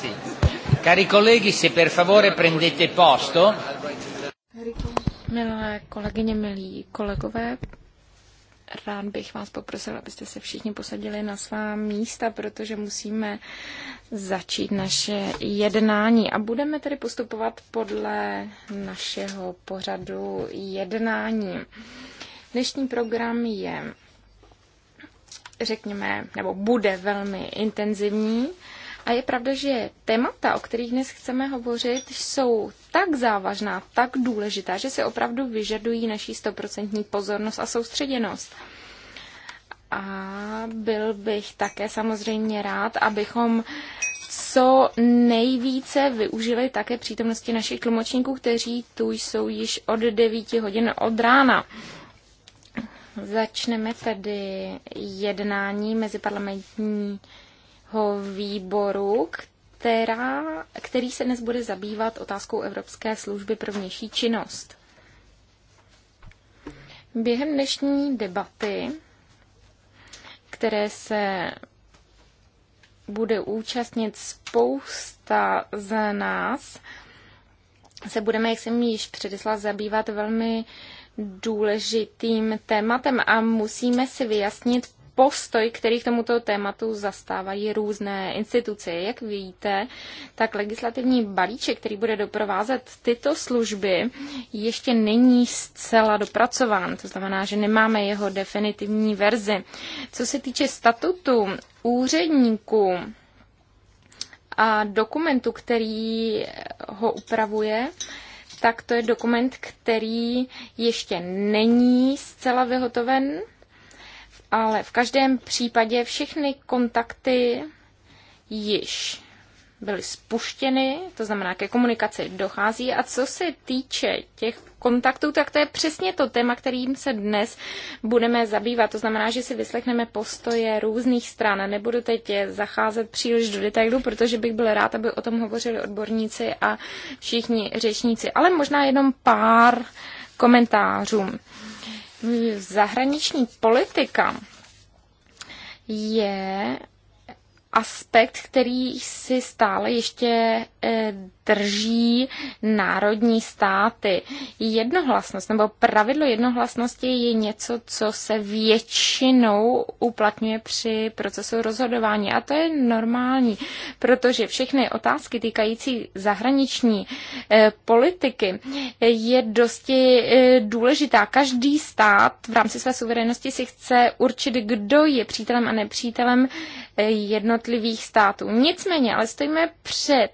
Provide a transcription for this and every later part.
Grazie. Cari colleghi, se per favore prendete posto. Milé kolegyně, milí kolegové, rád bych vás poprosil, abyste se všichni posadili na svá místa, protože musíme začít naše jednání. A budeme tedy postupovat podle našeho pořadu jednání. Dnešní program je, řekněme, nebo bude velmi intenzivní. A je pravda, že témata, o kterých dnes chceme hovořit, jsou tak závažná, tak důležitá, že se opravdu vyžadují naší stoprocentní pozornost a soustředěnost. A byl bych také samozřejmě rád, abychom co nejvíce využili také přítomnosti našich tlumočníků, kteří tu jsou již od 9 hodin od rána. Začneme tedy jednání mezi parlamentní výboru, která, který se dnes bude zabývat otázkou Evropské služby pro vnější činnost. Během dnešní debaty, které se bude účastnit spousta z nás, se budeme, jak jsem již předesla, zabývat velmi důležitým tématem a musíme si vyjasnit, postoj, který k tomuto tématu zastávají různé instituce. Jak víte, tak legislativní balíček, který bude doprovázet tyto služby, ještě není zcela dopracován. To znamená, že nemáme jeho definitivní verzi. Co se týče statutu úředníků a dokumentu, který ho upravuje, tak to je dokument, který ještě není zcela vyhotoven, ale v každém případě všechny kontakty již byly spuštěny, to znamená, ke komunikaci dochází. A co se týče těch kontaktů, tak to je přesně to téma, kterým se dnes budeme zabývat. To znamená, že si vyslechneme postoje různých stran. Nebudu teď zacházet příliš do detailů, protože bych byl rád, aby o tom hovořili odborníci a všichni řečníci. Ale možná jenom pár komentářů zahraniční politika je aspekt, který si stále ještě Eh, drží národní státy. Jednohlasnost nebo pravidlo jednohlasnosti je něco, co se většinou uplatňuje při procesu rozhodování. A to je normální, protože všechny otázky týkající zahraniční eh, politiky eh, je dosti důležitá. Každý stát v rámci své suverenosti si chce určit, kdo je přítelem a nepřítelem jednotlivých států. Nicméně, ale stojíme před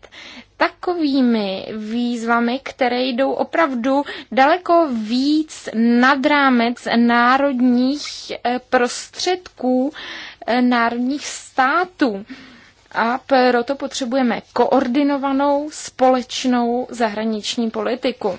takovými výzvami, které jdou opravdu daleko víc nad rámec národních eh, prostředků eh, národních států. A proto potřebujeme koordinovanou společnou zahraniční politiku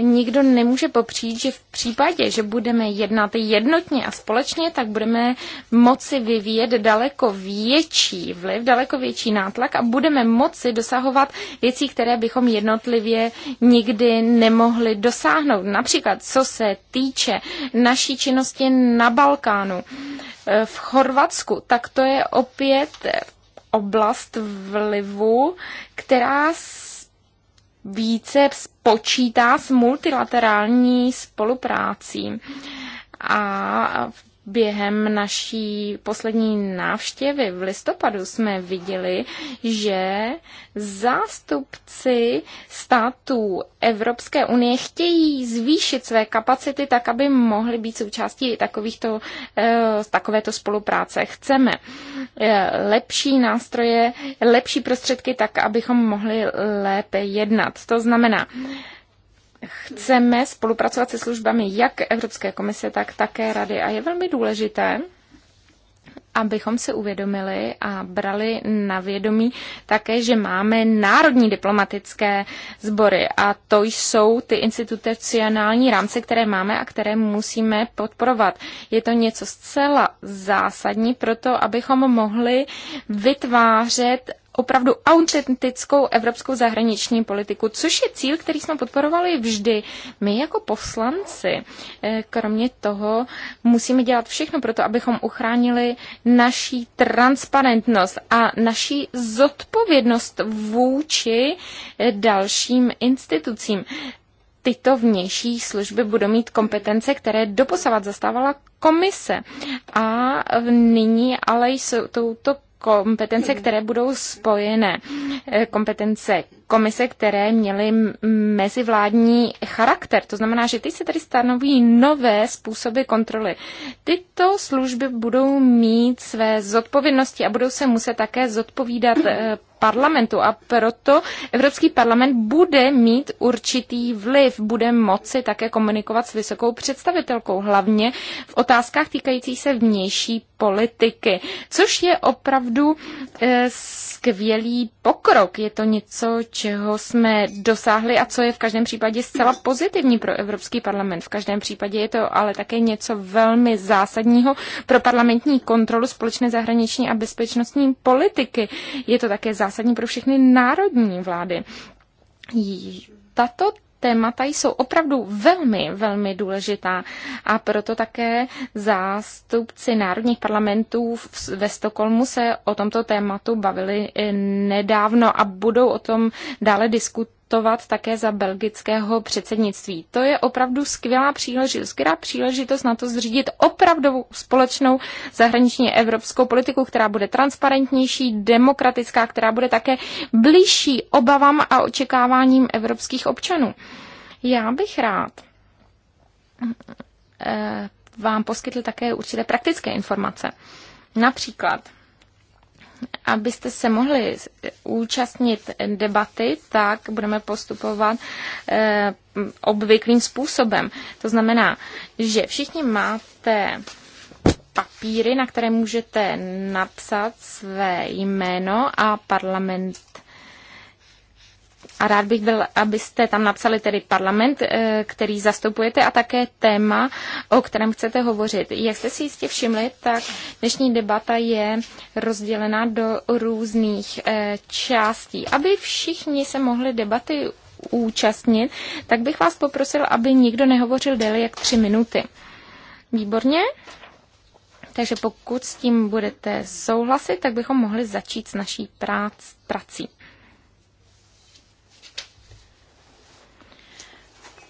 nikdo nemůže popřít, že v případě, že budeme jednat jednotně a společně, tak budeme moci vyvíjet daleko větší vliv, daleko větší nátlak a budeme moci dosahovat věcí, které bychom jednotlivě nikdy nemohli dosáhnout. Například, co se týče naší činnosti na Balkánu, eh, v Chorvatsku, tak to je opět oblast vlivu, která více počítá s multilaterální spoluprácí. A Během naší poslední návštěvy v listopadu jsme viděli, že zástupci států Evropské unie chtějí zvýšit své kapacity tak, aby mohly být součástí takovýchto, eh, takovéto spolupráce. Chceme eh, lepší nástroje, lepší prostředky tak, abychom mohli lépe jednat. To znamená, chceme spolupracovat se službami jak Evropské komise, tak také Rady. A je velmi důležité, abychom se uvědomili a brali na vědomí také, že máme národní diplomatické sbory a to jsou ty institucionální rámce, které máme a které musíme podporovat. Je to něco zcela zásadní pro to, abychom mohli vytvářet opravdu autentickou evropskou zahraniční politiku, což je cíl, který jsme podporovali vždy. My jako poslanci, eh, kromě toho, musíme dělat všechno pro to, abychom uchránili naší transparentnost a naší zodpovědnost vůči eh, dalším institucím tyto vnější služby budou mít kompetence, které doposavat zastávala komise. A nyní ale jsou touto kompetence, které budou spojené. Eh, kompetence komise, které měly mezivládní charakter. To znamená, že teď se tady stanoví nové způsoby kontroly. Tyto služby budou mít své zodpovědnosti a budou se muset také zodpovídat eh, parlamentu a proto Evropský parlament bude mít určitý vliv, bude moci také komunikovat s vysokou představitelkou, hlavně v otázkách týkajících se vnější politiky, což je opravdu eh, skvělý pokrok. Je to něco, čeho jsme dosáhli a co je v každém případě zcela pozitivní pro Evropský parlament. V každém případě je to ale také něco velmi zásadního pro parlamentní kontrolu společné zahraniční a bezpečnostní politiky. Je to také zásadní pro všechny národní vlády. Tato témata jsou opravdu velmi, velmi důležitá a proto také zástupci národních parlamentů ve Stokholmu se o tomto tématu bavili nedávno a budou o tom dále diskutovat debatovat také za belgického předsednictví. To je opravdu skvělá příležitost, skvělá příležitost na to zřídit opravdovou společnou zahraniční evropskou politiku, která bude transparentnější, demokratická, která bude také blížší obavám a očekáváním evropských občanů. Já bych rád eh, vám poskytl také určité praktické informace. Například abyste se mohli účastnit debaty, tak budeme postupovat eh, obvyklým způsobem. To znamená, že všichni máte papíry, na které můžete napsat své jméno a parlament a rád bych byl, abyste tam napsali tedy parlament, eh, který zastupujete a také téma, o kterém chcete hovořit. Jak jste si jistě všimli, tak dnešní debata je rozdělena do různých eh, částí. Aby všichni se mohli debaty účastnit, tak bych vás poprosil, aby nikdo nehovořil déle jak tři minuty. Výborně? Takže pokud s tím budete souhlasit, tak bychom mohli začít s naší prác, prací.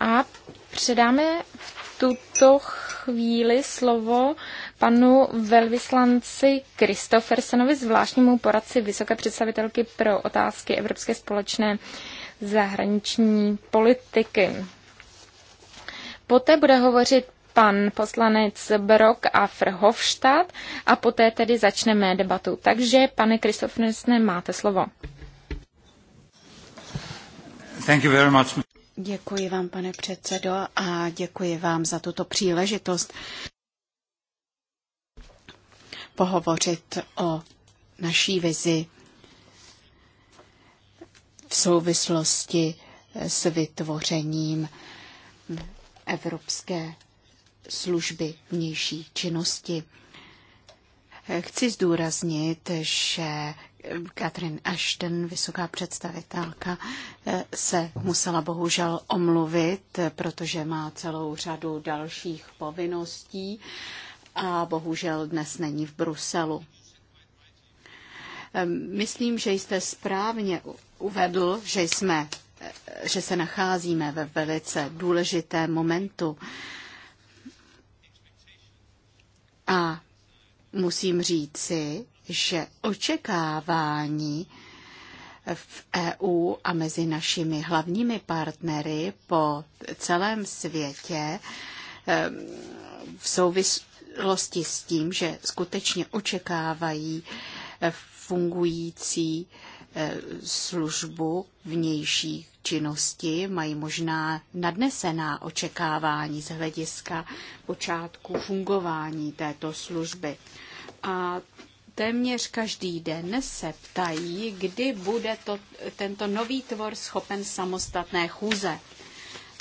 A předáme v tuto chvíli slovo panu velvyslanci Kristofersenovi, zvláštnímu poradci vysoké představitelky pro otázky Evropské společné zahraniční politiky. Poté bude hovořit pan poslanec Brok a Frhofstadt a poté tedy začneme debatu. Takže, pane Kristofnesne, máte slovo. Thank you very much. Děkuji vám, pane předsedo, a děkuji vám za tuto příležitost pohovořit o naší vizi v souvislosti s vytvořením Evropské služby vnější činnosti. Chci zdůraznit, že Catherine Ashton, vysoká představitelka, eh, se musela bohužel omluvit, eh, protože má celou řadu dalších povinností a bohužel dnes není v Bruselu. Ehm, myslím, že jste správně uvedl, že jsme eh, že se nacházíme ve velice důležitém momentu. A musím říci, že očekávání v EU a mezi našimi hlavními partnery po celém světě ehm, v souvislosti s tím, že skutečně očekávají eh, fungující eh, službu vnější činnosti, mají možná nadnesená očekávání z hlediska počátku fungování této služby. A téměř každý den se ptají, kdy bude to, tento nový tvor schopen samostatné chůze.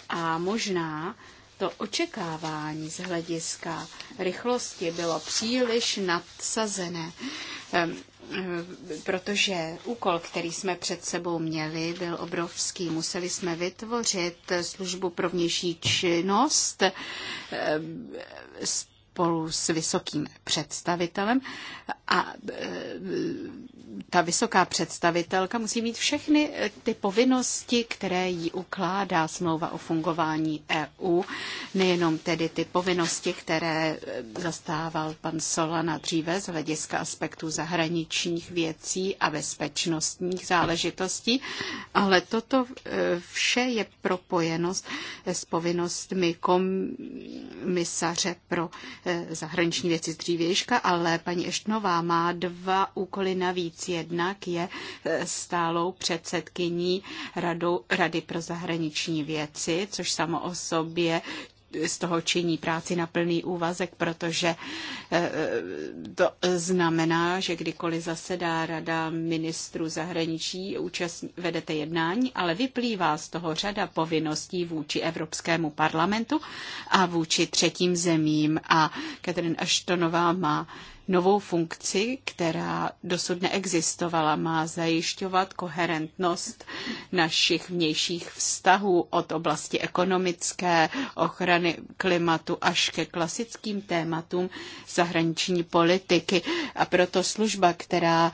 A možná to očekávání z hlediska rychlosti bylo příliš nadsazené, ehm, ehm, protože úkol, který jsme před sebou měli, byl obrovský. Museli jsme vytvořit službu pro vnější činnost ehm, spolu s vysokým představitelem a e, ta vysoká představitelka musí mít všechny e, ty povinnosti, které jí ukládá smlouva o fungování EU, nejenom tedy ty povinnosti, které e, zastával pan Solana dříve z hlediska aspektu zahraničních věcí a bezpečnostních záležitostí, ale toto vše je propojeno s povinnostmi komisaře pro Eh, zahraniční věci z dřívějška, ale paní Eštnová má dva úkoly navíc. Jednak je eh, stálou předsedkyní Radu, Rady pro zahraniční věci, což samo o sobě z toho činí práci na plný úvazek, protože eh, eh, to znamená, že kdykoliv zasedá rada ministru zahraničí, účastní, vedete jednání, ale vyplývá z toho řada povinností vůči Evropskému parlamentu a vůči třetím zemím. A Katrin Aštonová má novou funkci, která dosud neexistovala. Má zajišťovat koherentnost našich vnějších vztahů od oblasti ekonomické, ochrany klimatu až ke klasickým tématům zahraniční politiky. A proto služba, která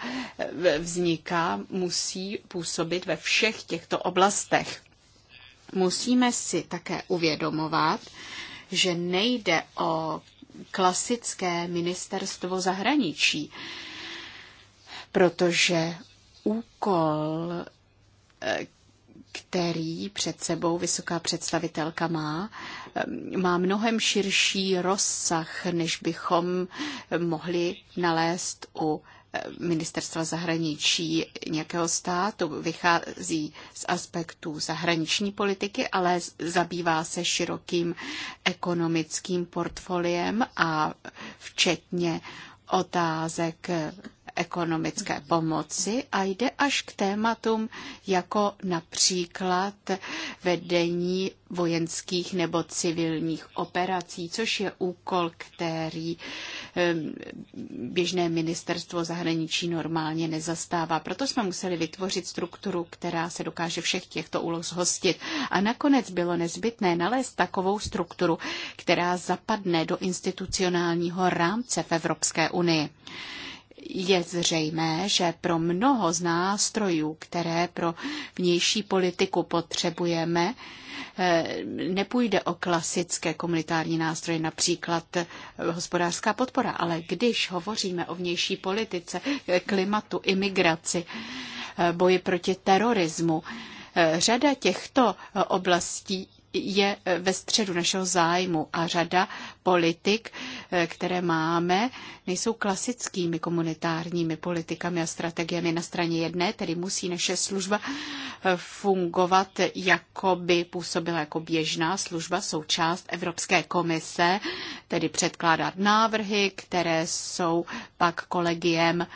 vzniká, musí působit ve všech těchto oblastech. Musíme si také uvědomovat, že nejde o klasické ministerstvo zahraničí, protože úkol, eh, který před sebou vysoká představitelka má, eh, má mnohem širší rozsah, než bychom mohli nalézt u ministerstva zahraničí nějakého státu, vychází z aspektů zahraniční politiky, ale zabývá se širokým ekonomickým portfoliem a včetně otázek ekonomické pomoci a jde až k tématům jako například vedení vojenských nebo civilních operací, což je úkol, který běžné ministerstvo zahraničí normálně nezastává. Proto jsme museli vytvořit strukturu, která se dokáže všech těchto úloh zhostit. A nakonec bylo nezbytné nalézt takovou strukturu, která zapadne do institucionálního rámce v Evropské unii je zřejmé, že pro mnoho z nástrojů, které pro vnější politiku potřebujeme, eh, nepůjde o klasické komunitární nástroje, například eh, hospodářská podpora, ale když hovoříme o vnější politice, eh, klimatu, imigraci, boji proti terorismu, řada těchto oblastí je ve středu našeho zájmu a řada politik, eh, které máme, nejsou klasickými komunitárními politikami a strategiemi na straně jedné, tedy musí naše služba eh, fungovat, jako by působila jako běžná služba, součást Evropské komise, tedy předkládat návrhy, které jsou pak kolegiem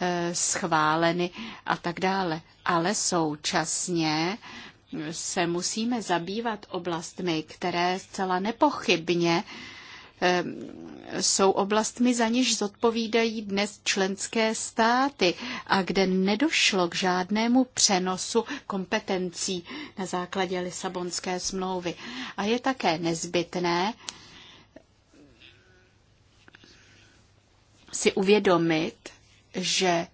eh, schváleny a tak dále. Ale současně se musíme zabývat oblastmi, které zcela nepochybně jsou oblastmi, za něž zodpovídají dnes členské státy a kde nedošlo k žádnému přenosu kompetencí na základě Lisabonské smlouvy. A je také nezbytné si uvědomit, že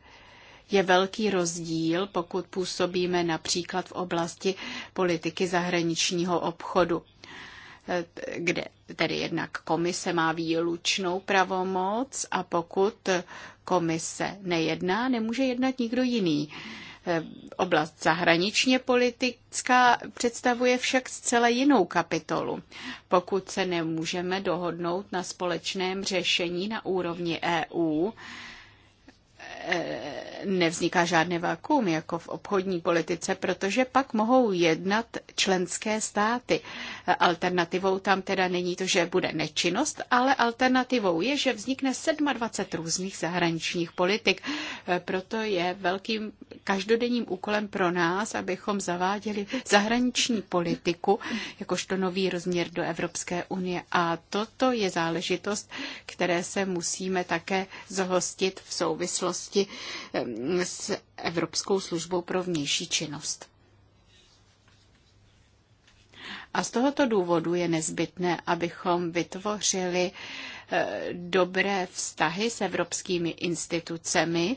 je velký rozdíl, pokud působíme například v oblasti politiky zahraničního obchodu kde tedy jednak komise má výlučnou pravomoc a pokud komise nejedná, nemůže jednat nikdo jiný. Oblast zahraničně politická představuje však zcela jinou kapitolu. Pokud se nemůžeme dohodnout na společném řešení na úrovni EU, nevzniká žádné vakuum jako v obchodní politice, protože pak mohou jednat členské státy. Alternativou tam teda není to, že bude nečinnost, ale alternativou je, že vznikne 27 různých zahraničních politik. Proto je velkým každodenním úkolem pro nás, abychom zaváděli zahraniční politiku jakožto nový rozměr do Evropské unie. A toto je záležitost, které se musíme také zhostit v souvislosti souvislosti s Evropskou službou pro vnější činnost. A z tohoto důvodu je nezbytné, abychom vytvořili eh, dobré vztahy s evropskými institucemi,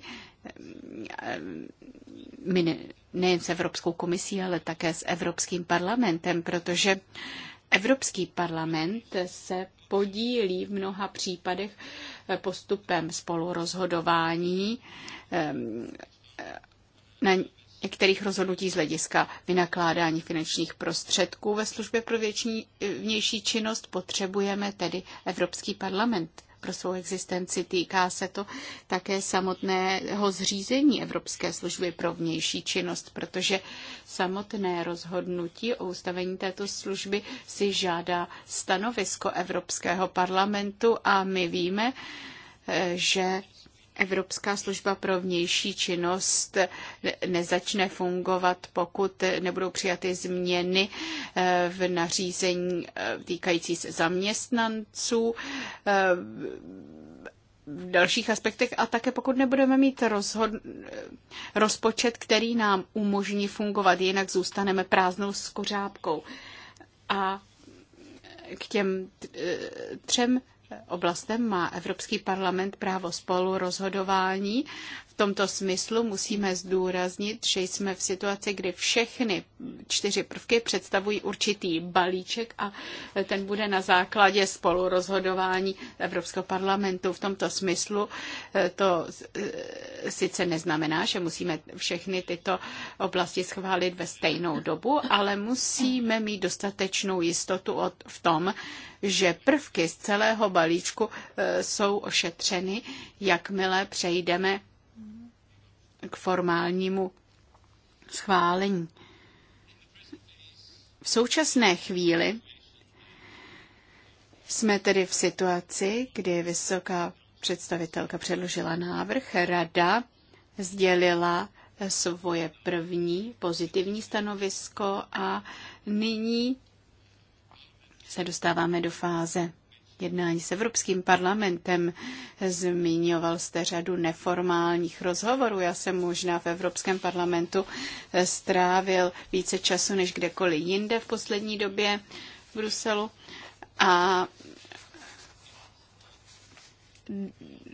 nejen s Evropskou komisí, ale také s Evropským parlamentem, protože Evropský parlament se podílí v mnoha případech eh, postupem spolurozhodování eh, na některých rozhodnutí z hlediska vynakládání finančních prostředků ve službě pro větší eh, vnější činnost potřebujeme tedy Evropský parlament pro svou existenci. Týká se to také samotného zřízení Evropské služby pro vnější činnost, protože samotné rozhodnutí o ustavení této služby si žádá stanovisko Evropského parlamentu a my víme, eh, že Evropská služba pro vnější činnost nezačne fungovat, pokud nebudou přijaty změny eh, v nařízení eh, týkající se zaměstnanců eh, v dalších aspektech a také pokud nebudeme mít rozhod- rozpočet, který nám umožní fungovat, jinak zůstaneme prázdnou skořápkou. A k těm třem oblastem má Evropský parlament právo spolu rozhodování tomto smyslu musíme zdůraznit, že jsme v situaci, kdy všechny čtyři prvky představují určitý balíček a ten bude na základě spolurozhodování Evropského parlamentu. V tomto smyslu eh, to eh, sice neznamená, že musíme všechny tyto oblasti schválit ve stejnou dobu, ale musíme mít dostatečnou jistotu v tom, že prvky z celého balíčku eh, jsou ošetřeny, jakmile přejdeme k formálnímu schválení. V současné chvíli jsme tedy v situaci, kdy vysoká představitelka předložila návrh, rada sdělila svoje první pozitivní stanovisko a nyní se dostáváme do fáze jednání s Evropským parlamentem. Zmiňoval jste řadu neformálních rozhovorů. Já jsem možná v Evropském parlamentu strávil více času než kdekoliv jinde v poslední době v Bruselu. A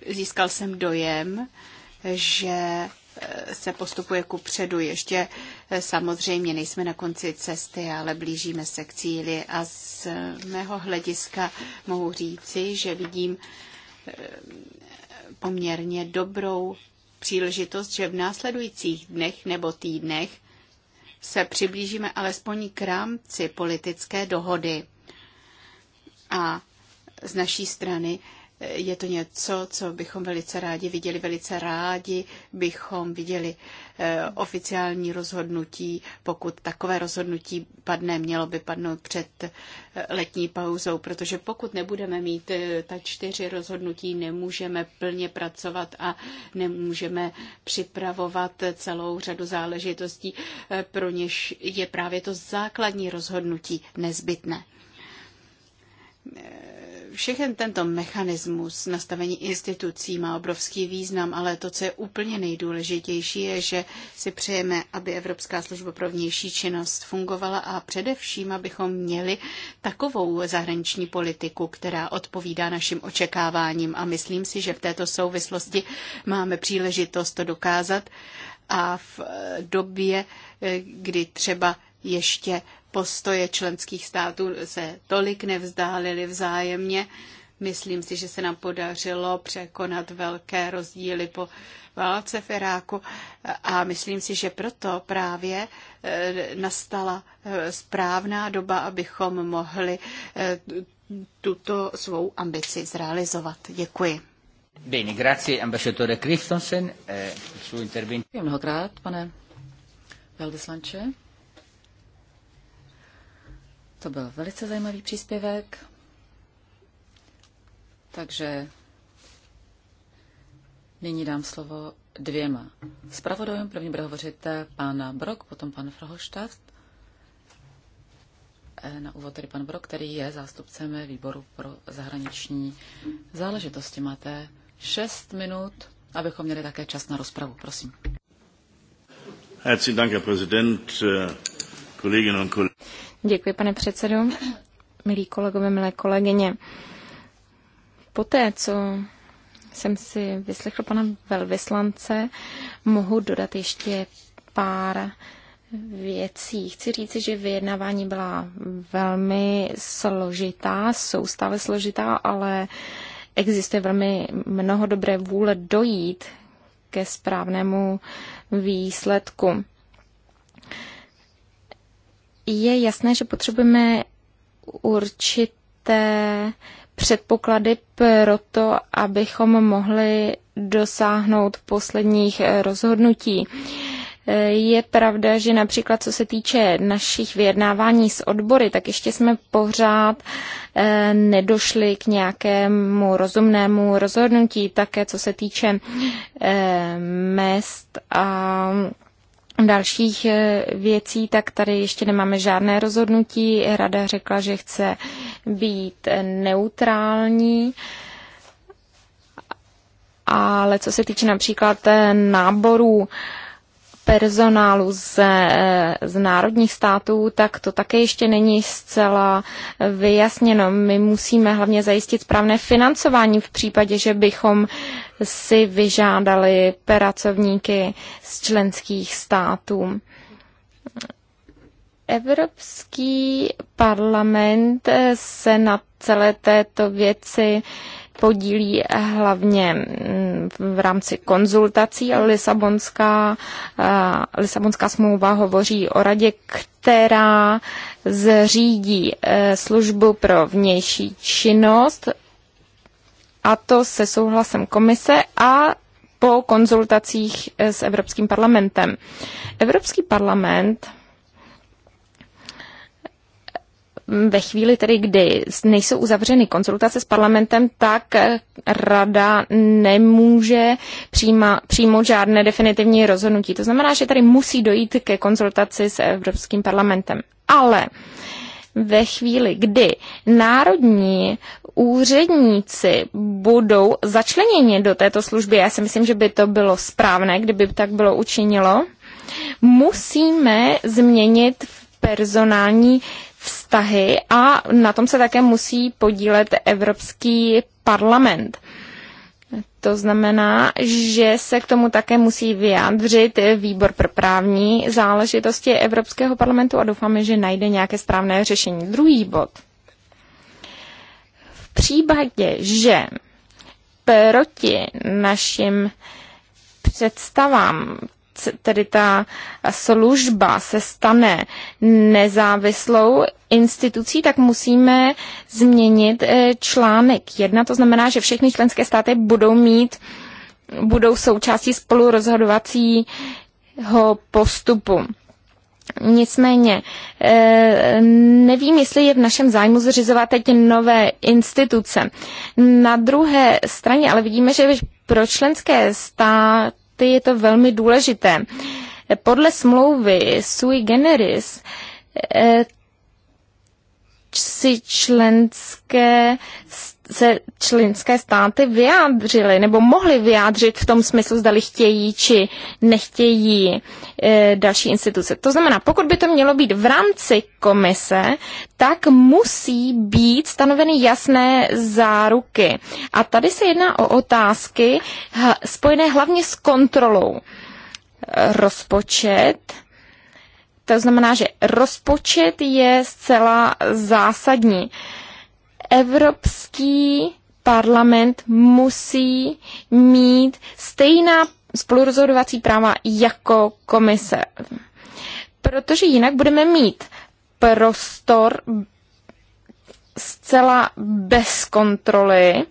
získal jsem dojem, že se postupuje ku předu. Ještě samozřejmě nejsme na konci cesty, ale blížíme se k cíli a z mého hlediska mohu říci, že vidím eh, poměrně dobrou příležitost, že v následujících dnech nebo týdnech se přiblížíme alespoň k rámci politické dohody. A z naší strany je to něco, co bychom velice rádi viděli, velice rádi bychom viděli eh, oficiální rozhodnutí, pokud takové rozhodnutí padne, mělo by padnout před eh, letní pauzou, protože pokud nebudeme mít eh, ta čtyři rozhodnutí, nemůžeme plně pracovat a nemůžeme připravovat celou řadu záležitostí, pro něž je právě to základní rozhodnutí nezbytné všechen tento mechanismus nastavení institucí má obrovský význam, ale to, co je úplně nejdůležitější, je, že si přejeme, aby Evropská služba pro vnější činnost fungovala a především, abychom měli takovou zahraniční politiku, která odpovídá našim očekáváním. A myslím si, že v této souvislosti máme příležitost to dokázat a v době, kdy třeba ještě postoje členských států se tolik nevzdálily vzájemně. Myslím si, že se nám podařilo překonat velké rozdíly po válce v Iráku a myslím si, že proto právě eh, nastala eh, správná doba, abychom mohli eh, tuto svou ambici zrealizovat. Děkuji. Bene, grazie ambasciatore Christensen. Eh, suo intervento. Mnohokrát, pane velvyslanče. To byl velice zajímavý příspěvek. Takže nyní dám slovo dvěma zpravodajům. První bude hovořit pan Brok, potom pan Frohoštát. E, na úvod tedy pan Brok, který je zástupcem výboru pro zahraniční záležitosti. Máte šest minut, abychom měli také čas na rozpravu. Prosím. Herzlichen Dank, Herr Präsident, äh, Kolleginnen und Kollegen. Děkuji, pane předsedo. Milí kolegové, milé kolegyně. Poté, co jsem si vyslechl pana velvyslance, mohu dodat ještě pár věcí. Chci říci, že vyjednávání byla velmi složitá, jsou stále složitá, ale existuje velmi mnoho dobré vůle dojít ke správnému výsledku je jasné, že potřebujeme určité předpoklady pro to, abychom mohli dosáhnout posledních eh, rozhodnutí. Eh, je pravda, že například co se týče našich vyjednávání s odbory, tak ještě jsme pořád eh, nedošli k nějakému rozumnému rozhodnutí, také co se týče mest a dalších eh, věcí, tak tady ještě nemáme žádné rozhodnutí. Rada řekla, že chce být neutrální. Ale co se týče například eh, náborů personálu z, eh, z národních států, tak to také ještě není zcela eh, vyjasněno. My musíme hlavně zajistit správné financování v případě, že bychom si vyžádali pracovníky z členských států. Evropský parlament eh, se na celé této věci podílí hlavně mm, v rámci konzultací. Lisabonská, eh, Lisabonská smlouva hovoří o radě, která zřídí eh, službu pro vnější činnost a to se souhlasem komise a po konzultacích eh, s Evropským parlamentem. Evropský parlament ve chvíli tedy, kdy nejsou uzavřeny konzultace s parlamentem, tak eh, rada nemůže přijíma, přijmout žádné definitivní rozhodnutí. To znamená, že tady musí dojít ke konzultaci s Evropským parlamentem. Ale ve chvíli, kdy národní úředníci budou začleněni do této služby, já si myslím, že by to bylo správné, kdyby tak bylo učinilo, musíme změnit personální vztahy a na tom se také musí podílet Evropský parlament. To znamená, že se k tomu také musí vyjádřit výbor pro právní záležitosti Evropského parlamentu a doufáme, že najde nějaké správné řešení. Druhý bod. V případě, že proti našim představám tedy ta služba se stane nezávislou institucí, tak musíme změnit eh, článek jedna. To znamená, že všechny členské státy budou mít, budou součástí spolurozhodovacího postupu. Nicméně eh, nevím, jestli je v našem zájmu zřizovat teď nové instituce. Na druhé straně ale vidíme, že pro členské státy ty je to velmi důležité. Podle smlouvy sui generis eh, si členské se členské státy vyjádřily nebo mohly vyjádřit v tom smyslu, zdali chtějí či nechtějí e, další instituce. To znamená, pokud by to mělo být v rámci komise, tak musí být stanoveny jasné záruky. A tady se jedná o otázky spojené hlavně s kontrolou. Rozpočet, to znamená, že rozpočet je zcela zásadní. Evropský parlament musí mít stejná spolurozhodovací práva jako komise. Protože jinak budeme mít prostor zcela bez kontroly,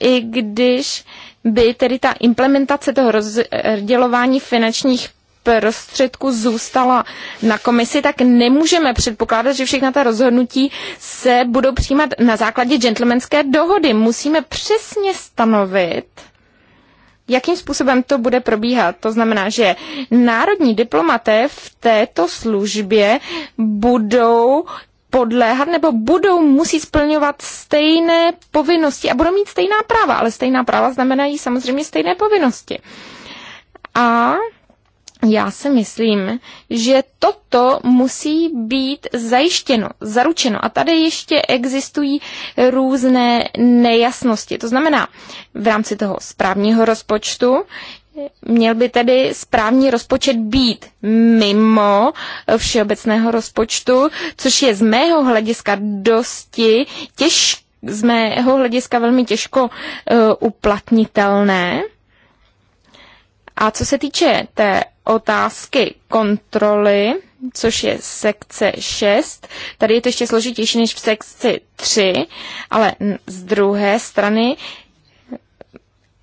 i když by tedy ta implementace toho rozdělování finančních prostředků zůstala na komisi, tak nemůžeme předpokládat, že všechna ta rozhodnutí se budou přijímat na základě gentlemanské dohody. Musíme přesně stanovit, jakým způsobem to bude probíhat. To znamená, že národní diplomaté v této službě budou podléhat nebo budou musí splňovat stejné povinnosti a budou mít stejná práva, ale stejná práva znamenají samozřejmě stejné povinnosti. A já si myslím, že toto musí být zajištěno, zaručeno. A tady ještě existují různé nejasnosti. To znamená, v rámci toho správního rozpočtu měl by tedy správní rozpočet být mimo všeobecného rozpočtu, což je z mého hlediska dosti těžké z mého hlediska velmi těžko uh, uplatnitelné. A co se týče té otázky kontroly, což je sekce 6. Tady je to ještě složitější než v sekci 3, ale z druhé strany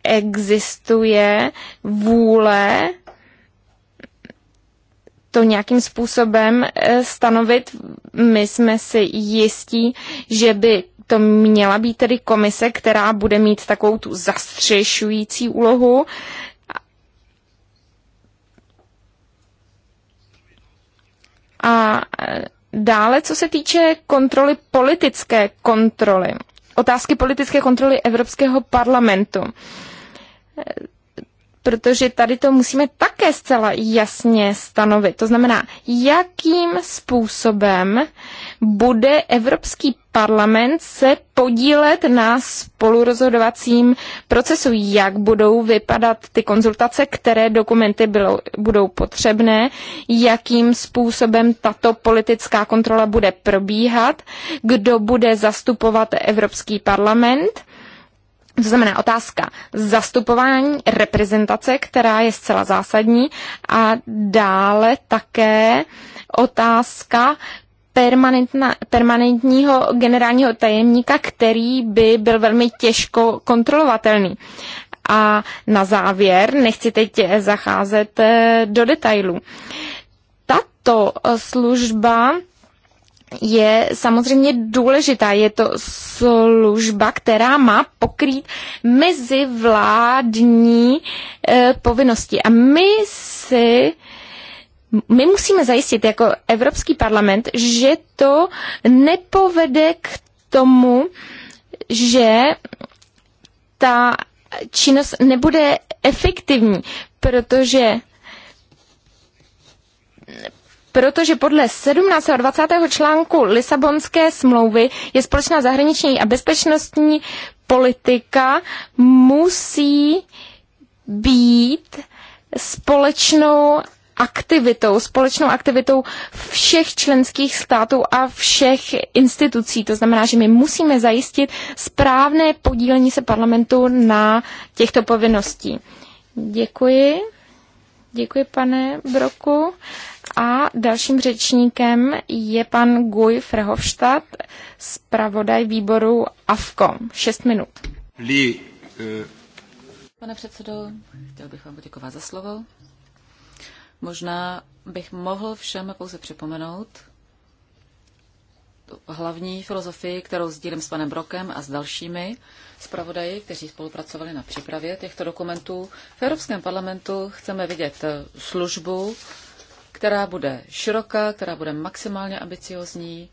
existuje vůle to nějakým způsobem e, stanovit. My jsme si jistí, že by to měla být tedy komise, která bude mít takovou tu zastřešující úlohu, A dále, co se týče kontroly politické kontroly, otázky politické kontroly Evropského parlamentu protože tady to musíme také zcela jasně stanovit. To znamená, jakým způsobem bude Evropský parlament se podílet na spolurozhodovacím procesu, jak budou vypadat ty konzultace, které dokumenty bylo, budou potřebné, jakým způsobem tato politická kontrola bude probíhat, kdo bude zastupovat Evropský parlament to znamená otázka zastupování, reprezentace, která je zcela zásadní a dále také otázka permanentního generálního tajemníka, který by byl velmi těžko kontrolovatelný. A na závěr, nechci teď zacházet eh, do detailů, tato eh, služba je samozřejmě důležitá. Je to služba, která má pokrýt mezivládní e, eh, povinnosti. A my si my musíme zajistit jako Evropský parlament, že to nepovede k tomu, že ta činnost nebude efektivní, protože protože podle 17. a 20. článku Lisabonské smlouvy je společná zahraniční a bezpečnostní politika musí být společnou aktivitou, společnou aktivitou všech členských států a všech institucí. To znamená, že my musíme zajistit správné podílení se parlamentu na těchto povinností. Děkuji. Děkuji, pane Broku. A dalším řečníkem je pan Guy Frehovštad, zpravodaj výboru AFKO. Šest minut. Eh. Pane předsedo, chtěl bych vám poděkovat za slovo. Možná bych mohl všem pouze připomenout hlavní filozofii, kterou sdílím s panem Brokem a s dalšími zpravodaji, kteří spolupracovali na přípravě těchto dokumentů. V Evropském parlamentu chceme vidět službu, která bude široká, která bude maximálně ambiciozní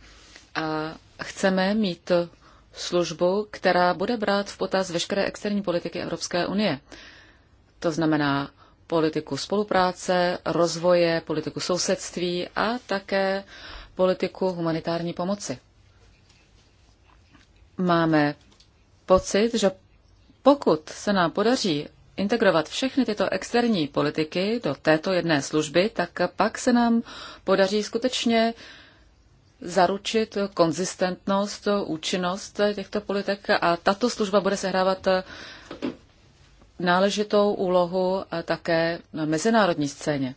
a chceme mít službu, která bude brát v potaz veškeré externí politiky Evropské unie. To znamená politiku spolupráce, rozvoje, politiku sousedství a také politiku humanitární pomoci. Máme pocit, že pokud se nám podaří integrovat všechny tyto externí politiky do této jedné služby, tak pak se nám podaří skutečně zaručit konzistentnost, účinnost těchto politik a tato služba bude sehrávat náležitou úlohu také na mezinárodní scéně.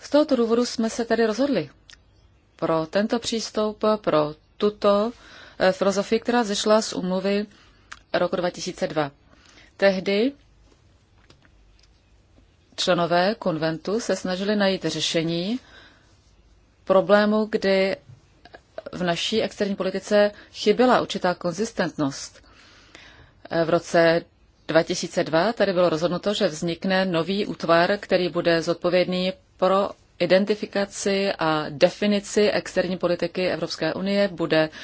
Z tohoto důvodu jsme se tedy rozhodli pro tento přístup, pro tuto eh, filozofii, která zešla z úmluvy roku 2002. Tehdy členové konventu se snažili najít řešení problému, kdy v naší externí politice chyběla určitá konzistentnost. V roce 2002 tady bylo rozhodnuto, že vznikne nový útvar, který bude zodpovědný pro identifikaci a definici externí politiky Evropské unie, bude uh,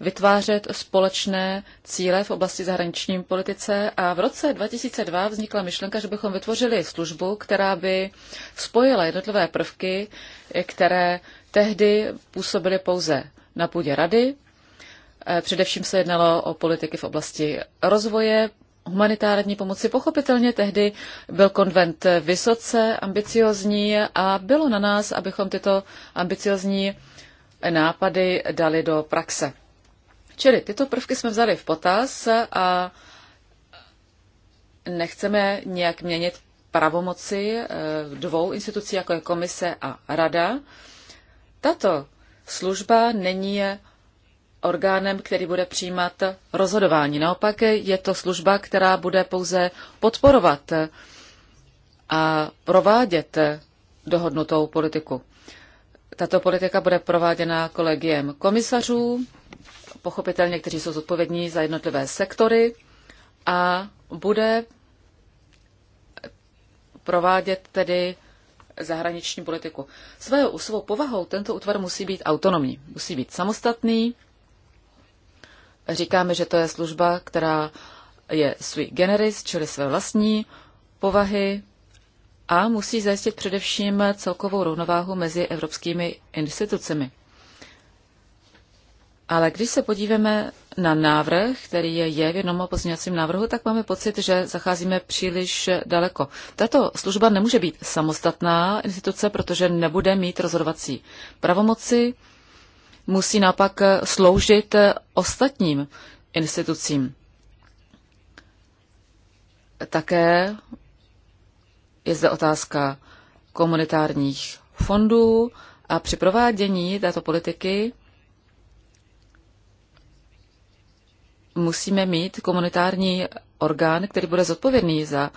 vytvářet společné cíle v oblasti zahraniční politice a v roce 2002 vznikla myšlenka, že bychom vytvořili službu, která by spojila jednotlivé prvky, které tehdy působily pouze na půdě rady. Eh, především se jednalo o politiky v oblasti rozvoje, humanitární pomoci. Pochopitelně tehdy byl konvent vysoce ambiciozní a bylo na nás, abychom tyto ambiciozní nápady dali do praxe. Čili tyto prvky jsme vzali v potaz a nechceme nějak měnit pravomoci eh, dvou institucí, jako je komise a rada. Tato služba není orgánem, který bude přijímat rozhodování. Naopak je to služba, která bude pouze podporovat a provádět dohodnutou politiku. Tato politika bude prováděna kolegiem komisařů, pochopitelně, kteří jsou zodpovědní za jednotlivé sektory a bude provádět tedy zahraniční politiku. Svého, svou povahou tento útvar musí být autonomní, musí být samostatný. Říkáme, že to je služba, která je sui generis, čili své vlastní povahy a musí zajistit především celkovou rovnováhu mezi evropskými institucemi. Ale když se podíváme na návrh, který je v jednom pozměňovacím návrhu, tak máme pocit, že zacházíme příliš daleko. Tato služba nemůže být samostatná instituce, protože nebude mít rozhodovací pravomoci, musí naopak sloužit ostatním institucím. Také je zde otázka komunitárních fondů a při provádění této politiky musíme mít komunitární orgán, který bude zodpovědný za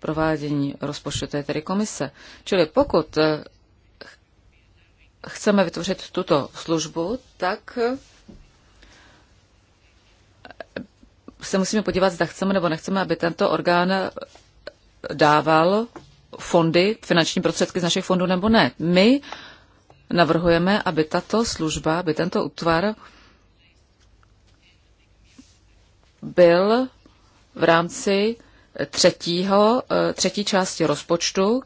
provádění rozpočtu, to je tedy komise. Čili pokud eh, chceme vytvořit tuto službu, tak eh, se musíme podívat, zda chceme nebo nechceme, aby tento orgán eh, dával fondy, finanční prostředky z našich fondů nebo ne. My navrhujeme, aby tato služba, aby tento útvar byl v rámci třetího, eh, třetí části rozpočtu,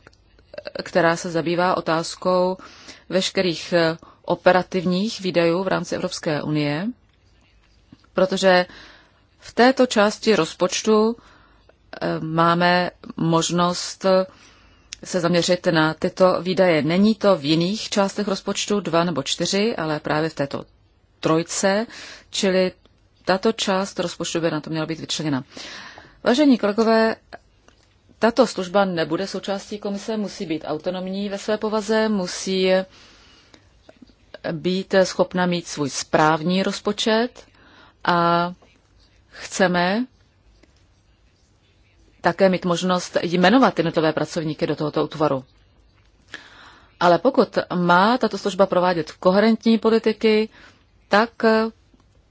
která se zabývá otázkou veškerých eh, operativních výdajů v rámci Evropské unie, protože v této části rozpočtu eh, máme možnost se zaměřit na tyto výdaje. Není to v jiných částech rozpočtu dva nebo čtyři, ale právě v této trojce, čili tato část rozpočtu by na to měla být vyčleněna. Vážení kolegové, tato služba nebude součástí komise, musí být autonomní ve své povaze, musí být schopna mít svůj správní rozpočet a chceme také mít možnost jmenovat jednotlivé pracovníky do tohoto útvaru. Ale pokud má tato služba provádět koherentní politiky, tak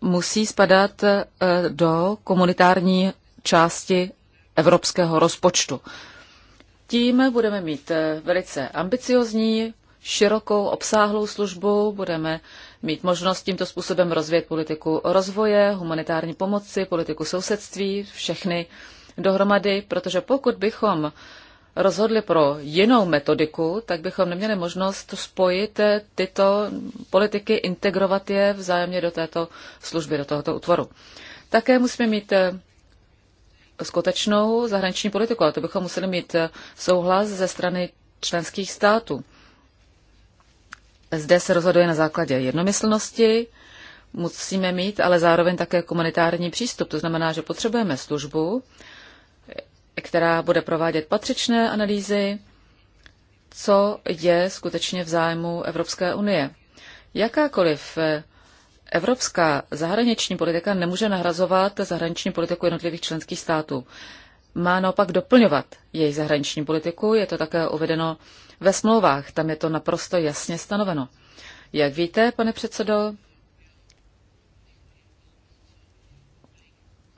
musí spadat eh, do komunitární části evropského rozpočtu. Tím budeme mít eh, velice ambiciozní, širokou, obsáhlou službu, budeme mít možnost tímto způsobem rozvíjet politiku rozvoje, humanitární pomoci, politiku sousedství, všechny dohromady, protože pokud bychom rozhodli pro jinou metodiku, tak bychom neměli možnost spojit eh, tyto politiky, integrovat je vzájemně do této služby, do tohoto útvaru. Také musíme mít eh, skutečnou zahraniční politiku, ale to bychom museli mít eh, souhlas ze strany členských států. Zde se rozhoduje na základě jednomyslnosti, musíme mít ale zároveň také komunitární přístup. To znamená, že potřebujeme službu, která bude provádět patřičné analýzy, co je skutečně v zájmu Evropské unie. Jakákoliv eh, evropská zahraniční politika nemůže nahrazovat zahraniční politiku jednotlivých členských států. Má naopak doplňovat její zahraniční politiku, je to také uvedeno ve smlouvách, tam je to naprosto jasně stanoveno. Jak víte, pane předsedo,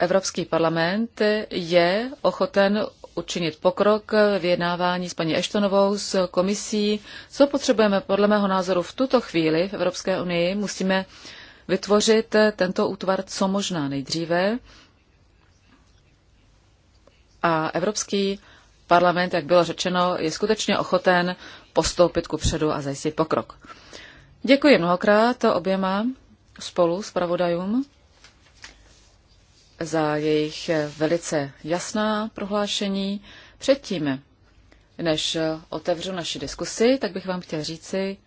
Evropský parlament je ochoten učinit pokrok vyjednávání s paní Eštonovou, s komisí. Co potřebujeme podle mého názoru v tuto chvíli v Evropské unii? Musíme vytvořit tento útvar co možná nejdříve. A Evropský parlament, jak bylo řečeno, je skutečně ochoten postoupit ku předu a zajistit pokrok. Děkuji mnohokrát oběma spolu s pravodajům za jejich velice jasná prohlášení. Předtím, než otevřu naši diskusi, tak bych vám chtěl říci,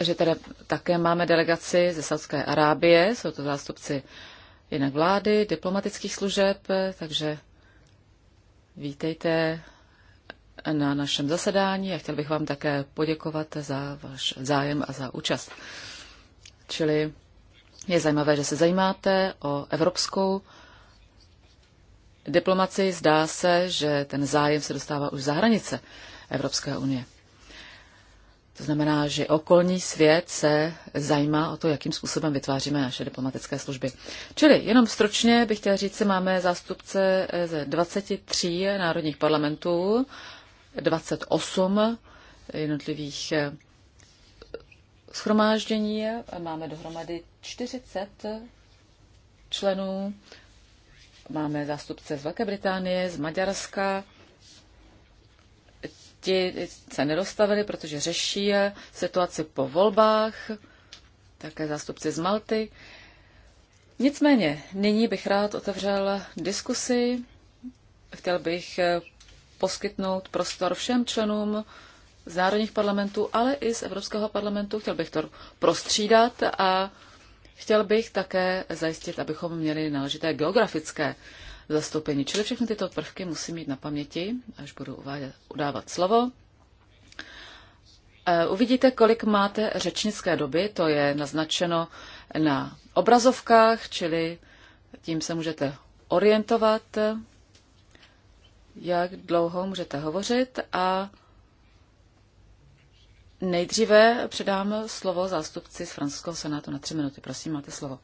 že tady také máme delegaci ze Saudské Arábie, jsou to zástupci jinak vlády, diplomatických služeb, takže vítejte na našem zasedání a chtěl bych vám také poděkovat za váš zájem a za účast. Čili je zajímavé, že se zajímáte o evropskou diplomaci. Zdá se, že ten zájem se dostává už za hranice Evropské unie. To znamená, že okolní svět se zajímá o to, jakým způsobem vytváříme naše diplomatické služby. Čili jenom stročně bych chtěla říct, že máme zástupce ze 23 národních parlamentů, 28 jednotlivých schromáždění. Máme dohromady 40 členů. Máme zástupce z Velké Británie, z Maďarska. Ti se nedostavili, protože řeší situaci po volbách. Také zástupci z Malty. Nicméně, nyní bych rád otevřel diskusi. Chtěl bych poskytnout prostor všem členům z národních parlamentů, ale i z Evropského parlamentu. Chtěl bych to prostřídat a chtěl bych také zajistit, abychom měli náležité geografické zastoupení. Čili všechny tyto prvky musím mít na paměti, až budu uvádět, udávat slovo. E, uvidíte, kolik máte řečnické doby, to je naznačeno na obrazovkách, čili tím se můžete orientovat, jak dlouho můžete hovořit a Nejdříve předám slovo zástupci z francouzského senátu na tři minuty. Prosím, máte slovo.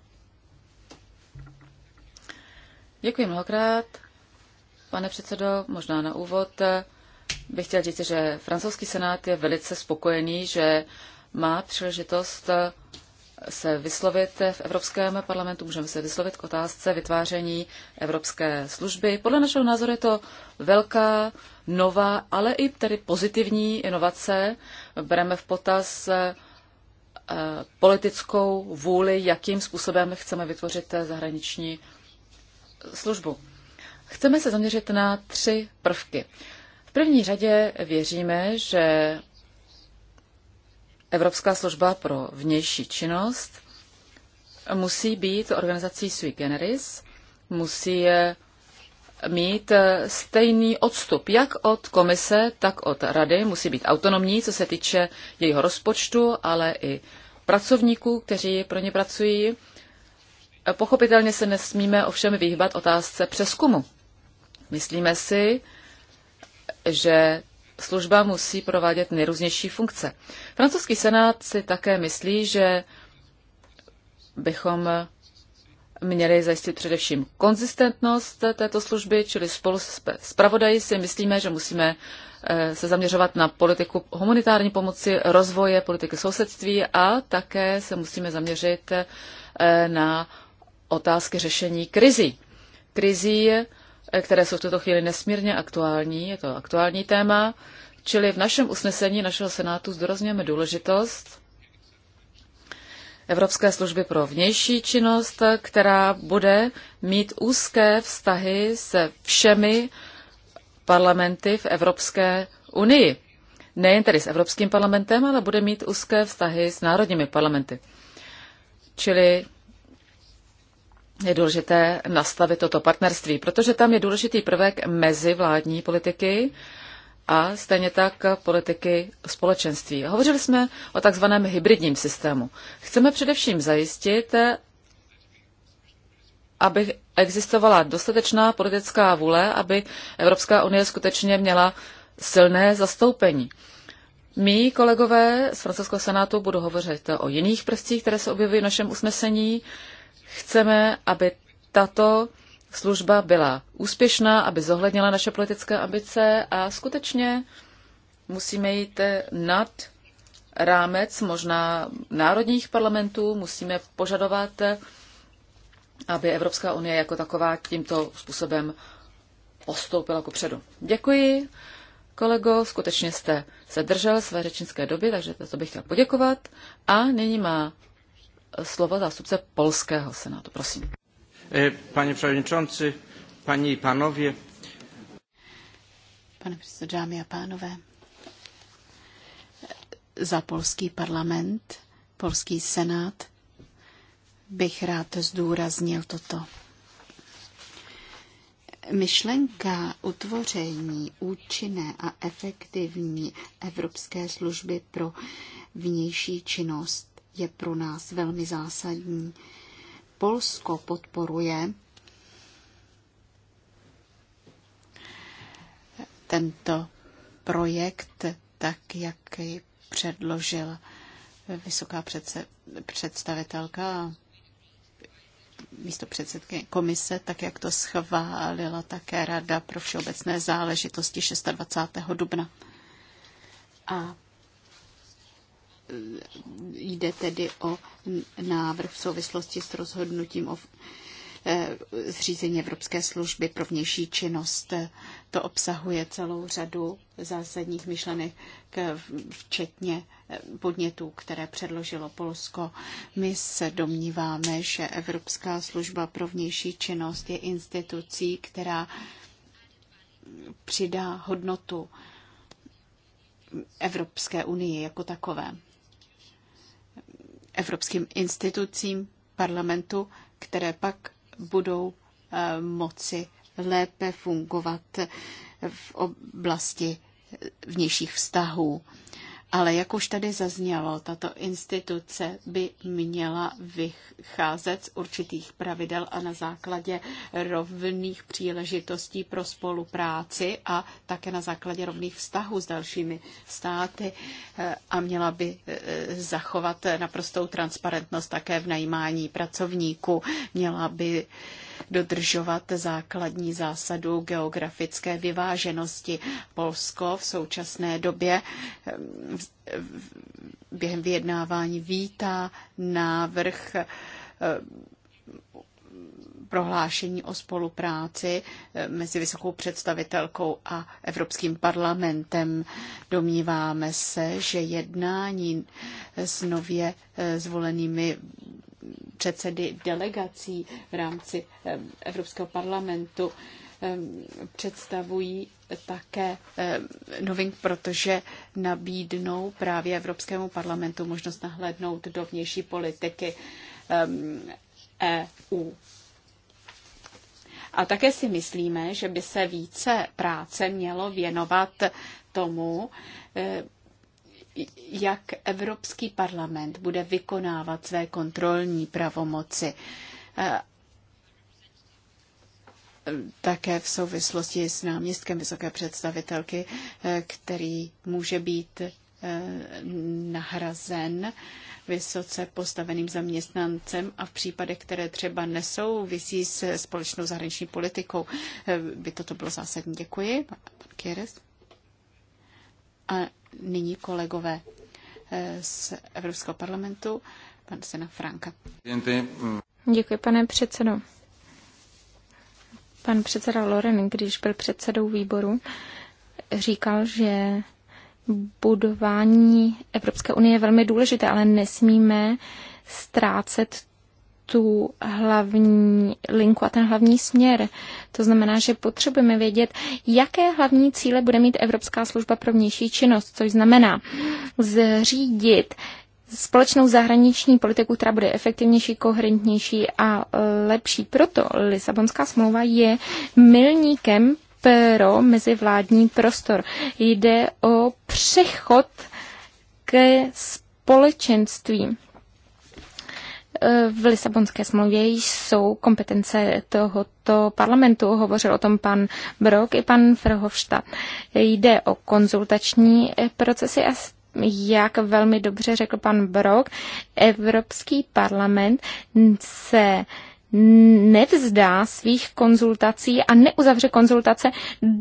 Děkuji mnohokrát. Pane předsedo, možná na úvod bych chtěl říct, že francouzský senát je velice spokojený, že má příležitost se vyslovit v Evropském parlamentu, můžeme se vyslovit k otázce vytváření Evropské služby. Podle našeho názoru je to velká, nová, ale i tedy pozitivní inovace, bereme v potaz eh, politickou vůli, jakým způsobem chceme vytvořit zahraniční službu. Chceme se zaměřit na tři prvky. V první řadě věříme, že Evropská služba pro vnější činnost musí být organizací sui generis, musí je mít eh, stejný odstup jak od komise, tak od rady. Musí být autonomní, co se týče jejího rozpočtu, ale i pracovníků, kteří pro ně pracují. Eh, pochopitelně se nesmíme ovšem vyhýbat otázce přeskumu. Myslíme si, že služba musí provádět nejrůznější funkce. Francouzský senát si také myslí, že bychom měli zajistit především konzistentnost této služby, čili spolu s zpravodaji si myslíme, že musíme eh, se zaměřovat na politiku humanitární pomoci, rozvoje, politiky sousedství a také se musíme zaměřit eh, na otázky řešení krizí. Krizí, eh, které jsou v tuto chvíli nesmírně aktuální, je to aktuální téma, čili v našem usnesení našeho senátu zdůrazňujeme důležitost Evropské služby pro vnější činnost, která bude mít úzké vztahy se všemi parlamenty v Evropské unii. Nejen tedy s Evropským parlamentem, ale bude mít úzké vztahy s národními parlamenty. Čili je důležité nastavit toto partnerství, protože tam je důležitý prvek mezi vládní politiky a stejně tak politiky společenství. Hovořili jsme o takzvaném hybridním systému. Chceme především zajistit, aby existovala dostatečná politická vůle, aby Evropská unie skutečně měla silné zastoupení. Mí kolegové z francouzského senátu budu hovořit o jiných prvcích, které se objevují v našem usnesení. Chceme, aby tato služba byla úspěšná, aby zohlednila naše politické ambice a skutečně musíme jít nad rámec možná národních parlamentů, musíme požadovat, aby Evropská unie jako taková tímto způsobem postoupila ku předu. Děkuji, kolego, skutečně jste se držel své řečnické doby, takže to bych chtěl poděkovat. A nyní má slovo zástupce Polského senátu. Prosím. E, Pane předsedající, paní i a pánové, za polský parlament, polský senát bych rád zdůraznil toto. Myšlenka utvoření účinné a efektivní Evropské služby pro vnější činnost je pro nás velmi zásadní. Polsko podporuje tento projekt tak, jak ji předložil vysoká představitelka místo předsedky komise, tak jak to schválila také Rada pro všeobecné záležitosti 26. dubna. A jde tedy o návrh v souvislosti s rozhodnutím o e, zřízení Evropské služby pro vnější činnost. To obsahuje celou řadu zásadních myšlenek, včetně e, podnětů, které předložilo Polsko. My se domníváme, že Evropská služba pro vnější činnost je institucí, která přidá hodnotu Evropské unii jako takové evropským institucím, parlamentu, které pak budou eh, moci lépe fungovat v oblasti vnějších vztahů. Ale jak už tady zaznělo, tato instituce by měla vycházet z určitých pravidel a na základě rovných příležitostí pro spolupráci a také na základě rovných vztahů s dalšími státy eh, a měla by eh, zachovat naprostou transparentnost také v najímání pracovníků. Měla by dodržovat základní zásadu geografické vyváženosti. Polsko v současné době během vyjednávání vítá návrh prohlášení o spolupráci mezi vysokou představitelkou a Evropským parlamentem. Domníváme se, že jednání s nově eh, zvolenými předsedy delegací v rámci Evropského parlamentu představují také novink, protože nabídnou právě Evropskému parlamentu možnost nahlédnout do vnější politiky EU. E A také si myslíme, že by se více práce mělo věnovat tomu, jak Evropský parlament bude vykonávat své kontrolní pravomoci eh, také v souvislosti s náměstkem vysoké představitelky, eh, který může být eh, nahrazen vysoce postaveným zaměstnancem a v případech, které třeba nesouvisí s společnou zahraniční politikou, by toto bylo zásadní. Děkuji. Pan Kieres. A nyní kolegové eh, z Evropského parlamentu, pan Sena Franka. Děkuji, pane předsedo. Pan předseda Loren, když byl předsedou výboru, říkal, že budování Evropské unie je velmi důležité, ale nesmíme ztrácet tu hlavní linku a ten hlavní směr. To znamená, že potřebujeme vědět, jaké hlavní cíle bude mít Evropská služba pro vnější činnost, což znamená zřídit společnou zahraniční politiku, která bude efektivnější, koherentnější a e, lepší. Proto Lisabonská smlouva je milníkem pro mezivládní prostor. Jde o přechod ke společenství. E, v Lisabonské smlouvě jsou kompetence tohoto parlamentu. Hovořil o tom pan Brok i pan Ferhovšta. Jde o konzultační e, procesy a jak velmi dobře řekl pan Brok, Evropský parlament se nevzdá svých konzultací a neuzavře konzultace,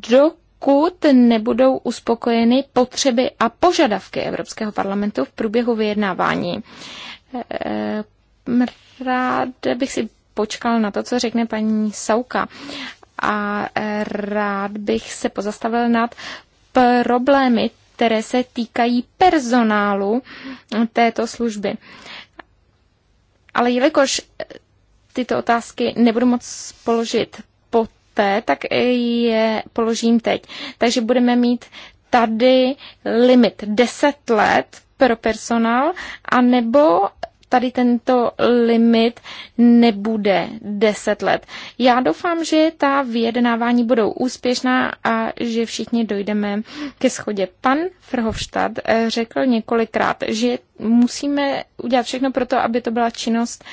dokud nebudou uspokojeny potřeby a požadavky Evropského parlamentu v průběhu vyjednávání e, rád bych si počkal na to, co řekne paní Sauka. A rád bych se pozastavil nad problémy, které se týkají personálu této služby. Ale jelikož tyto otázky nebudu moc položit poté, tak je položím teď. Takže budeme mít tady limit 10 let pro personál, anebo tady tento limit nebude 10 let. Já doufám, že ta vyjednávání budou úspěšná a že všichni dojdeme ke schodě. Pan Frhovštad eh, řekl několikrát, že musíme udělat všechno pro to, aby to byla činnost,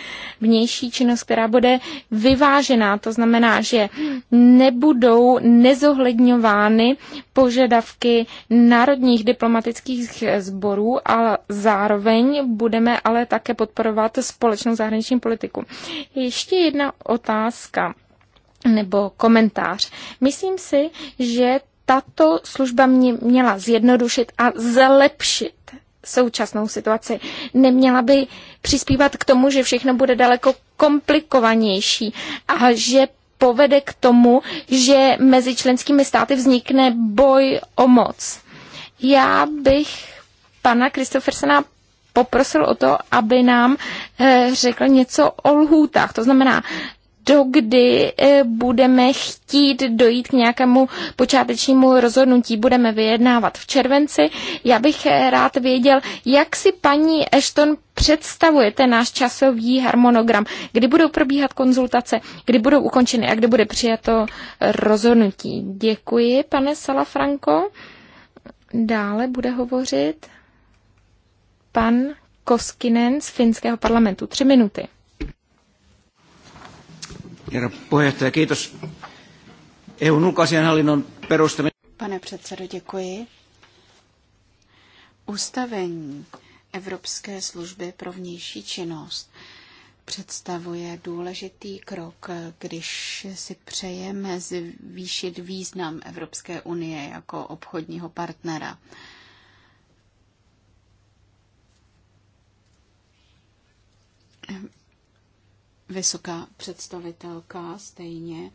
vnější činnost, která bude vyvážená. To znamená, že nebudou nezohledňovány požadavky národních diplomatických sborů, ale zároveň budeme ale také podporovat společnou zahraniční politiku. Ještě jedna otázka nebo komentář. Myslím si, že tato služba mě měla zjednodušit a zlepšit současnou situaci. Neměla by přispívat k tomu, že všechno bude daleko komplikovanější a že povede k tomu, že mezi členskými státy vznikne boj o moc. Já bych pana Kristofersena poprosil o to, aby nám eh, řekl něco o lhůtách. To znamená, dokdy eh, budeme chtít dojít k nějakému počátečnímu rozhodnutí. Budeme vyjednávat v červenci. Já bych eh, rád věděl, jak si paní Ashton představujete náš časový harmonogram, kdy budou probíhat konzultace, kdy budou ukončeny a kdy bude přijato rozhodnutí. Děkuji, pane Salafranko. Dále bude hovořit pan Koskinen z finského parlamentu. Tři minuty. Herra puheenjohtaja, kiitos. EUn ulkoasianhallinnon perustaminen. Pane předsedo, děkuji. Ustavení Evropské služby pro vnější činnost představuje důležitý krok, když si přejeme zvýšit význam Evropské unie jako obchodního partnera vysoká představitelka stejně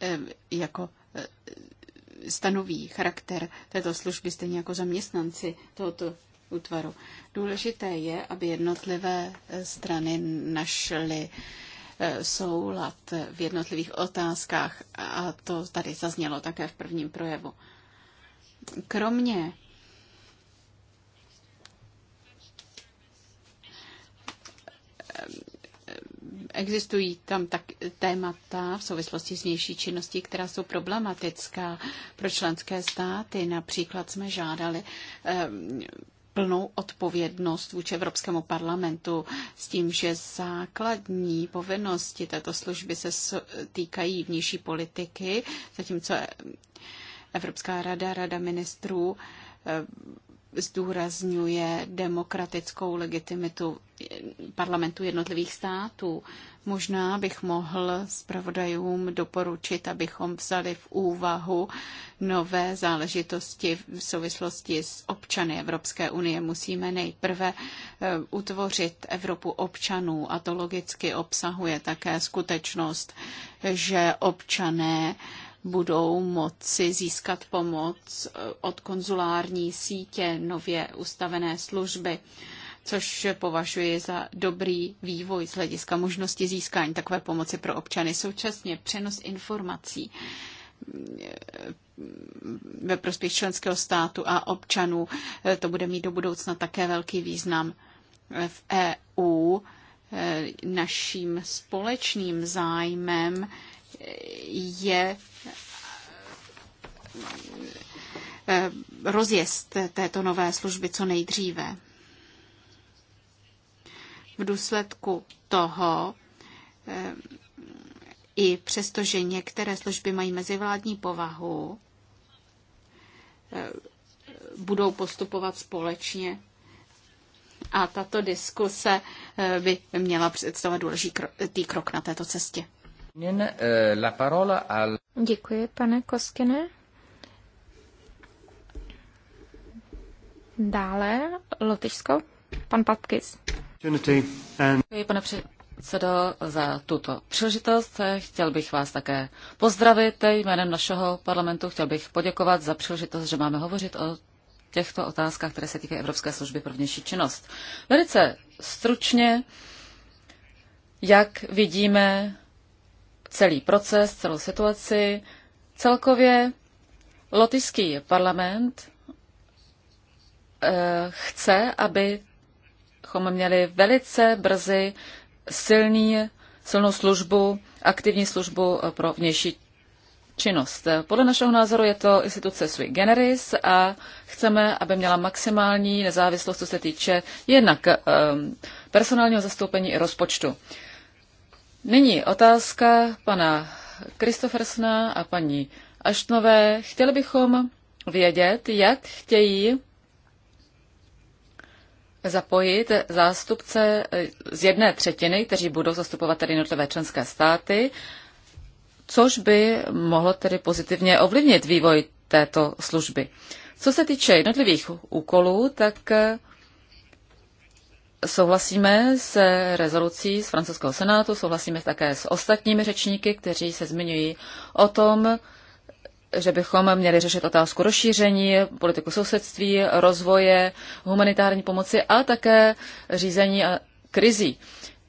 eh, jako eh, stanoví charakter této služby stejně jako zaměstnanci tohoto útvaru. Důležité je, aby jednotlivé eh, strany našly soulad v jednotlivých otázkách a to tady zaznělo také v prvním projevu. Kromě Existují tam tak témata v souvislosti s vnější činností, která jsou problematická pro členské státy. Například jsme žádali eh, plnou odpovědnost vůči Evropskému parlamentu s tím, že základní povinnosti této služby se týkají vnější politiky, zatímco Evropská rada, rada ministrů eh, zdůrazňuje demokratickou legitimitu parlamentu jednotlivých států. Možná bych mohl zpravodajům doporučit, abychom vzali v úvahu nové záležitosti v souvislosti s občany Evropské unie. Musíme nejprve eh, utvořit Evropu občanů a to logicky obsahuje také skutečnost, že občané budou moci získat pomoc eh, od konzulární sítě nově ustavené služby což považuji za dobrý vývoj z hlediska možnosti získání takové pomoci pro občany. Současně přenos informací eh, ve prospěch členského státu a občanů, eh, to bude mít do budoucna také velký význam v EU. Naším společným zájmem je eh, rozjezd této nové služby co nejdříve. V důsledku toho eh, i přestože některé služby mají mezivládní povahu, eh, budou postupovat společně. A tato diskuse by měla představovat důležitý krok na této cestě. Eh, Děkuji, pane Koskine. Dále Lotyšsko, pan Papkis. Děkuji, pane předsedo, za tuto příležitost. Chtěl bych vás také pozdravit jménem našeho parlamentu. Chtěl bych poděkovat za příležitost, že máme hovořit o těchto otázkách, které se týkají Evropské služby pro vnější činnost. Velice stručně, jak vidíme celý proces, celou situaci. Celkově lotyšský parlament eh, chce, abychom měli velice brzy silný, silnou službu, aktivní službu eh, pro vnější činnost. Podle našeho názoru je to instituce sui generis a chceme, aby měla maximální nezávislost, co se týče jednak eh, personálního zastoupení i rozpočtu. Nyní otázka pana Kristofersna a paní Aštnové. Chtěli bychom vědět, jak chtějí zapojit zástupce eh, z jedné třetiny, kteří budou zastupovat tedy jednotlivé členské státy, což by mohlo tedy pozitivně ovlivnit vývoj této služby. Co se týče jednotlivých úkolů, tak eh, Souhlasíme s rezolucí z francouzského senátu, souhlasíme také s ostatními řečníky, kteří se zmiňují o tom, že bychom měli řešit otázku rozšíření, politiku sousedství, rozvoje, humanitární pomoci a také řízení a krizí.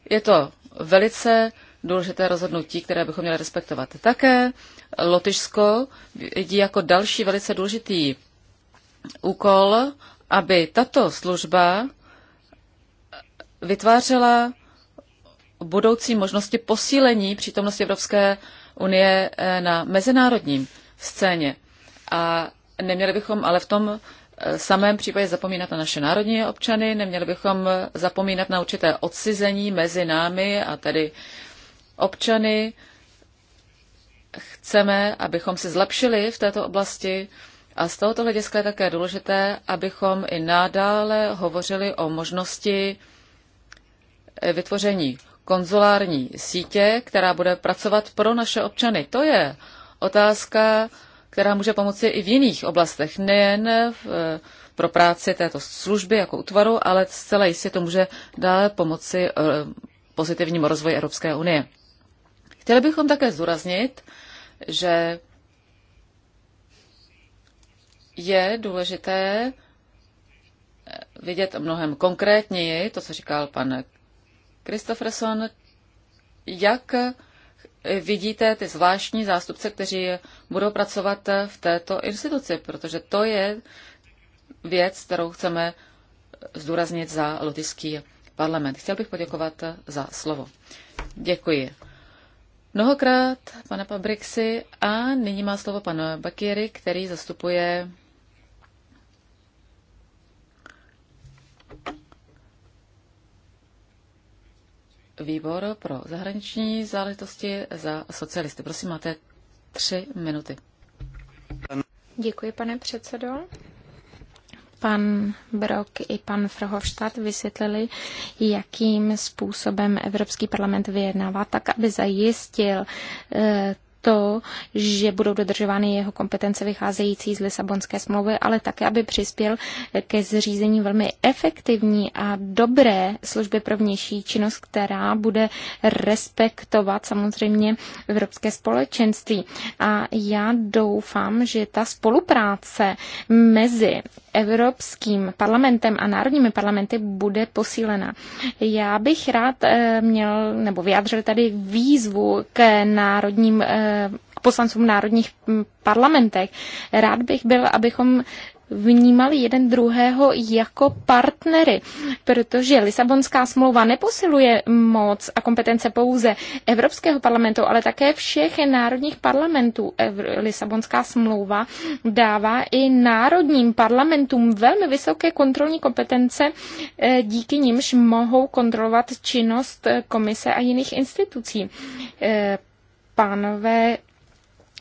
Je to velice důležité rozhodnutí, které bychom měli respektovat. Také Lotyšsko vidí jako další velice důležitý úkol, aby tato služba vytvářela budoucí možnosti posílení přítomnosti Evropské unie eh, na mezinárodním scéně. A neměli bychom ale v tom eh, samém případě zapomínat na naše národní občany, neměli bychom eh, zapomínat na určité odcizení mezi námi a tedy občany. Chceme, abychom si zlepšili v této oblasti a z tohoto hlediska je také důležité, abychom i nadále hovořili o možnosti Eh, vytvoření konzulární sítě, která bude pracovat pro naše občany. To je otázka, která může pomoci i v jiných oblastech, nejen v, eh, pro práci této služby jako útvaru, ale zcela jistě to může dále pomoci eh, pozitivnímu rozvoji Evropské unie. Chtěli bychom také zdůraznit, že je důležité vidět mnohem konkrétněji to, co říkal pan Kristofferson, jak vidíte ty zvláštní zástupce, kteří budou pracovat v této instituci, protože to je věc, kterou chceme zdůraznit za lotyský parlament. Chtěl bych poděkovat za slovo. Děkuji. Mnohokrát, pane Pabrixi, a nyní má slovo pan Bakiri, který zastupuje výbor pro zahraniční záležitosti za socialisty. Prosím, máte tři minuty. Děkuji, pane předsedo. Pan Brok i pan Frohovštát vysvětlili, jakým způsobem Evropský parlament vyjednává, tak aby zajistil eh, to, že budou dodržovány jeho kompetence vycházející z Lisabonské smlouvy, ale také, aby přispěl ke zřízení velmi efektivní a dobré služby pro vnější činnost, která bude respektovat samozřejmě Evropské společenství. A já doufám, že ta spolupráce mezi Evropským parlamentem a národními parlamenty bude posílena. Já bych rád eh, měl nebo vyjádřil tady výzvu k národním eh, poslancům národních mm, parlamentech. Rád bych byl, abychom vnímali jeden druhého jako partnery, protože Lisabonská smlouva neposiluje moc a kompetence pouze Evropského parlamentu, ale také všech národních parlamentů. Lisabonská smlouva dává i národním parlamentům velmi vysoké kontrolní kompetence, eh, díky nimž mohou kontrolovat činnost komise a jiných institucí. Eh, pánové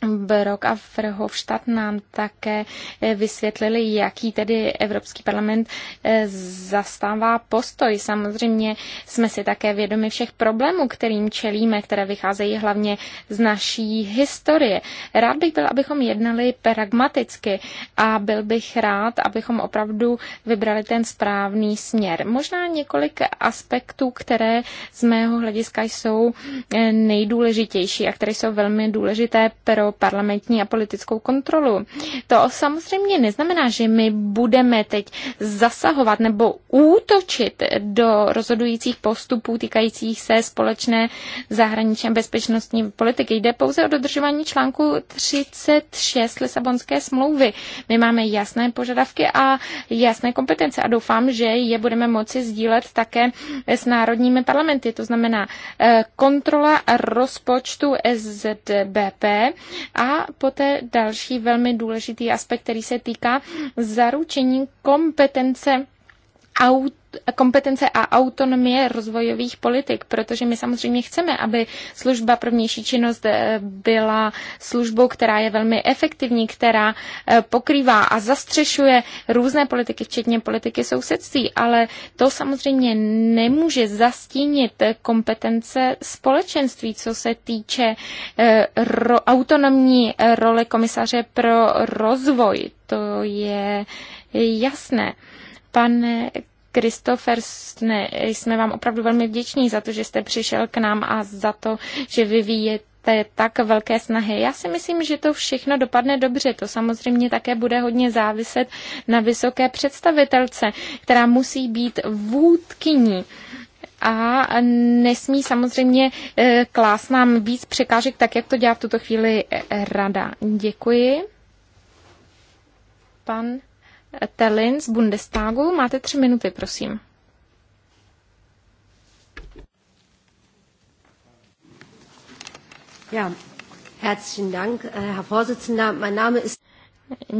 Brok a Verhofstadt nám také eh, vysvětlili, jaký tedy Evropský parlament eh, zastává postoj. Samozřejmě jsme si také vědomi všech problémů, kterým čelíme, které vycházejí hlavně z naší historie. Rád bych byl, abychom jednali pragmaticky a byl bych rád, abychom opravdu vybrali ten správný směr. Možná několik aspektů, které z mého hlediska jsou eh, nejdůležitější a které jsou velmi důležité pro parlamentní a politickou kontrolu. To samozřejmě neznamená, že my budeme teď zasahovat nebo útočit do rozhodujících postupů týkajících se společné zahraniční a bezpečnostní politiky. Jde pouze o dodržování článku 36 Lisabonské smlouvy. My máme jasné požadavky a jasné kompetence a doufám, že je budeme moci sdílet také s národními parlamenty. To znamená eh, kontrola rozpočtu SZBP a poté další velmi důležitý aspekt, který se týká zaručení kompetence aut, kompetence a autonomie rozvojových politik, protože my samozřejmě chceme, aby služba pro vnější činnost eh, byla službou, která je velmi efektivní, která eh, pokrývá a zastřešuje různé politiky, včetně politiky sousedství, ale to samozřejmě nemůže zastínit kompetence společenství, co se týče eh, ro, autonomní role komisaře pro rozvoj. To je jasné. Pane Kristofer, jsme vám opravdu velmi vděční za to, že jste přišel k nám a za to, že vyvíjete tak velké snahy. Já si myslím, že to všechno dopadne dobře. To samozřejmě také bude hodně záviset na vysoké představitelce, která musí být vůdkyní a nesmí samozřejmě eh, klást nám víc překážek, tak jak to dělá v tuto chvíli rada. Děkuji. Pan Tellin z Bundestagu. Máte tři minuty, prosím. Ja, herzlichen Dank, äh, Herr Vorsitzender. Mein Name ist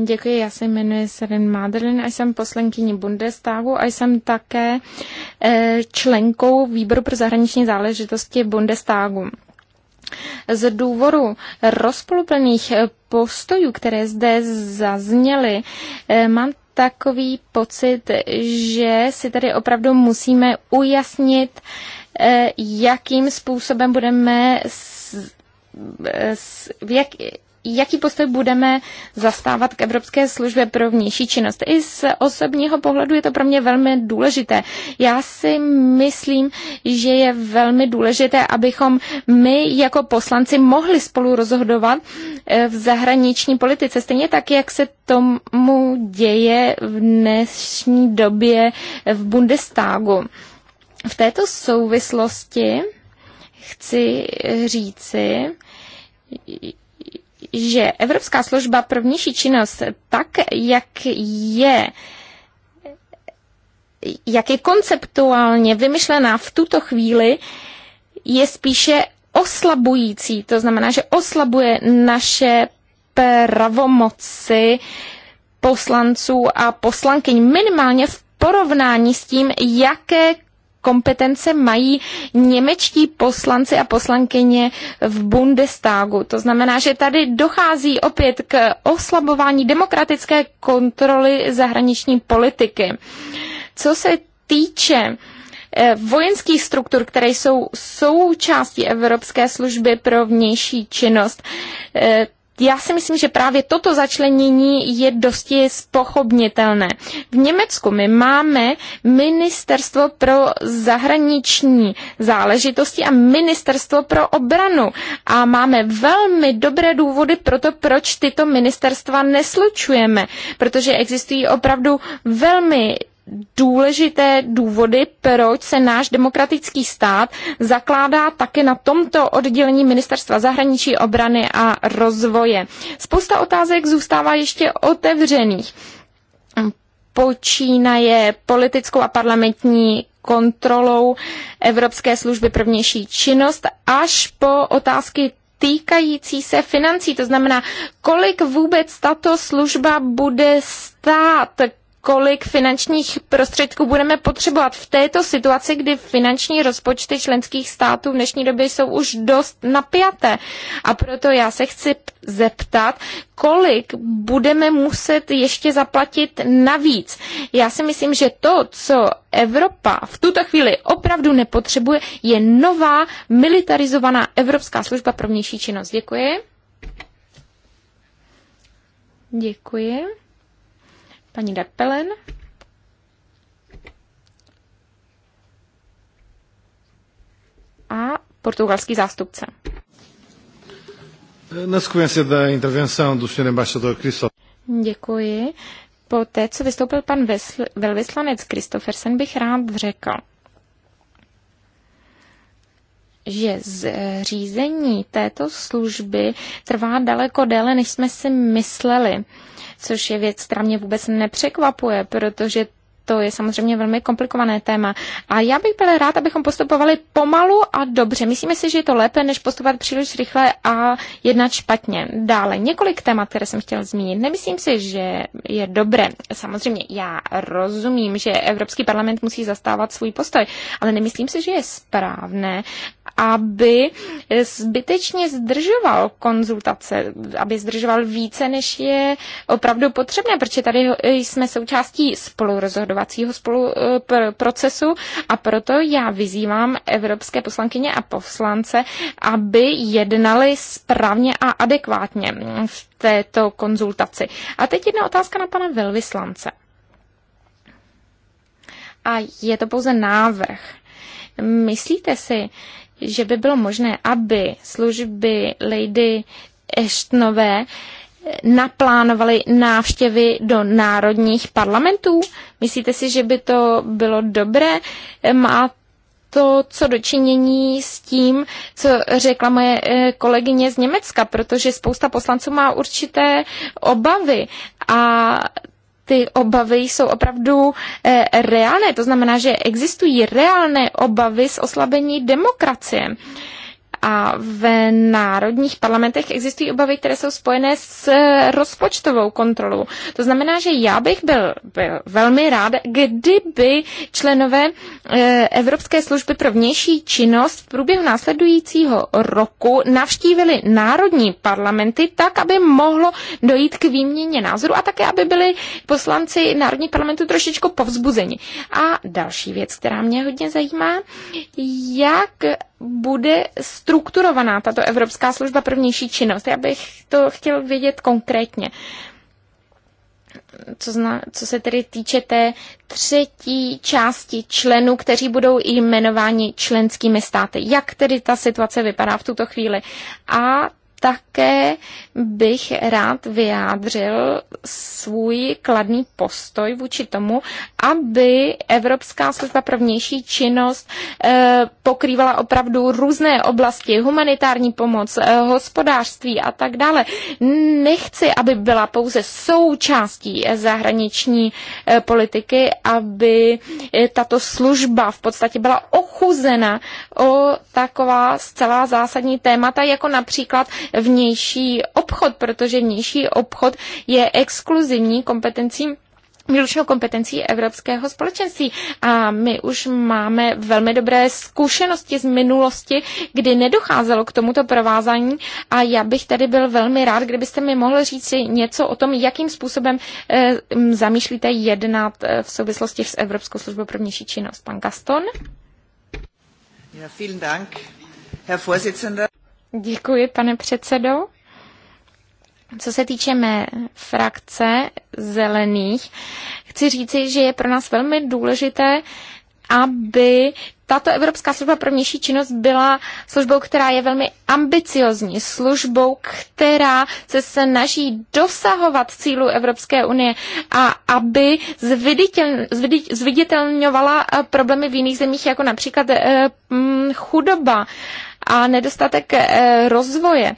Děkuji, já se jmenuji Seren Madelin a jsem poslankyní Bundestagu a jsem také äh, členkou výboru pro zahraniční záležitosti Bundestagu. Z důvodu rozpoluplných postojů, které zde zazněly, eh, mám takový pocit, že si tady opravdu musíme ujasnit, eh, jakým způsobem budeme s, eh, s, jak, jaký postoj budeme zastávat k Evropské službě pro vnější činnost. I z osobního pohledu je to pro mě velmi důležité. Já si myslím, že je velmi důležité, abychom my jako poslanci mohli spolu rozhodovat eh, v zahraniční politice. Stejně tak, jak se tomu děje v dnešní době v Bundestagu. V této souvislosti chci říci, že Evropská služba pro vnější činnost, tak jak je jak je konceptuálně vymyšlená v tuto chvíli, je spíše oslabující. To znamená, že oslabuje naše pravomoci poslanců a poslankyň minimálně v porovnání s tím, jaké kompetence mají němečtí poslanci a poslankyně v Bundestagu. To znamená, že tady dochází opět k oslabování demokratické kontroly zahraniční politiky. Co se týče eh, vojenských struktur, které jsou součástí Evropské služby pro vnější činnost, eh, já si myslím, že právě toto začlenění je dosti spochobnitelné. V Německu my máme ministerstvo pro zahraniční záležitosti a ministerstvo pro obranu a máme velmi dobré důvody pro to, proč tyto ministerstva neslučujeme, protože existují opravdu velmi důležité důvody, proč se náš demokratický stát zakládá také na tomto oddělení Ministerstva zahraničí, obrany a rozvoje. Spousta otázek zůstává ještě otevřených. Počínaje politickou a parlamentní kontrolou Evropské služby pro vnější činnost až po otázky týkající se financí, to znamená, kolik vůbec tato služba bude stát, kolik finančních prostředků budeme potřebovat v této situaci, kdy finanční rozpočty členských států v dnešní době jsou už dost napjaté. A proto já se chci zeptat, kolik budeme muset ještě zaplatit navíc. Já si myslím, že to, co Evropa v tuto chvíli opravdu nepotřebuje, je nová militarizovaná Evropská služba pro vnější činnost. Děkuji. Děkuji. Paní Depelen. A portugalský zástupce. Na sequência da intervenção do senhor embaixador Cristóvão. Děkuji. Po té, co vystoupil pan velvyslanec Kristoffersen, bych rád řekl, že zřízení této služby trvá daleko déle, než jsme si mysleli což je věc, která mě vůbec nepřekvapuje, protože to je samozřejmě velmi komplikované téma. A já bych byl rád, abychom postupovali pomalu a dobře. Myslíme si, že je to lépe, než postupovat příliš rychle a jednat špatně. Dále několik témat, které jsem chtěl zmínit. Nemyslím si, že je dobré. Samozřejmě já rozumím, že Evropský parlament musí zastávat svůj postoj, ale nemyslím si, že je správné, aby zbytečně zdržoval konzultace, aby zdržoval více, než je opravdu potřebné, protože tady jsme součástí spolurozhodování rozhodovacího spolu, eh, pr- procesu a proto já vyzývám evropské poslankyně a poslance, aby jednali správně a adekvátně v této konzultaci. A teď jedna otázka na pana velvyslance. A je to pouze návrh. Myslíte si, že by bylo možné, aby služby Lady Eštnové naplánovali návštěvy do národních parlamentů? Myslíte si, že by to bylo dobré? Má to co dočinění s tím, co řekla moje eh, kolegyně z Německa, protože spousta poslanců má určité obavy a ty obavy jsou opravdu eh, reálné. To znamená, že existují reálné obavy s oslabení demokracie a v národních parlamentech existují obavy, které jsou spojené s rozpočtovou kontrolou. To znamená, že já bych byl, byl velmi rád, kdyby členové eh, Evropské služby pro vnější činnost v průběhu následujícího roku navštívili národní parlamenty tak, aby mohlo dojít k výměně názoru a také, aby byli poslanci národních parlamentů trošičku povzbuzeni. A další věc, která mě hodně zajímá, jak bude strukturovaná tato Evropská služba prvnější činnost? Já bych to chtěl vědět konkrétně. Co, zna, co se tedy týče té třetí části členů, kteří budou jmenováni členskými státy. Jak tedy ta situace vypadá v tuto chvíli? A také bych rád vyjádřil svůj kladný postoj vůči tomu, aby Evropská služba pro vnější činnost eh, pokrývala opravdu různé oblasti, humanitární pomoc, eh, hospodářství a tak dále. Nechci, aby byla pouze součástí zahraniční eh, politiky, aby tato služba v podstatě byla ochuzena o taková zcela zásadní témata, jako například vnější obchod, protože vnější obchod je exkluzivní kompetencí výlučnou kompetencí Evropského společenství. A my už máme velmi dobré zkušenosti z minulosti, kdy nedocházelo k tomuto provázání a já bych tady byl velmi rád, kdybyste mi mohl říct si něco o tom, jakým způsobem e, zamýšlíte jednat eh, v souvislosti s Evropskou službou pro vnější činnost. Pan Gaston? Ja, vielen Dank, Herr Vorsitzender. Děkuji, pane předsedo. Co se týče mé frakce zelených, chci říci, že je pro nás velmi důležité, aby tato Evropská služba pro vnější činnost byla službou, která je velmi ambiciozní, službou, která se snaží dosahovat cílů Evropské unie a aby zviditel, zvidit, zviditelňovala eh, problémy v jiných zemích, jako například eh, chudoba a nedostatek eh, rozvoje.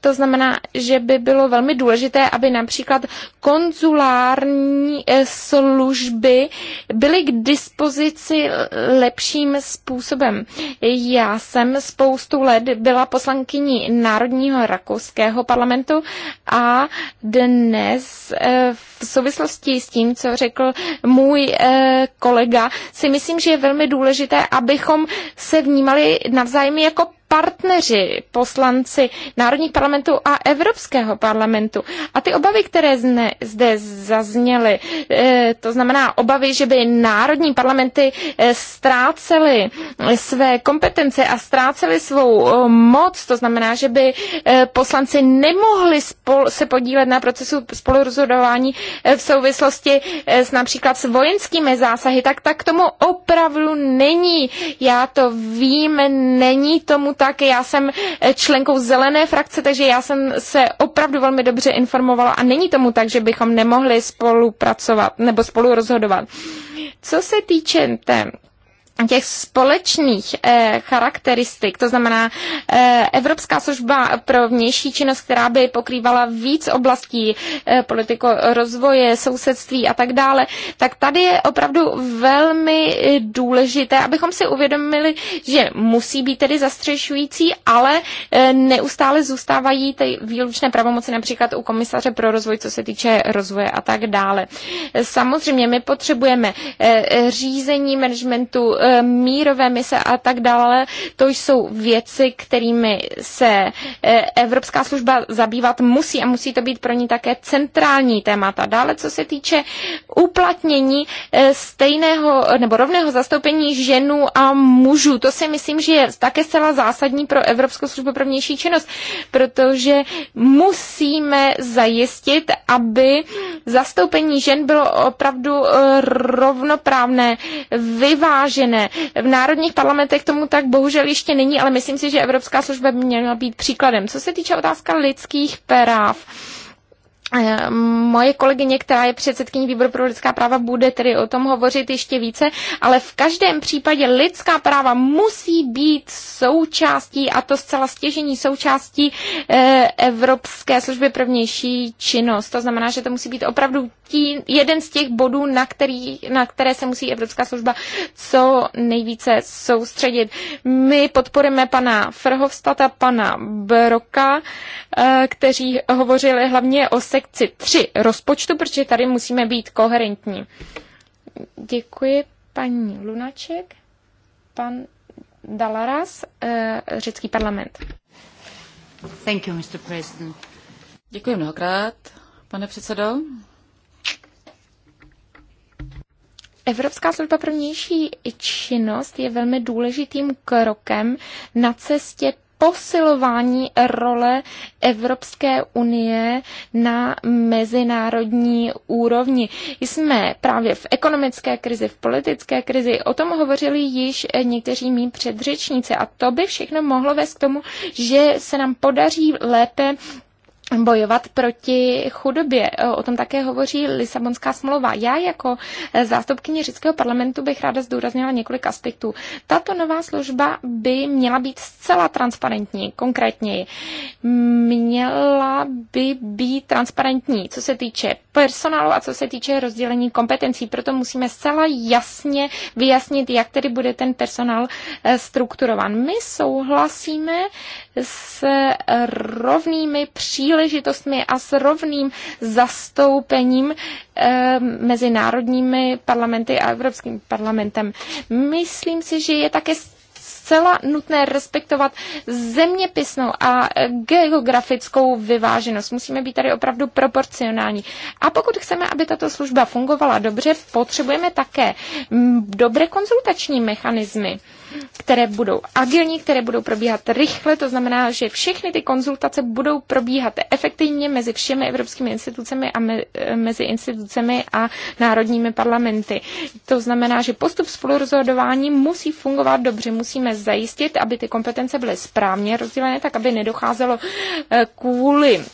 To znamená, že by bylo velmi důležité, aby například konzulární eh, služby byly k dispozici eh, lepším způsobem. Já jsem spoustu let byla poslankyní Národního rakouského parlamentu a dnes eh, v souvislosti s tím, co řekl můj kolega, si myslím, že je velmi důležité, abychom se vnímali navzájem jako partneři, poslanci Národních parlamentů a Evropského parlamentu. A ty obavy, které zne, zde zazněly, eh, to znamená obavy, že by národní parlamenty eh, ztrácely eh, své kompetence a ztrácely svou moc, to znamená, že by poslanci nemohli spol, se podílet na procesu spolurozhodování v souvislosti s například s vojenskými zásahy, tak, tak tomu opravdu není. Já to vím, není tomu tak já jsem členkou zelené frakce, takže já jsem se opravdu velmi dobře informovala a není tomu tak, že bychom nemohli spolupracovat nebo spolu rozhodovat. Co se týče té těch společných e, charakteristik, to znamená e, Evropská služba pro vnější činnost, která by pokrývala víc oblastí e, politiko rozvoje, sousedství a tak dále, tak tady je opravdu velmi důležité, abychom si uvědomili, že musí být tedy zastřešující, ale e, neustále zůstávají ty výlučné pravomoci například u komisaře pro rozvoj, co se týče rozvoje a tak dále. Samozřejmě my potřebujeme e, řízení managementu, E, mírové mise a tak dále. To jsou věci, kterými se e, Evropská služba zabývat musí a musí to být pro ní také centrální témata. Dále, co se týče uplatnění e, stejného nebo rovného zastoupení ženů a mužů, to si myslím, že je také zcela zásadní pro Evropskou službu pro vnější činnost, protože musíme zajistit, aby zastoupení žen bylo opravdu rovnoprávné, vyvážené, ne. V národních parlamentech tomu tak bohužel ještě není, ale myslím si, že Evropská služba by měla být příkladem. Co se týče otázka lidských práv, Eh, moje kolegyně, která je předsedkyní výboru pro lidská práva, bude tedy o tom hovořit ještě více, ale v každém případě lidská práva musí být součástí, a to zcela stěžení součástí eh, Evropské služby prvnější činnost. To znamená, že to musí být opravdu tí, jeden z těch bodů, na, který, na které se musí Evropská služba co nejvíce soustředit. My podporujeme pana Frhovstata, pana Broka, eh, kteří hovořili hlavně o se sekci 3 rozpočtu, protože tady musíme být koherentní. Děkuji paní Lunaček, pan Dalaras, eh, řecký parlament. Thank you, Mr. President. Děkuji mnohokrát, pane předsedo. Evropská služba pro vnější činnost je velmi důležitým krokem na cestě posilování role Evropské unie na mezinárodní úrovni. Jsme právě v ekonomické krizi, v politické krizi, o tom hovořili již někteří mý předřečníci a to by všechno mohlo vést k tomu, že se nám podaří lépe bojovat proti chudobě. O tom také hovoří Lisabonská smlouva. Já jako zástupkyně řeckého parlamentu bych ráda zdůraznila několik aspektů. Tato nová služba by měla být zcela transparentní, konkrétněji. Měla by být transparentní, co se týče personálu a co se týče rozdělení kompetencí. Proto musíme zcela jasně vyjasnit, jak tedy bude ten personál eh, strukturovan. My souhlasíme s rovnými příležitostmi a s rovným zastoupením eh, mezi národními parlamenty a Evropským parlamentem. Myslím si, že je také zcela nutné respektovat zeměpisnou a geografickou vyváženost. Musíme být tady opravdu proporcionální. A pokud chceme, aby tato služba fungovala dobře, potřebujeme také dobré konzultační mechanismy které budou agilní, které budou probíhat rychle, to znamená, že všechny ty konzultace budou probíhat efektivně mezi všemi evropskými institucemi a me, mezi institucemi a národními parlamenty. To znamená, že postup spolurozhodování musí fungovat dobře, musíme zajistit, aby ty kompetence byly správně rozdělené, tak aby nedocházelo eh, kvůli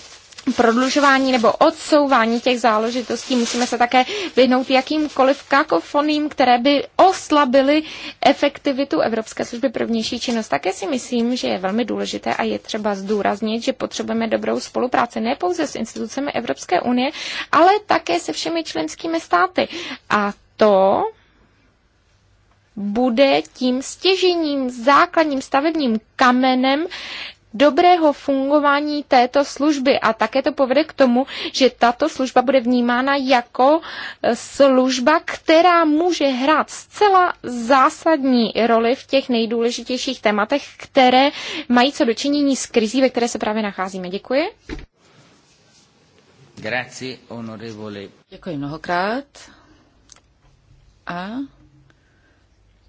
prodlužování nebo odsouvání těch záležitostí. Musíme se také vyhnout jakýmkoliv kakofoním, které by oslabily efektivitu Evropské služby pro vnější činnost. Také si myslím, že je velmi důležité a je třeba zdůraznit, že potřebujeme dobrou spolupráci ne pouze s institucemi Evropské unie, ale také se všemi členskými státy. A to bude tím stěžením základním stavebním kamenem dobrého fungování této služby a také to povede k tomu, že tato služba bude vnímána jako e, služba, která může hrát zcela zásadní roli v těch nejdůležitějších tématech, které mají co dočinění s krizí, ve které se právě nacházíme. Děkuji. Grazie, onorevole. Děkuji mnohokrát. A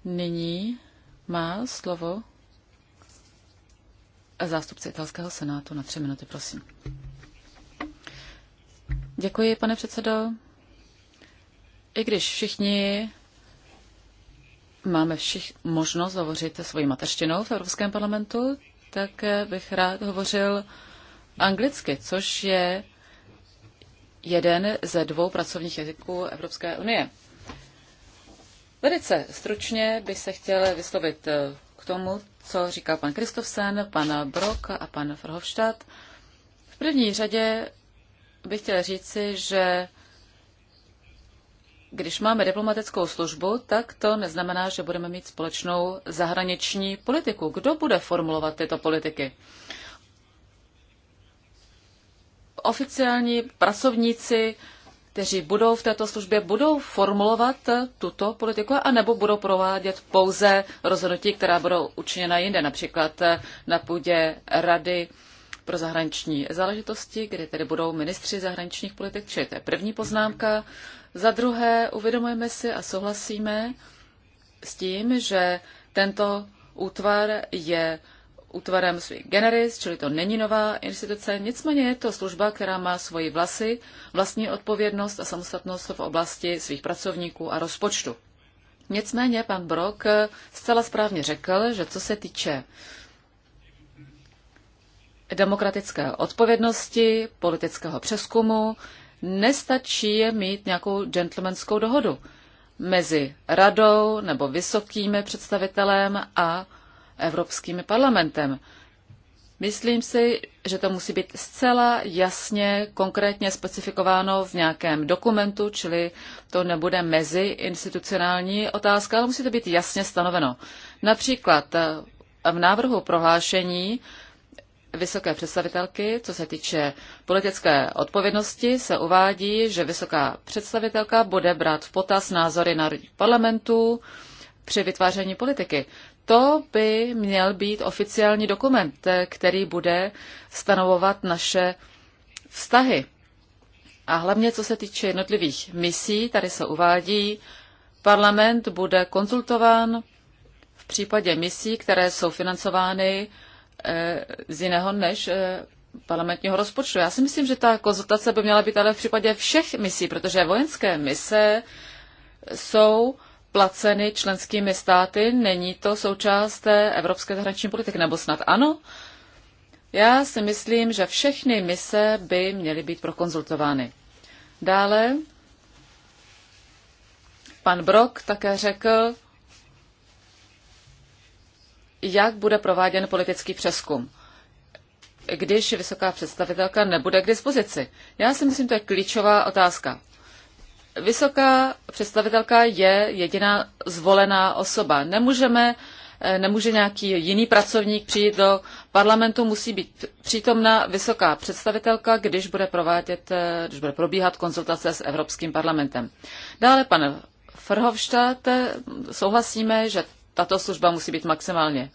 nyní má slovo zástupce italského senátu na tři minuty, prosím. Děkuji, pane předsedo. I když všichni máme všich možnost hovořit svojí mateřštinou v Evropském parlamentu, tak bych rád hovořil anglicky, což je jeden ze dvou pracovních jazyků Evropské unie. Velice stručně bych se chtěl vyslovit tomu, co říká pan Kristofsen, pan Brok a pan Verhofstadt. V první řadě bych chtěla říci, že když máme diplomatickou službu, tak to neznamená, že budeme mít společnou zahraniční politiku. Kdo bude formulovat tyto politiky? Oficiální pracovníci kteří budou v této službě, budou formulovat tuto politiku, anebo budou provádět pouze rozhodnutí, která budou učiněna jinde, například na půdě Rady pro zahraniční záležitosti, kde tedy budou ministři zahraničních politik, čili to je první poznámka. Za druhé, uvědomujeme si a souhlasíme s tím, že tento útvar je útvarem svých generis, čili to není nová instituce, nicméně je to služba, která má svoji vlasy, vlastní odpovědnost a samostatnost v oblasti svých pracovníků a rozpočtu. Nicméně pan Brok eh, zcela správně řekl, že co se týče demokratické odpovědnosti, politického přeskumu, nestačí je mít nějakou gentlemanskou dohodu mezi radou nebo vysokými představitelem a Evropským parlamentem. Myslím si, že to musí být zcela jasně, konkrétně specifikováno v nějakém dokumentu, čili to nebude meziinstitucionální otázka, ale musí to být jasně stanoveno. Například eh, v návrhu prohlášení vysoké představitelky, co se týče politické odpovědnosti, se uvádí, že vysoká představitelka bude brát v potaz názory národních parlamentů při vytváření politiky. To by měl být oficiální dokument, který bude stanovovat naše vztahy. A hlavně co se týče jednotlivých misí, tady se uvádí, parlament bude konzultován v případě misí, které jsou financovány eh, z jiného než eh, parlamentního rozpočtu. Já si myslím, že ta konzultace by měla být ale v případě všech misí, protože vojenské mise jsou placeny členskými státy, není to součást evropské zahraniční politiky, nebo snad ano? Já si myslím, že všechny mise by měly být prokonzultovány. Dále pan Brok také řekl, jak bude prováděn politický přeskum, když vysoká představitelka nebude k dispozici. Já si myslím, to je klíčová otázka. Vysoká představitelka je jediná zvolená osoba. Nemůžeme, eh, nemůže nějaký jiný pracovník přijít do parlamentu, musí být přítomna vysoká představitelka, když bude, provádět, eh, když bude probíhat konzultace s Evropským parlamentem. Dále, pane Frhovštát, souhlasíme, že tato služba musí být maximálně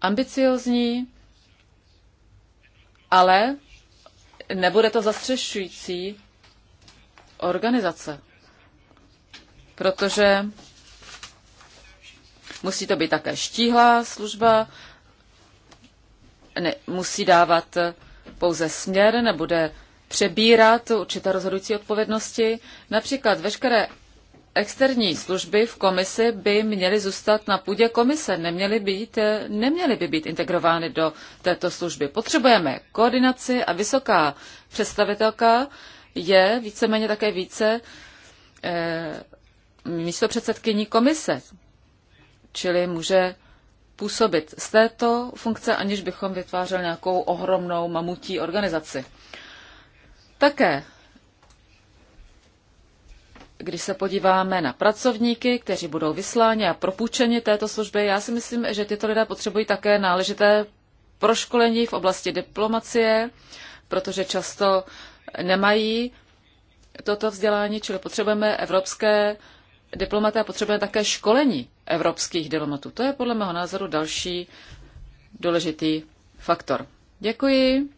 ambiciozní, ale nebude to zastřešující organizace, protože musí to být také štíhlá služba, ne, musí dávat pouze směr, nebude přebírat určité rozhodující odpovědnosti. Například veškeré externí služby v komisi by měly zůstat na půdě komise, neměly, být, neměly by být integrovány do této služby. Potřebujeme koordinaci a vysoká představitelka je víceméně také více eh, místo předsedkyní komise, čili může působit z této funkce, aniž bychom vytvářeli nějakou ohromnou mamutí organizaci. Také, když se podíváme na pracovníky, kteří budou vysláni a propůjčeni této služby, já si myslím, že tyto lidé potřebují také náležité proškolení v oblasti diplomacie, protože často nemají toto vzdělání, čili potřebujeme evropské diplomaty a potřebujeme také školení evropských diplomatů. To je podle mého názoru další důležitý faktor. Děkuji.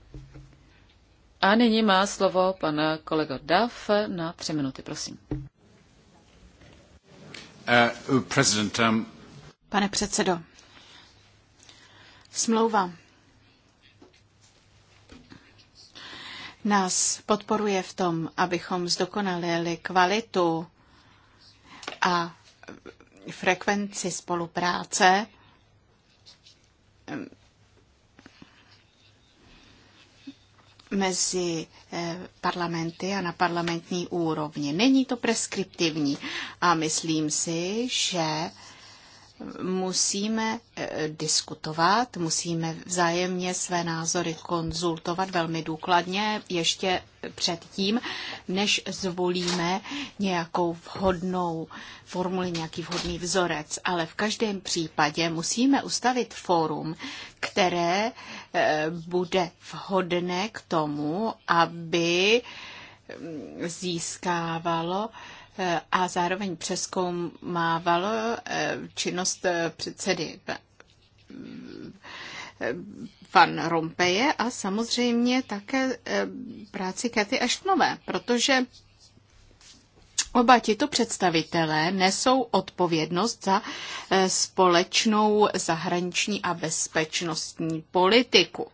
A nyní má slovo pan kolega Duff na tři minuty, prosím. Uh, um... Pane předsedo, smlouva nás podporuje v tom, abychom zdokonalili kvalitu a frekvenci spolupráce. mezi eh, parlamenty a na parlamentní úrovni. Není to preskriptivní a myslím si, že musíme eh, diskutovat, musíme vzájemně své názory konzultovat velmi důkladně ještě předtím, než zvolíme nějakou vhodnou formuli, nějaký vhodný vzorec. Ale v každém případě musíme ustavit fórum, které eh, bude vhodné k tomu, aby mm, získávalo a zároveň přeskoumával eh, činnost eh, předsedy eh, Van Rompeje a samozřejmě také práci Kety Ashtonové, protože Oba tito představitelé nesou odpovědnost za společnou zahraniční a bezpečnostní politiku.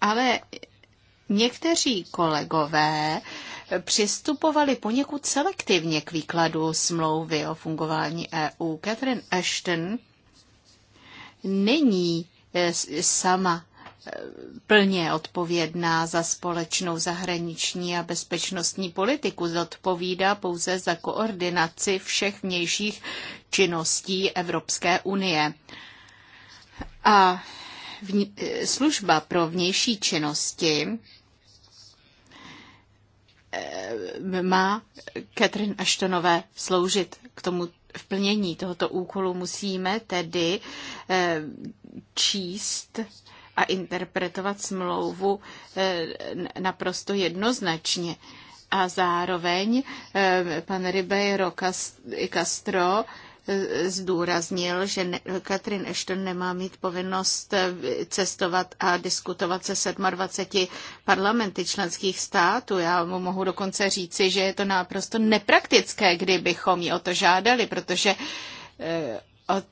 Ale někteří kolegové přistupovali poněkud selektivně k výkladu smlouvy o fungování EU. Catherine Ashton není eh, sama eh, plně odpovědná za společnou zahraniční a bezpečnostní politiku, zodpovídá pouze za koordinaci všech vnějších činností Evropské unie. A eh, služba pro vnější činnosti Eh, má Catherine Ashtonové sloužit k tomu v plnění tohoto úkolu musíme tedy eh, číst a interpretovat smlouvu eh, naprosto jednoznačně. A zároveň pan Ribeiro Castro zdůraznil, že ne, Katrin Ashton nemá mít povinnost eh, cestovat a diskutovat se 27 parlamenty členských států. Já mu mohu dokonce říci, že je to naprosto nepraktické, kdybychom ji o to žádali, protože eh, od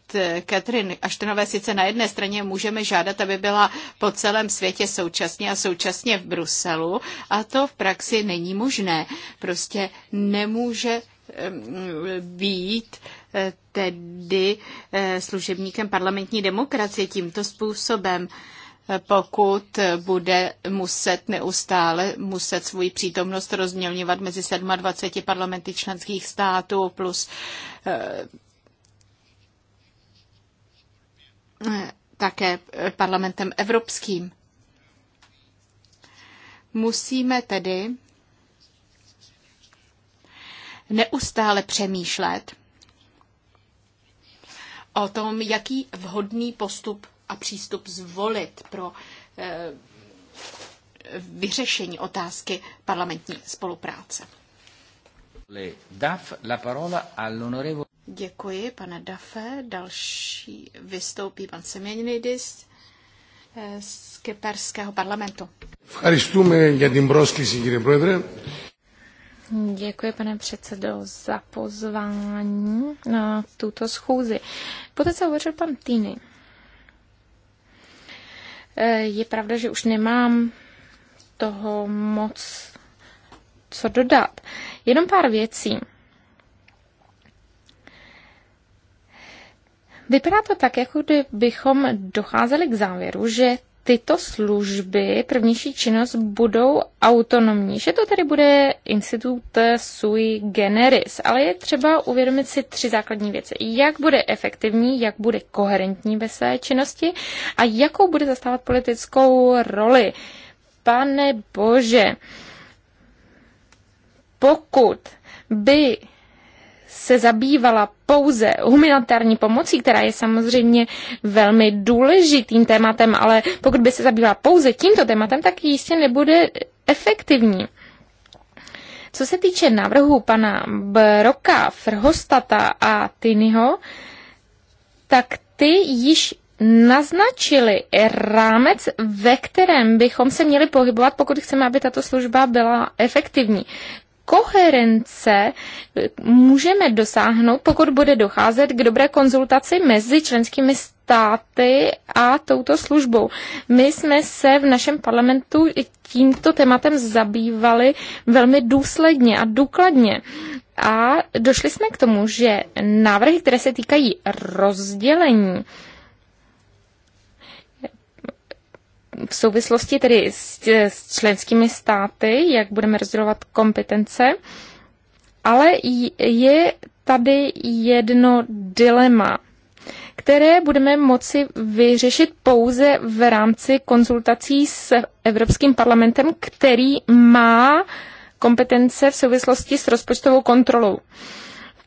Katrin Aštenové sice na jedné straně můžeme žádat, aby byla po celém světě současně a současně v Bruselu a to v praxi není možné. Prostě nemůže být tedy eh, služebníkem parlamentní demokracie tímto způsobem eh, pokud bude muset neustále muset svůj přítomnost rozmělňovat mezi 27 parlamenty členských států plus eh, také parlamentem evropským. Musíme tedy neustále přemýšlet, o tom, jaký vhodný postup a přístup zvolit pro eh, vyřešení otázky parlamentní spolupráce. Děkuji, pane Dafe. Další vystoupí pan Seměnidis eh, z Kyperského parlamentu. Ευχαριστούμε για την Děkuji, pane předsedo, za pozvání na tuto schůzi. Poté, se hovořil pan Týny, eh, je pravda, že už nemám toho moc co dodat. Jenom pár věcí. Vypadá to tak, jako kdybychom docházeli k závěru, že tyto služby, prvnější činnost, budou autonomní. Že to tady bude institut sui generis, ale je třeba uvědomit si tři základní věci. Jak bude efektivní, jak bude koherentní ve své činnosti a jakou bude zastávat politickou roli. Pane Bože, pokud by se zabývala pouze humanitární pomocí, která je samozřejmě velmi důležitým tématem, ale pokud by se zabývala pouze tímto tématem, tak jistě nebude efektivní. Co se týče návrhu pana Broka, Frhostata a Tinyho, tak ty již naznačili rámec, ve kterém bychom se měli pohybovat, pokud chceme, aby tato služba byla efektivní koherence můžeme dosáhnout, pokud bude docházet k dobré konzultaci mezi členskými státy a touto službou. My jsme se v našem parlamentu tímto tématem zabývali velmi důsledně a důkladně. A došli jsme k tomu, že návrhy, které se týkají rozdělení v souvislosti tedy s, s členskými státy, jak budeme rozdělovat kompetence, ale je tady jedno dilema, které budeme moci vyřešit pouze v rámci konzultací s Evropským parlamentem, který má kompetence v souvislosti s rozpočtovou kontrolou. Uh,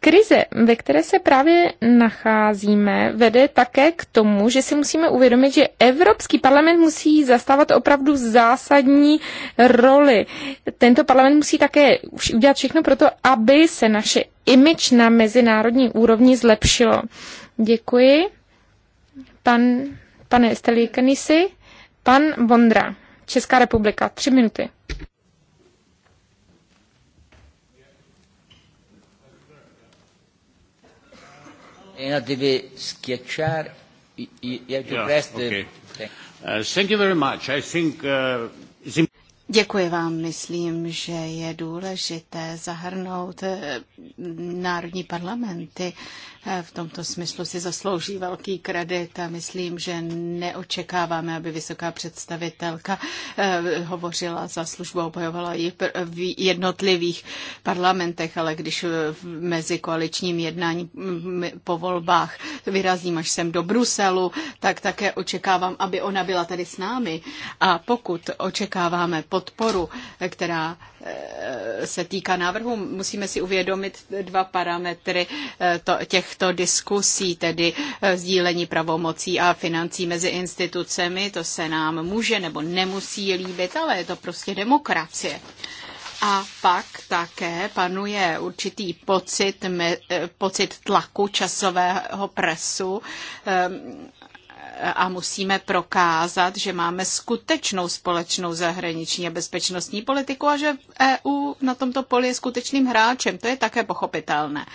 Krize, ve které se právě nacházíme, vede také k tomu, že si musíme uvědomit, že Evropský parlament musí zastávat opravdu zásadní roli. Tento parlament musí také udělat všechno pro to, aby se naše imič na mezinárodní úrovni zlepšilo. Děkuji. Pan, pane Kenisi, pan Vondra, Česká republika, tři minuty. E deve schiacciare. You have to press the... Okay. E- uh, thank you very much. I think uh, Děkuji vám. Myslím, že je důležité zahrnout eh, národní parlamenty. Eh, v tomto smyslu si zaslouží velký kredit a myslím, že neočekáváme, aby vysoká představitelka eh, hovořila za službu a bojovala ji v jednotlivých parlamentech, ale když v mezi koaličním jednání mm, po volbách vyrazím až sem do Bruselu, tak také očekávám, aby ona byla tady s námi. A pokud očekáváme podporu, která eh, se týká návrhu, musíme si uvědomit dva parametry eh, těchto diskusí, tedy eh, sdílení pravomocí a financí mezi institucemi. To se nám může nebo nemusí líbit, ale je to prostě demokracie. A pak také panuje určitý pocit, pocit tlaku, časového presu a musíme prokázat, že máme skutečnou společnou zahraniční a bezpečnostní politiku a že EU na tomto poli je skutečným hráčem. To je také pochopitelné.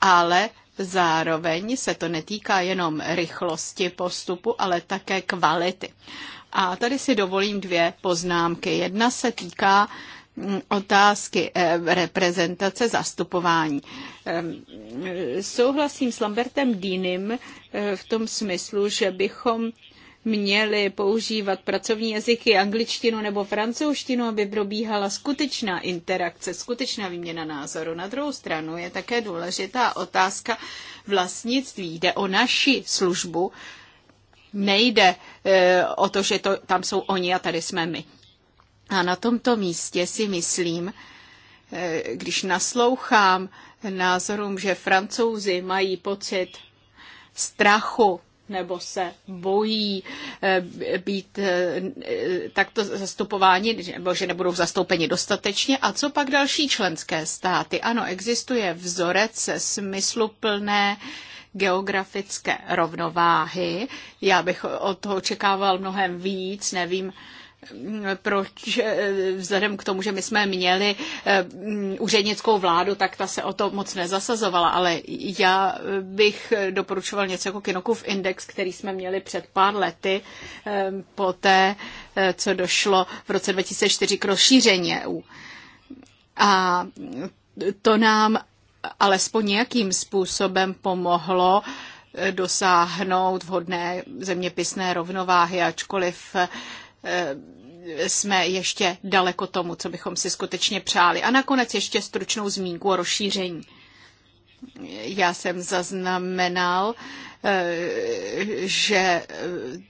Ale zároveň se to netýká jenom rychlosti postupu, ale také kvality. A tady si dovolím dvě poznámky. Jedna se týká uh, Mm, otázky eh, reprezentace, zastupování. Ehm, souhlasím s Lambertem Dýnem eh, v tom smyslu, že bychom měli používat pracovní jazyky angličtinu nebo francouzštinu, aby probíhala skutečná interakce, skutečná výměna názoru. Na druhou stranu je také důležitá otázka vlastnictví. Jde o naši službu, nejde e, o to, že to, tam jsou oni a tady jsme my. A na tomto místě si myslím, eh, když naslouchám názorům, že francouzi mají pocit strachu nebo se bojí eh, být eh, takto zastupováni, nebo že nebudou zastoupeni dostatečně. A co pak další členské státy? Ano, existuje vzorec smysluplné geografické rovnováhy. Já bych od toho očekával mnohem víc, nevím, proč eh, vzhledem k tomu, že my jsme měli eh, úřednickou vládu, tak ta se o to moc nezasazovala, ale já bych doporučoval něco jako Kinokův index, který jsme měli před pár lety eh, po té, co došlo v roce 2004 k rozšíření EU. A to nám alespoň nějakým způsobem pomohlo dosáhnout vhodné zeměpisné rovnováhy, ačkoliv Eh, jsme ještě daleko tomu, co bychom si skutečně přáli. A nakonec ještě stručnou zmínku o rozšíření. Já jsem zaznamenal, eh, že eh,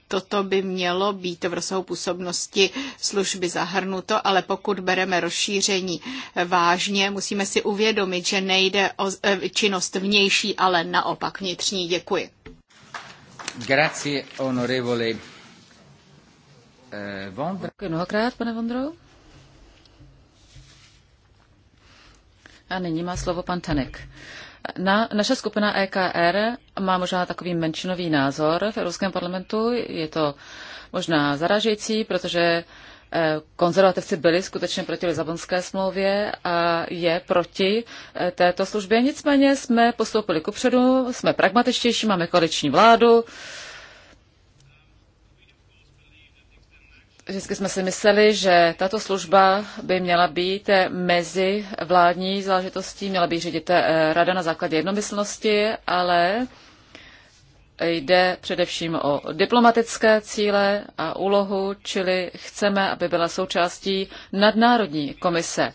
toto by mělo být v rozsahu působnosti služby zahrnuto, ale pokud bereme rozšíření vážně, musíme si uvědomit, že nejde o činnost vnější, ale naopak vnitřní. Děkuji. Grazie, onorevole. Vondra. Děkuji mnohokrát, pane Vondro. A nyní má slovo pan Tanek. Na, naše skupina EKR má možná takový menšinový názor v Evropském parlamentu. Je to možná zaražející, protože eh, konzervativci byli skutečně proti Lizabonské smlouvě a je proti eh, této službě. Nicméně jsme postoupili kupředu, jsme pragmatičtější, máme koaliční vládu, Vždycky jsme si mysleli, že tato služba by měla být mezi vládní záležitostí, měla být řídit eh, rada na základě jednomyslnosti, ale jde především o diplomatické cíle a úlohu, čili chceme, aby byla součástí nadnárodní komise.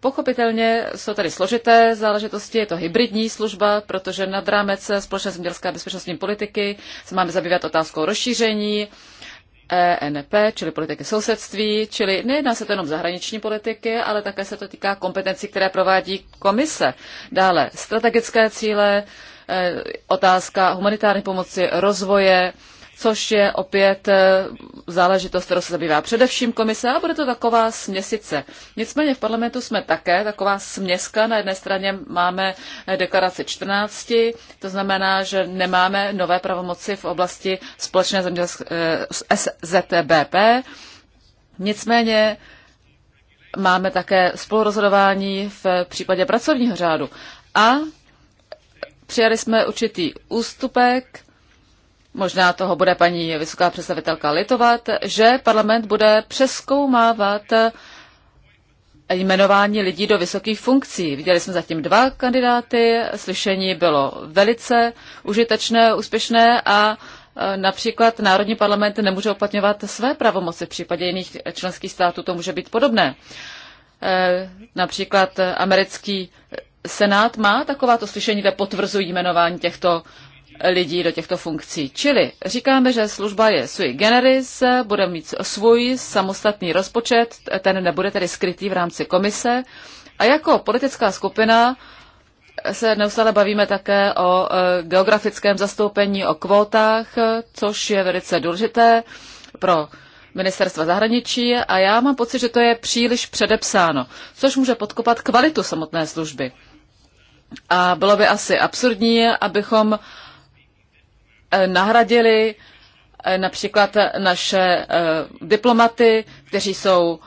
Pochopitelně jsou tady složité záležitosti, je to hybridní služba, protože nad rámec společné zemědělské a bezpečnostní politiky se máme zabývat otázkou rozšíření, ENP, čili politiky sousedství, čili nejedná se to jenom zahraniční politiky, ale také se to týká kompetencí, které provádí komise. Dále strategické cíle, e, otázka humanitární pomoci, rozvoje, což je opět eh, záležitost, kterou se zabývá především komise a bude to taková směsice. Nicméně v parlamentu jsme také taková směska. Na jedné straně máme eh, deklaraci 14, to znamená, že nemáme nové pravomoci v oblasti společné zemědělské eh, SZTBP. Nicméně máme také spolurozhodování v případě pracovního řádu. A přijali jsme určitý ústupek, možná toho bude paní vysoká představitelka litovat, že parlament bude přeskoumávat eh, jmenování lidí do vysokých funkcí. Viděli jsme zatím dva kandidáty, slyšení bylo velice užitečné, úspěšné a eh, například Národní parlament nemůže uplatňovat své pravomoci. V případě jiných členských států to může být podobné. Eh, například americký senát má takováto slyšení, kde potvrzují jmenování těchto lidí do těchto funkcí. Čili říkáme, že služba je sui generis, bude mít svůj samostatný rozpočet, ten nebude tedy skrytý v rámci komise. A jako politická skupina se neustále bavíme také o e, geografickém zastoupení, o kvótách, což je velice důležité pro ministerstva zahraničí a já mám pocit, že to je příliš předepsáno, což může podkopat kvalitu samotné služby. A bylo by asi absurdní, abychom uh, Eh, nahradili eh, například naše eh, diplomaty, kteří jsou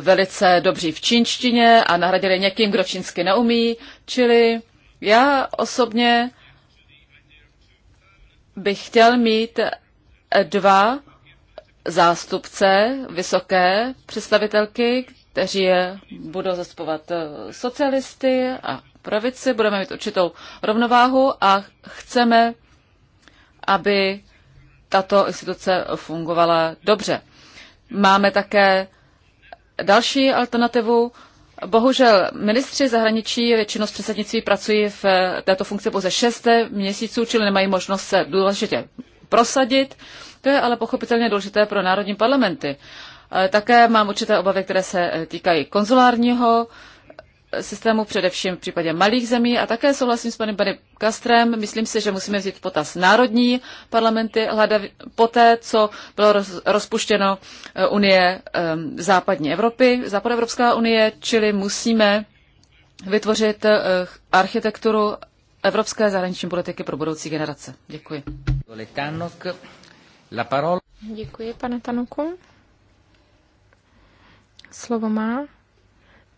velice dobří v čínštině a nahradili někým, kdo čínsky neumí. Čili já osobně bych chtěl mít dva zástupce vysoké představitelky, kteří je budou zastupovat socialisty a pravici. Budeme mít určitou rovnováhu a chceme aby tato instituce fungovala dobře. Máme také další alternativu. Bohužel ministři zahraničí většinou z předsednictví pracují v této funkci pouze 6 měsíců, čili nemají možnost se důležitě prosadit. To je ale pochopitelně důležité pro národní parlamenty. Také mám určité obavy, které se týkají konzulárního systému, především v případě malých zemí. A také souhlasím s panem panem Kastrem. Myslím si, že musíme vzít v potaz národní parlamenty hlada, poté, co bylo roz, rozpuštěno eh, Unie um, západní Evropy, západoevropská unie, čili musíme vytvořit uh, architekturu evropské zahraniční politiky pro budoucí generace. Děkuji. Děkuji, pane Tanuku. Slovo má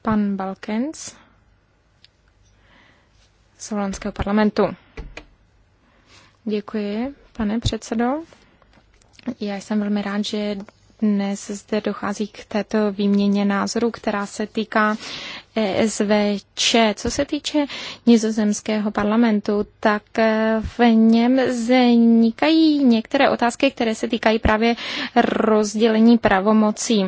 Pan Balkens z holandského parlamentu. Děkuji, pane předsedo. Já jsem velmi rád, že dnes zde dochází k této výměně názoru, která se týká ESVČ. Co se týče nizozemského parlamentu, tak v něm vznikají některé otázky, které se týkají právě rozdělení pravomocí.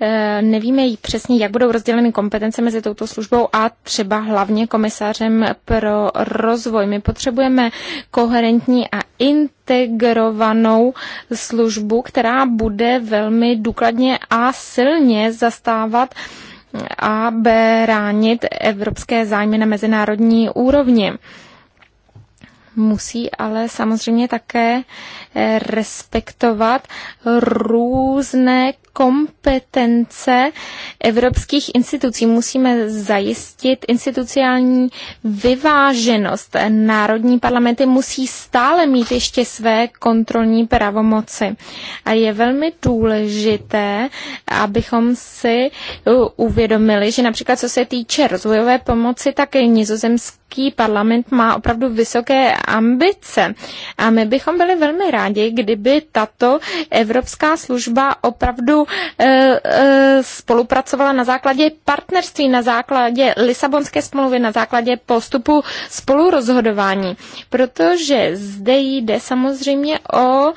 Eh, nevíme přesně, jak budou rozděleny kompetence mezi touto službou a třeba hlavně komisářem pro rozvoj. My potřebujeme koherentní a integrovanou službu, která bude velmi důkladně a silně zastávat a bránit evropské zájmy na mezinárodní úrovni musí ale samozřejmě také eh, respektovat různé kompetence evropských institucí. Musíme zajistit instituciální vyváženost. Národní parlamenty musí stále mít ještě své kontrolní pravomoci. A je velmi důležité, abychom si eh, uvědomili, že například co se týče rozvojové pomoci, tak nizozemské parlament má opravdu vysoké ambice. A my bychom byli velmi rádi, kdyby tato Evropská služba opravdu eh, eh, spolupracovala na základě partnerství, na základě Lisabonské smlouvy, na základě postupu spolurozhodování. Protože zde jde samozřejmě o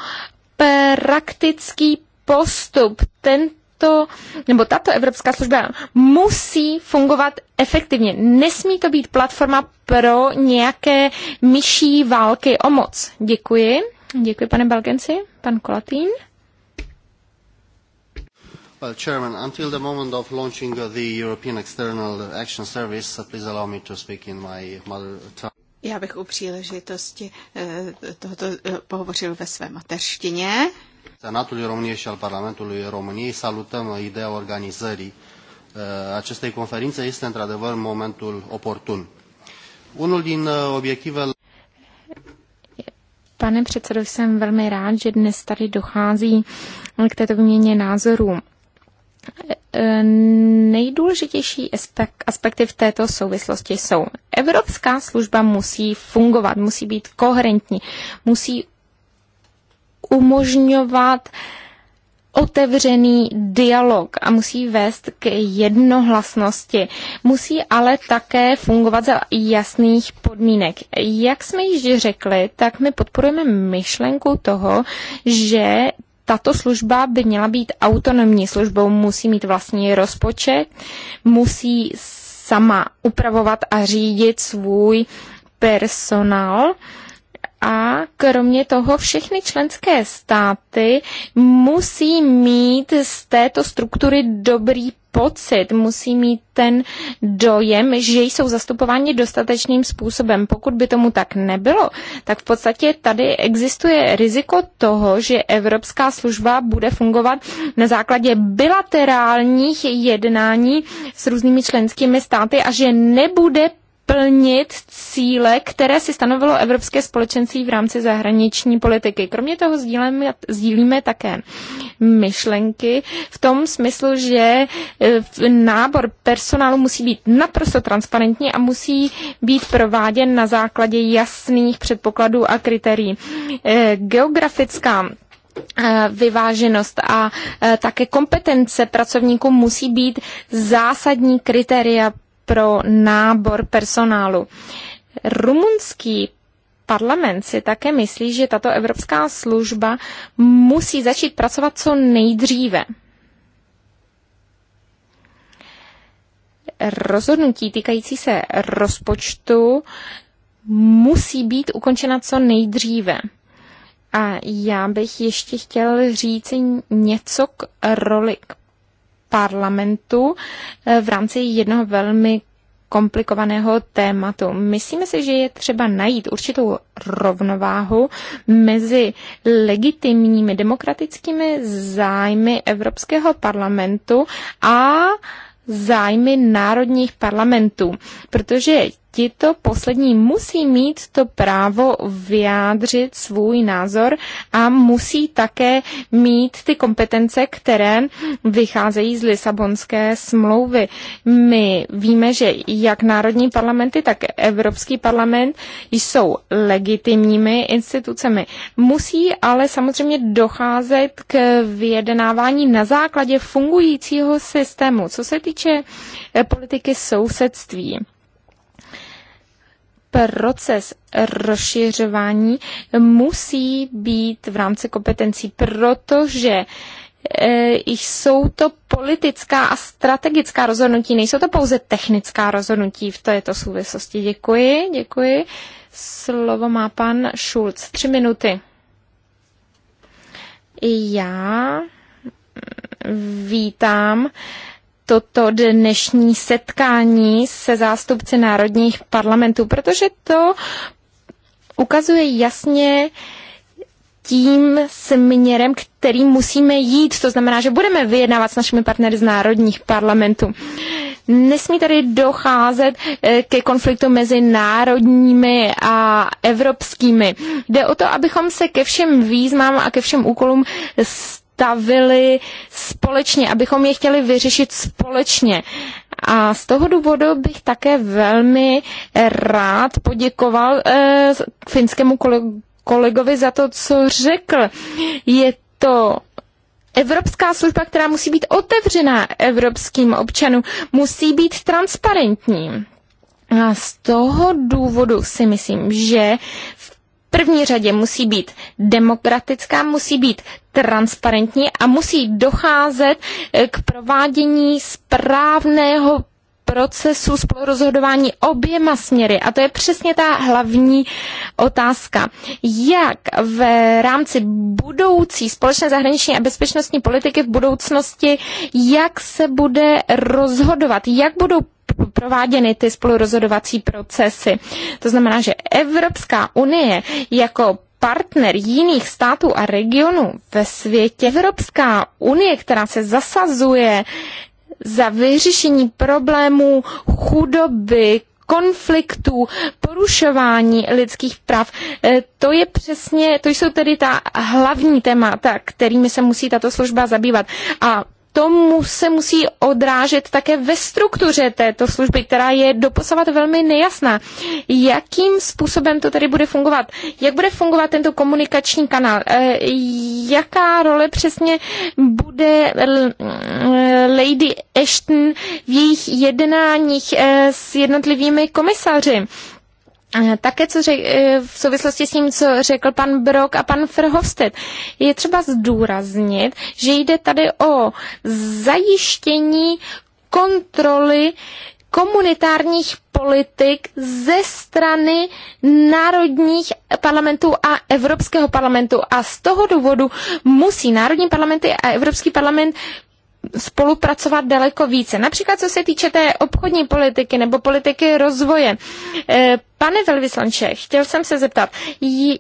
praktický postup. Ten tato, nebo tato evropská služba musí fungovat efektivně. Nesmí to být platforma pro nějaké myší války o moc. Děkuji. Děkuji, pane Balgenci. Pan Kolatín. Well, Chairman, until the moment of launching the European External Action Service, uh, please allow me to speak in my mother tongue. Já bych u příležitosti eh, tohoto eh, pohovořil ve své mateřštině. Senatului României și al Parlamentului României salutăm ideea organizării uh, acestei conferințe. Este într-adevăr momentul oportun. Unul din uh, obiectivele Pane předsedo, jsem velmi rád, že dnes tady dochází k této výměně názorů. E, e, nejdůležitější aspekty v této souvislosti jsou. Evropská služba musí fungovat, musí být koherentní, musí umožňovat otevřený dialog a musí vést k jednohlasnosti. Musí ale také fungovat za jasných podmínek. Jak jsme již řekli, tak my podporujeme myšlenku toho, že tato služba by měla být autonomní službou, musí mít vlastní rozpočet, musí sama upravovat a řídit svůj personál a kromě toho všechny členské státy musí mít z této struktury dobrý pocit, musí mít ten dojem, že jsou zastupováni dostatečným způsobem. Pokud by tomu tak nebylo, tak v podstatě tady existuje riziko toho, že Evropská služba bude fungovat na základě bilaterálních jednání s různými členskými státy a že nebude plnit cíle, které si stanovilo Evropské společenství v rámci zahraniční politiky. Kromě toho sdílíme, sdílíme také myšlenky v tom smyslu, že e, nábor personálu musí být naprosto transparentní a musí být prováděn na základě jasných předpokladů a kritérií. E, geografická e, vyváženost a také kompetence pracovníků musí být zásadní kritéria pro nábor personálu. Rumunský parlament si také myslí, že tato evropská služba musí začít pracovat co nejdříve. Rozhodnutí týkající se rozpočtu musí být ukončena co nejdříve. A já bych ještě chtěl říct něco k roli, k parlamentu eh, v rámci jednoho velmi komplikovaného tématu. Myslíme si, že je třeba najít určitou rovnováhu mezi legitimními demokratickými zájmy Evropského parlamentu a zájmy národních parlamentů, protože tito poslední musí mít to právo vyjádřit svůj názor a musí také mít ty kompetence, které vycházejí z Lisabonské smlouvy. My víme, že jak národní parlamenty, tak Evropský parlament jsou legitimními institucemi. Musí ale samozřejmě docházet k vyjednávání na základě fungujícího systému, co se týče politiky sousedství proces rozšiřování musí být v rámci kompetencí, protože e, jsou to politická a strategická rozhodnutí, nejsou to pouze technická rozhodnutí v této souvislosti. Děkuji, děkuji. Slovo má pan Schulz. Tři minuty. Já vítám toto dnešní setkání se zástupci národních parlamentů, protože to ukazuje jasně tím směrem, kterým musíme jít. To znamená, že budeme vyjednávat s našimi partnery z národních parlamentů. Nesmí tady docházet eh, ke konfliktu mezi národními a evropskými. Jde o to, abychom se ke všem výzvám a ke všem úkolům stavili společně, abychom je chtěli vyřešit společně. A z toho důvodu bych také velmi rád poděkoval eh, finskému kolegovi za to, co řekl. Je to Evropská služba, která musí být otevřená evropským občanům, musí být transparentní. A z toho důvodu si myslím, že v první řadě musí být demokratická, musí být transparentní a musí docházet e, k provádění správného procesu spolurozhodování oběma směry. A to je přesně ta hlavní otázka. Jak v rámci budoucí společné zahraniční a bezpečnostní politiky v budoucnosti, jak se bude rozhodovat, jak budou prováděny ty spolurozhodovací procesy. To znamená, že Evropská unie jako partner jiných států a regionů ve světě, Evropská unie, která se zasazuje za vyřešení problémů chudoby, konfliktů, porušování lidských práv. Eh, to je přesně, to jsou tedy ta hlavní témata, kterými se musí tato služba zabývat. A tomu se musí odrážet také ve struktuře této služby, která je doposavat velmi nejasná. Jakým způsobem to tedy bude fungovat? Jak bude fungovat tento komunikační kanál? Eh, jaká role přesně bude mm, Lady Ashton v jejich jednáních eh, s jednotlivými komisaři? Eh, také co řek, eh, v souvislosti s tím, co řekl pan Brok a pan Frhovsted, je třeba zdůraznit, že jde tady o zajištění kontroly komunitárních politik ze strany národních parlamentů a Evropského parlamentu. A z toho důvodu musí národní parlamenty a Evropský parlament spolupracovat daleko více. Například co se týče té obchodní politiky nebo politiky rozvoje. Eh, pane velvyslanče, chtěl jsem se zeptat,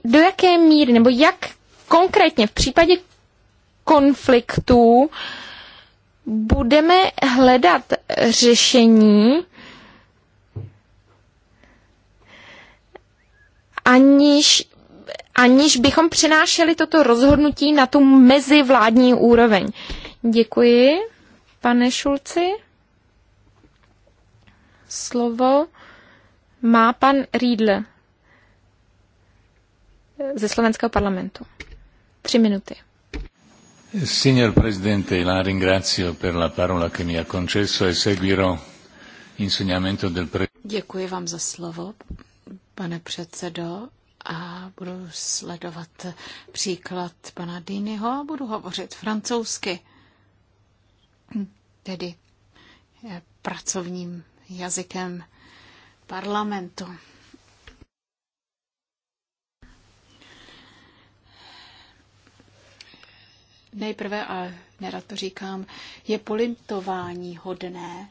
do jaké míry nebo jak konkrétně v případě konfliktů budeme hledat řešení, aniž, aniž bychom přenášeli toto rozhodnutí na tu mezivládní úroveň. Děkuji, pane Šulci. Slovo má pan Riedl ze slovenského parlamentu. Tři minuty. Signor Presidente, la ringrazio per la parola che mi ha concesso e seguirò l'insegnamento del pre... Děkuji vám za slovo, pane předsedo, a budu sledovat příklad pana Dýnyho a budu hovořit francouzsky tedy eh, pracovním jazykem parlamentu. Nejprve, a nerad to říkám, je polintování hodné,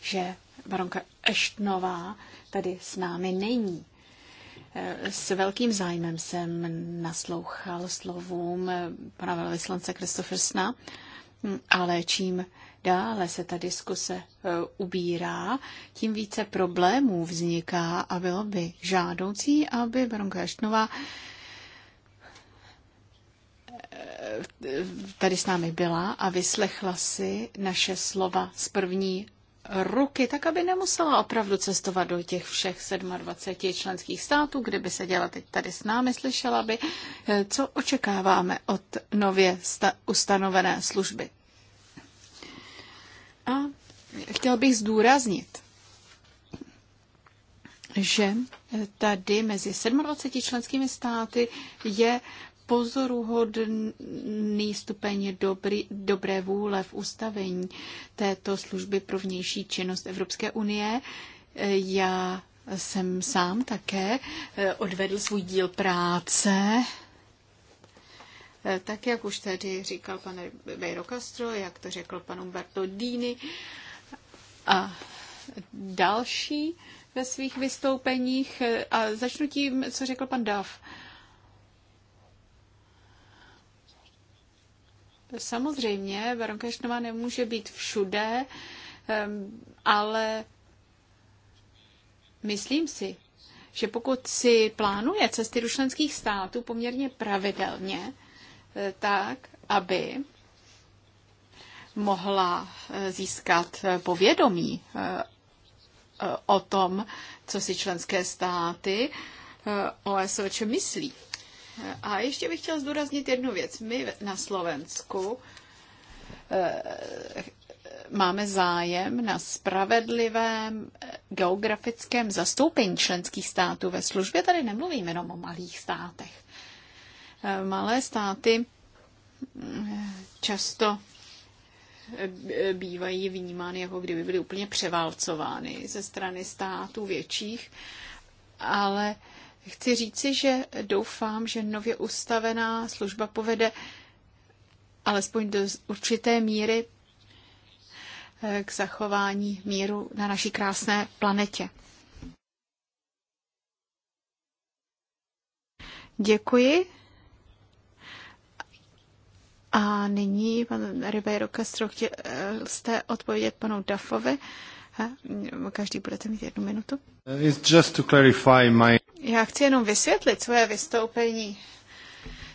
že baronka Eštnová tady s námi není. Eh, s velkým zájmem jsem naslouchal slovům eh, pana velvyslance Kristofersna. Hm, ale čím dále se ta diskuse eh, ubírá, tím více problémů vzniká a bylo by žádoucí, aby Baronka Eštnová eh, tady s námi byla a vyslechla si naše slova z první ruky, tak aby nemusela opravdu cestovat do těch všech 27 členských států, kdyby děla teď tady s námi, slyšela by, eh, co očekáváme od nově ustanovené služby. A chtěl bych zdůraznit, že tady mezi 27 členskými státy je pozoruhodný stupeň dobrý, dobré vůle v ustavení této služby pro vnější činnost Evropské unie. Já jsem sám také eh, odvedl svůj díl práce. Eh, tak, jak už tady říkal pan Beiro Castro, jak to řekl pan Umberto Dini a další ve svých vystoupeních. Eh, a začnu tím, co řekl pan Dav Samozřejmě, baronka nemůže být všude, ale myslím si, že pokud si plánuje cesty do členských států poměrně pravidelně, eh, tak, aby mohla eh, získat povědomí eh, o tom, co si členské státy o myslí. A ještě bych chtěl zdůraznit jednu věc. My na Slovensku eh, máme zájem na spravedlivém eh, geografickém zastoupení členských států ve službě. Tady nemluvím jenom o malých státech. Eh, malé státy často bývají vnímány, jako kdyby byly úplně převálcovány ze strany států větších, ale Chci říci, že doufám, že nově ustavená služba povede alespoň do určité míry eh, k zachování míru na naší krásné planetě. Děkuji. A nyní, pan Ribeiro Castro, chtěl eh, jste odpovědět panu Dafovi. Mm, každý budete mít jednu minutu. Uh, Já chci jenom vysvětlit svoje vystoupení.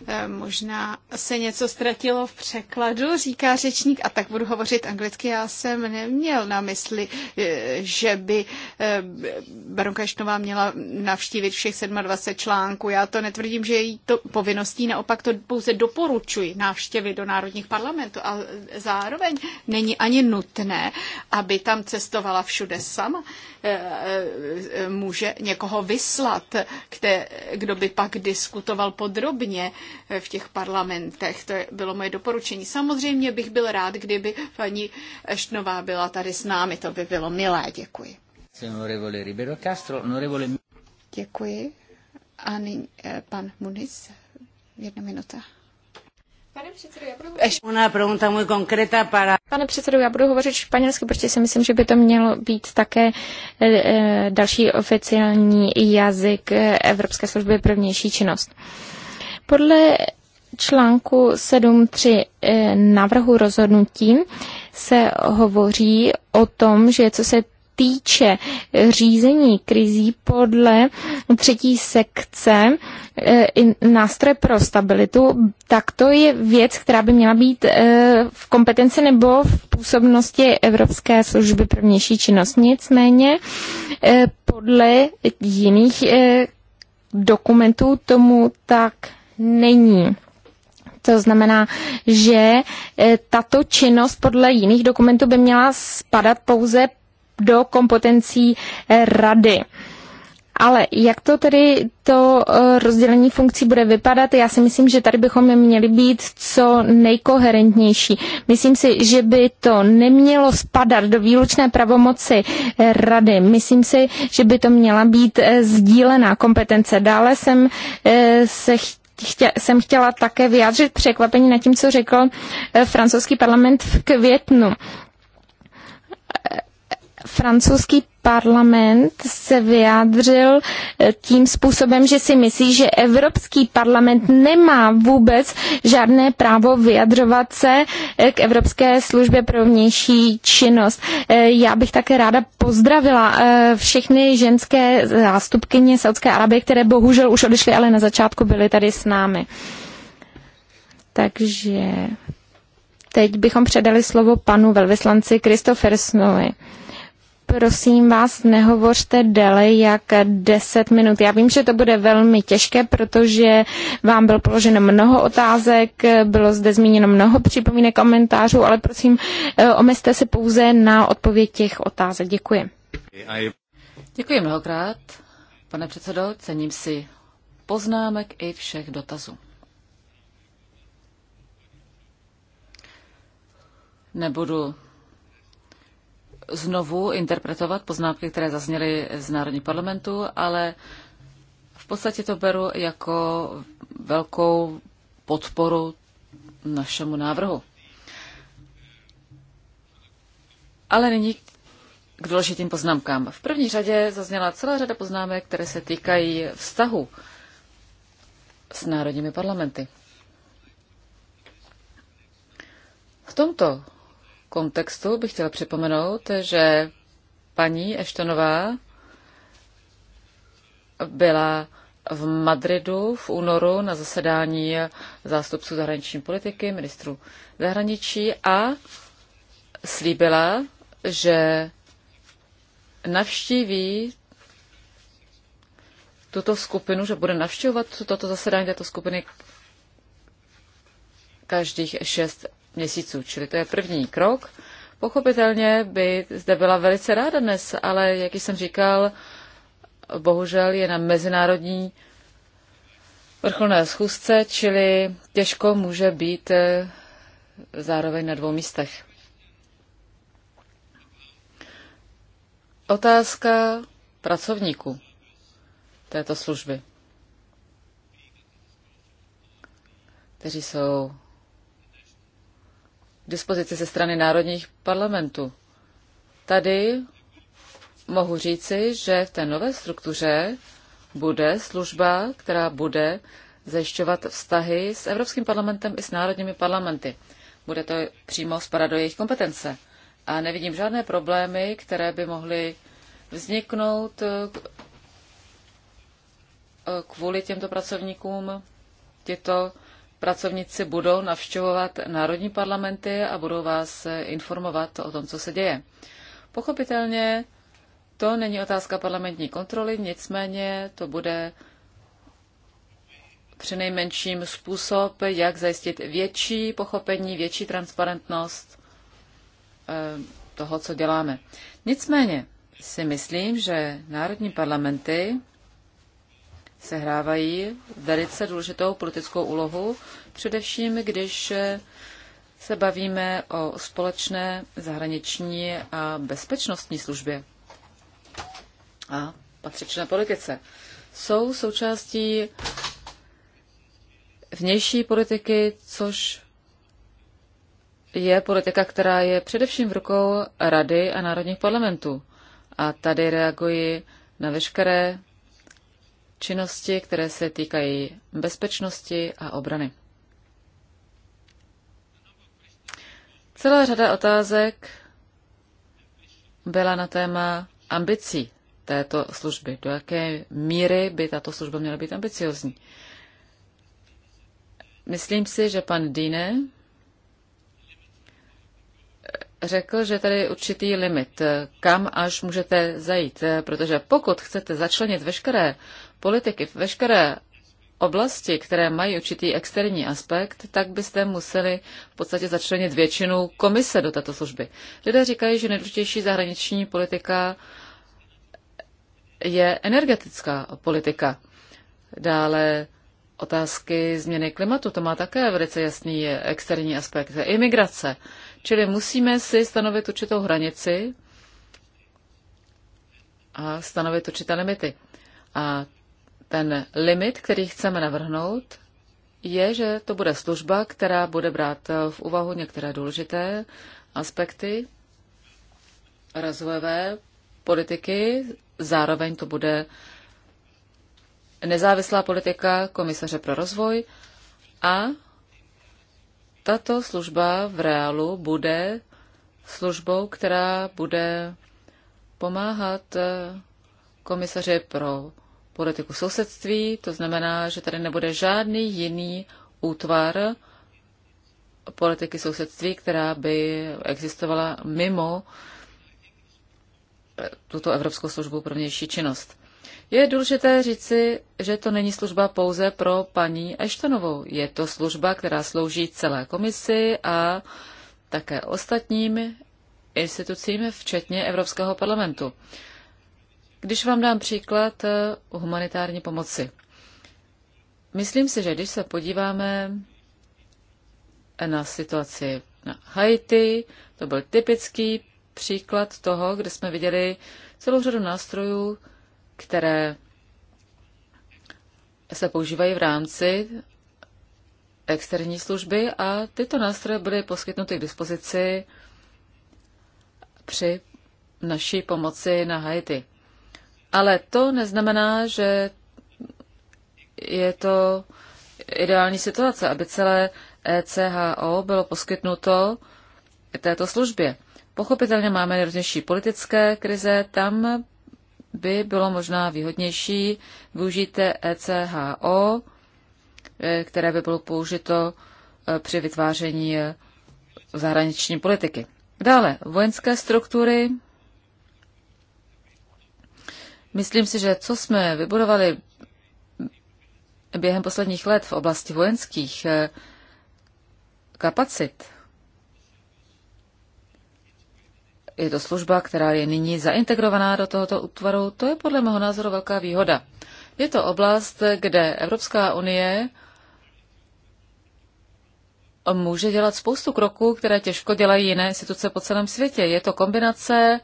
Eh, možná se něco ztratilo v překladu, říká řečník, a tak budu hovořit anglicky. Já jsem neměl na mysli, eh, že by eh, baronka Štová měla navštívit všech 27 článků. Já to netvrdím, že jí to povinností, naopak to pouze doporučuji návštěvy do národních parlamentů. A zároveň není ani nutné, aby tam cestovala všude sama. Může někoho vyslat, kde, kdo by pak diskutoval podrobně v těch parlamentech. To bylo moje doporučení. Samozřejmě bych byl rád, kdyby paní Eštnová byla tady s námi. To by bylo milé. Děkuji. Děkuji. A nyní eh, pan Muniz. Jedna minuta. Pane předsedo, já budu hovořit... Pane já budu španělsky, protože si myslím, že by to mělo být také eh, eh, další oficiální jazyk Evropské služby pro vnější činnost. Podle článku 7.3 eh, navrhu rozhodnutí se hovoří o tom, že co se týče řízení krizí podle třetí sekce eh, nástroje pro stabilitu, tak to je věc, která by měla být eh, v kompetenci nebo v působnosti Evropské služby pro vnější činnost. Nicméně podle jiných dokumentů tomu tak není. To znamená, že e, tato činnost podle jiných dokumentů by měla spadat pouze do kompetencí e, rady. Ale jak to tedy to e, rozdělení funkcí bude vypadat? Já si myslím, že tady bychom měli být co nejkoherentnější. Myslím si, že by to nemělo spadat do výlučné pravomoci rady. Myslím si, že by to měla být sdílená kompetence. Dále jsem se chtěla chtě, jsem chtěla také vyjádřit překvapení na tím, co řekl eh, francouzský parlament v květnu francouzský parlament se vyjádřil eh, tím způsobem, že si myslí, že Evropský parlament nemá vůbec žádné právo vyjadřovat se eh, k Evropské službě pro vnější činnost. Eh, já bych také ráda pozdravila všechny ženské zástupkyně Saudské Arabie, které bohužel už odešly, ale na začátku byly tady s námi. Takže teď bychom předali slovo panu velvyslanci Kristofersnovi prosím vás, nehovořte déle jak 10 minut. Já vím, že to bude velmi těžké, protože vám bylo položeno mnoho otázek, bylo zde zmíněno mnoho připomínek, komentářů, ale prosím, eh, omezte se pouze na odpověď těch otázek. Děkuji. Děkuji mnohokrát, pane předsedo, cením si poznámek i všech dotazů. Nebudu znovu interpretovat poznámky, které zazněly z Národní parlamentu, ale v podstatě to beru jako velkou podporu našemu návrhu. Ale nyní k důležitým poznámkám. V první řadě zazněla celá řada poznámek, které se týkají vztahu s národními parlamenty. V tomto kontextu bych chtěla připomenout, že paní Eštonová byla v Madridu v únoru na zasedání zástupců zahraniční politiky, ministrů zahraničí a slíbila, že navštíví tuto skupinu, že bude navštěvovat toto zasedání této skupiny každých šest měsíců, čili to je první krok. Pochopitelně by zde byla velice ráda dnes, ale jak jsem říkal, bohužel je na mezinárodní vrcholné schůzce, čili těžko může být eh, zároveň na dvou místech. Otázka pracovníků této služby, kteří jsou dispozici ze strany národních parlamentů. Tady mohu říci, že v té nové struktuře bude služba, která bude zajišťovat vztahy s Evropským parlamentem i s národními parlamenty. Bude to přímo spadat do jejich kompetence. A nevidím žádné problémy, které by mohly vzniknout eh, eh, kvůli těmto pracovníkům. Tyto pracovníci budou navštěvovat národní parlamenty a budou vás informovat o tom, co se děje. Pochopitelně to není otázka parlamentní kontroly, nicméně to bude přinejmenším způsob, jak zajistit větší pochopení, větší transparentnost eh, toho, co děláme. Nicméně si myslím, že národní parlamenty sehrávají velice důležitou politickou úlohu, především když se bavíme o společné zahraniční a bezpečnostní službě a patřičné politice. Jsou součástí vnější politiky, což je politika, která je především v rukou Rady a národních parlamentů. A tady reaguji na veškeré činnosti, které se týkají bezpečnosti a obrany. Celá řada otázek byla na téma ambicí této služby. Do jaké míry by tato služba měla být ambiciozní? Myslím si, že pan Dine řekl, že tady je určitý limit, kam až můžete zajít, protože pokud chcete začlenit veškeré politiky v veškeré oblasti, které mají určitý externí aspekt, tak byste museli v podstatě začlenit většinu komise do této služby. Lidé říkají, že nejdůležitější zahraniční politika je energetická politika. Dále otázky změny klimatu, to má také velice jasný externí aspekt, imigrace. Čili musíme si stanovit určitou hranici a stanovit určité limity. A ten limit, který chceme navrhnout, je, že to bude služba, která bude brát v úvahu některé důležité aspekty rozvojové politiky, zároveň to bude nezávislá politika komisaře pro rozvoj a tato služba v reálu bude službou, která bude pomáhat komisaři pro politiku sousedství, to znamená, že tady nebude žádný jiný útvar politiky sousedství, která by existovala mimo eh, tuto Evropskou službu pro vnější činnost. Je důležité říci, že to není služba pouze pro paní Eštonovou. Je to služba, která slouží celé komisi a také ostatním institucím, včetně Evropského parlamentu. Když vám dám příklad o eh, humanitární pomoci. Myslím si, že když se podíváme na situaci na Haiti, to byl typický příklad toho, kde jsme viděli celou řadu nástrojů, které se používají v rámci externí služby a tyto nástroje byly poskytnuty k dispozici při naší pomoci na Haiti. Ale to neznamená, že je to ideální situace, aby celé ECHO bylo poskytnuto této službě. Pochopitelně máme nejrůznější politické krize, tam by bylo možná výhodnější využít ECHO, eh, které by bylo použito eh, při vytváření eh, zahraniční politiky. Dále vojenské struktury, Myslím si, že co jsme vybudovali během posledních let v oblasti vojenských eh, kapacit, je to služba, která je nyní zaintegrovaná do tohoto útvaru, to je podle mého názoru velká výhoda. Je to oblast, kde Evropská unie může dělat spoustu kroků, které těžko dělají jiné instituce po celém světě. Je to kombinace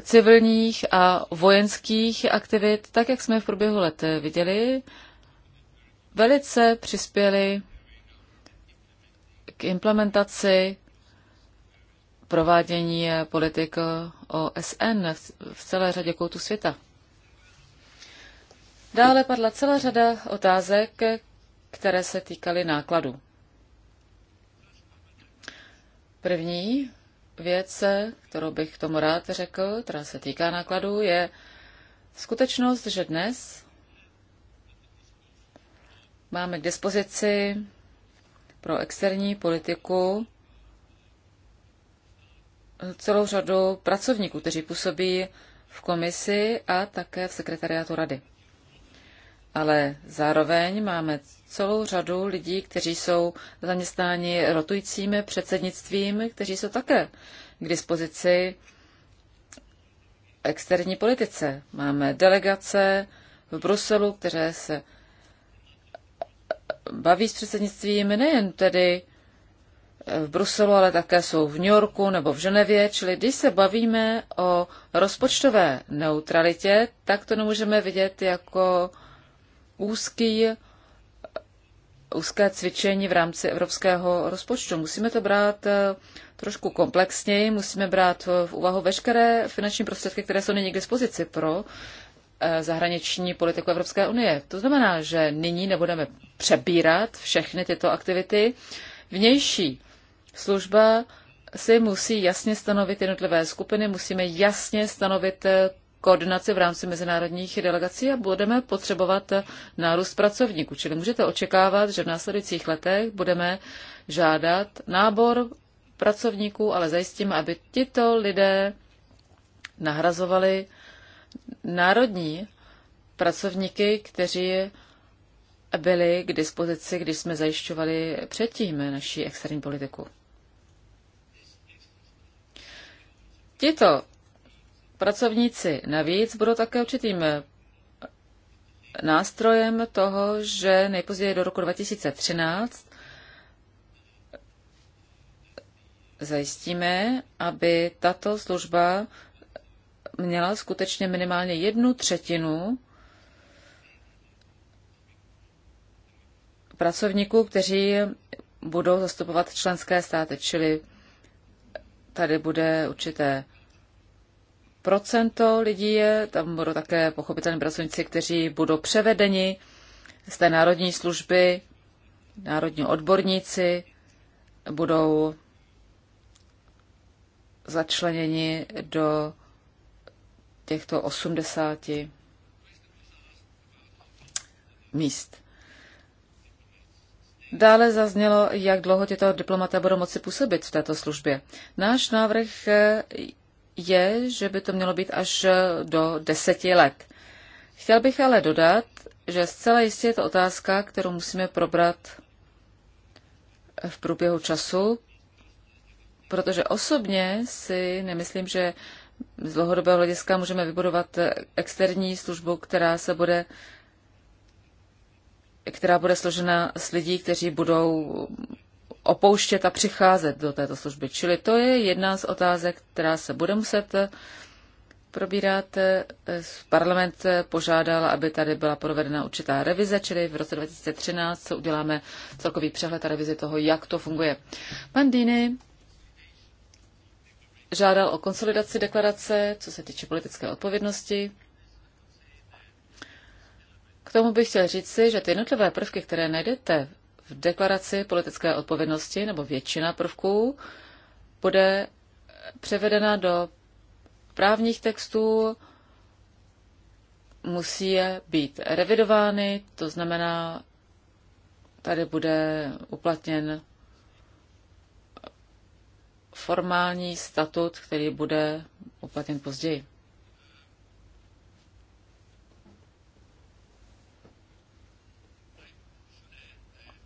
civilních a vojenských aktivit, tak jak jsme v průběhu let viděli, velice přispěli k implementaci provádění politik OSN v celé řadě koutů světa. Dále padla celá řada otázek, které se týkaly nákladů. První věc, kterou bych tomu rád řekl, která se týká nákladů, je skutečnost, že dnes máme k dispozici pro externí politiku celou řadu pracovníků, kteří působí v komisi a také v sekretariátu rady ale zároveň máme celou řadu lidí, kteří jsou zaměstnáni rotujícími předsednictvím, kteří jsou také k dispozici externí politice. Máme delegace v Bruselu, které se baví s předsednictvím nejen tedy v Bruselu, ale také jsou v New Yorku nebo v Ženevě, čili když se bavíme o rozpočtové neutralitě, tak to nemůžeme vidět jako úzký, úzké cvičení v rámci evropského rozpočtu. Musíme to brát eh, trošku komplexněji, musíme brát eh, v úvahu veškeré finanční prostředky, které jsou nyní k dispozici pro eh, zahraniční politiku Evropské unie. To znamená, že nyní nebudeme přebírat všechny tyto aktivity. Vnější služba si musí jasně stanovit jednotlivé skupiny, musíme jasně stanovit koordinaci v rámci mezinárodních delegací a budeme potřebovat nárůst pracovníků. Čili můžete očekávat, že v následujících letech budeme žádat nábor pracovníků, ale zajistíme, aby tito lidé nahrazovali národní pracovníky, kteří byli k dispozici, když jsme zajišťovali předtím naší externí politiku. Tito pracovníci navíc budou také určitým nástrojem toho, že nejpozději do roku 2013 zajistíme, aby tato služba měla skutečně minimálně jednu třetinu pracovníků, kteří budou zastupovat členské státy, čili tady bude určité procento lidí je, tam budou také pochopitelně pracovníci, kteří budou převedeni z té národní služby, národní odborníci, budou začleněni do těchto 80 míst. Dále zaznělo, jak dlouho tyto diplomaté budou moci působit v této službě. Náš návrh je, že by to mělo být až do deseti let. Chtěl bych ale dodat, že zcela jistě je to otázka, kterou musíme probrat v průběhu času, protože osobně si nemyslím, že z dlouhodobého hlediska můžeme vybudovat externí službu, která se bude která bude složena z lidí, kteří budou opouštět a přicházet do této služby. Čili to je jedna z otázek, která se bude muset eh, probírat. Eh, parlament eh, požádal, aby tady byla provedena určitá revize, čili v roce 2013 uděláme celkový přehled a revizi toho, jak to funguje. Pan Dini žádal o konsolidaci deklarace, co se týče politické odpovědnosti. K tomu bych chtěl říci, že ty jednotlivé prvky, které najdete v deklaraci politické odpovědnosti nebo většina prvků bude převedena do právních textů, musí je být revidovány, to znamená, tady bude uplatněn formální statut, který bude uplatněn později.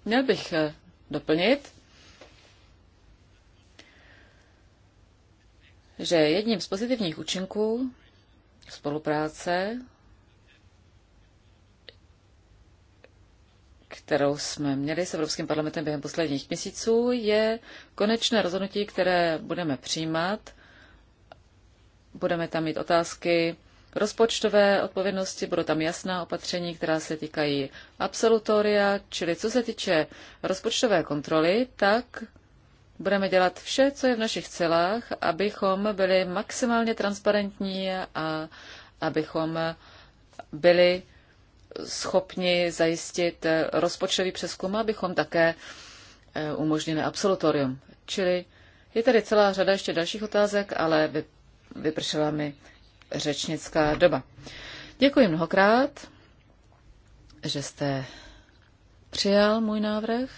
Měl bych eh, doplnit, že jedním z pozitivních účinků spolupráce, kterou jsme měli s Evropským parlamentem během posledních měsíců, je konečné rozhodnutí, které budeme přijímat. Budeme tam mít otázky rozpočtové odpovědnosti, budou tam jasná opatření, která se týkají absolutoria, čili co se týče rozpočtové kontroly, tak budeme dělat vše, co je v našich celách, abychom byli maximálně transparentní a abychom byli schopni zajistit rozpočtový přeskum, abychom také eh, umožnili absolutorium. Čili je tady celá řada ještě dalších otázek, ale vypršela mi řečnická doba. Děkuji mnohokrát, že jste přijal můj návrh.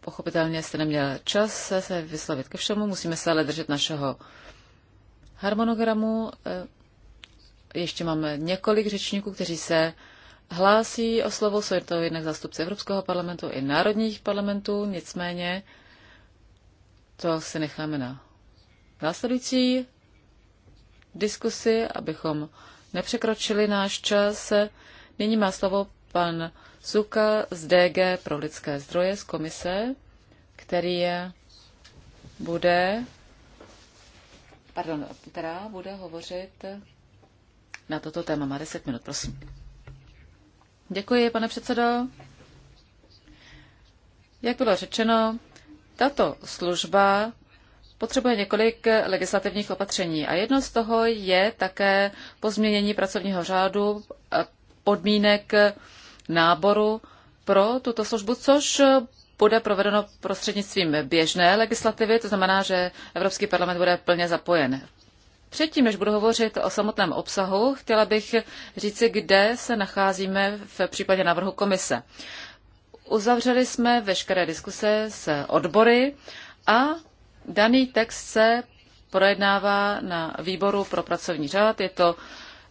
Pochopitelně jste neměl čas se vyslovit ke všemu, musíme se ale držet našeho harmonogramu. Eh, ještě máme několik řečníků, kteří se hlásí o slovo, jsou to jednak zástupci Evropského parlamentu i národních parlamentů, nicméně to si necháme na následující diskusi, abychom nepřekročili náš čas. Nyní má slovo pan Suka z DG pro lidské zdroje z komise, který je, bude, pardon, která bude hovořit na toto téma. Má 10 minut, prosím. Děkuji, pane předsedo. Jak bylo řečeno, tato služba potřebuje několik legislativních opatření a jedno z toho je také pozměnění pracovního řádu podmínek náboru pro tuto službu, což bude provedeno prostřednictvím běžné legislativy, to znamená, že Evropský parlament bude plně zapojen. Předtím, než budu hovořit o samotném obsahu, chtěla bych říci, kde se nacházíme v případě návrhu komise. Uzavřeli jsme veškeré diskuse s odbory a Daný text se projednává na výboru pro pracovní řád. Je to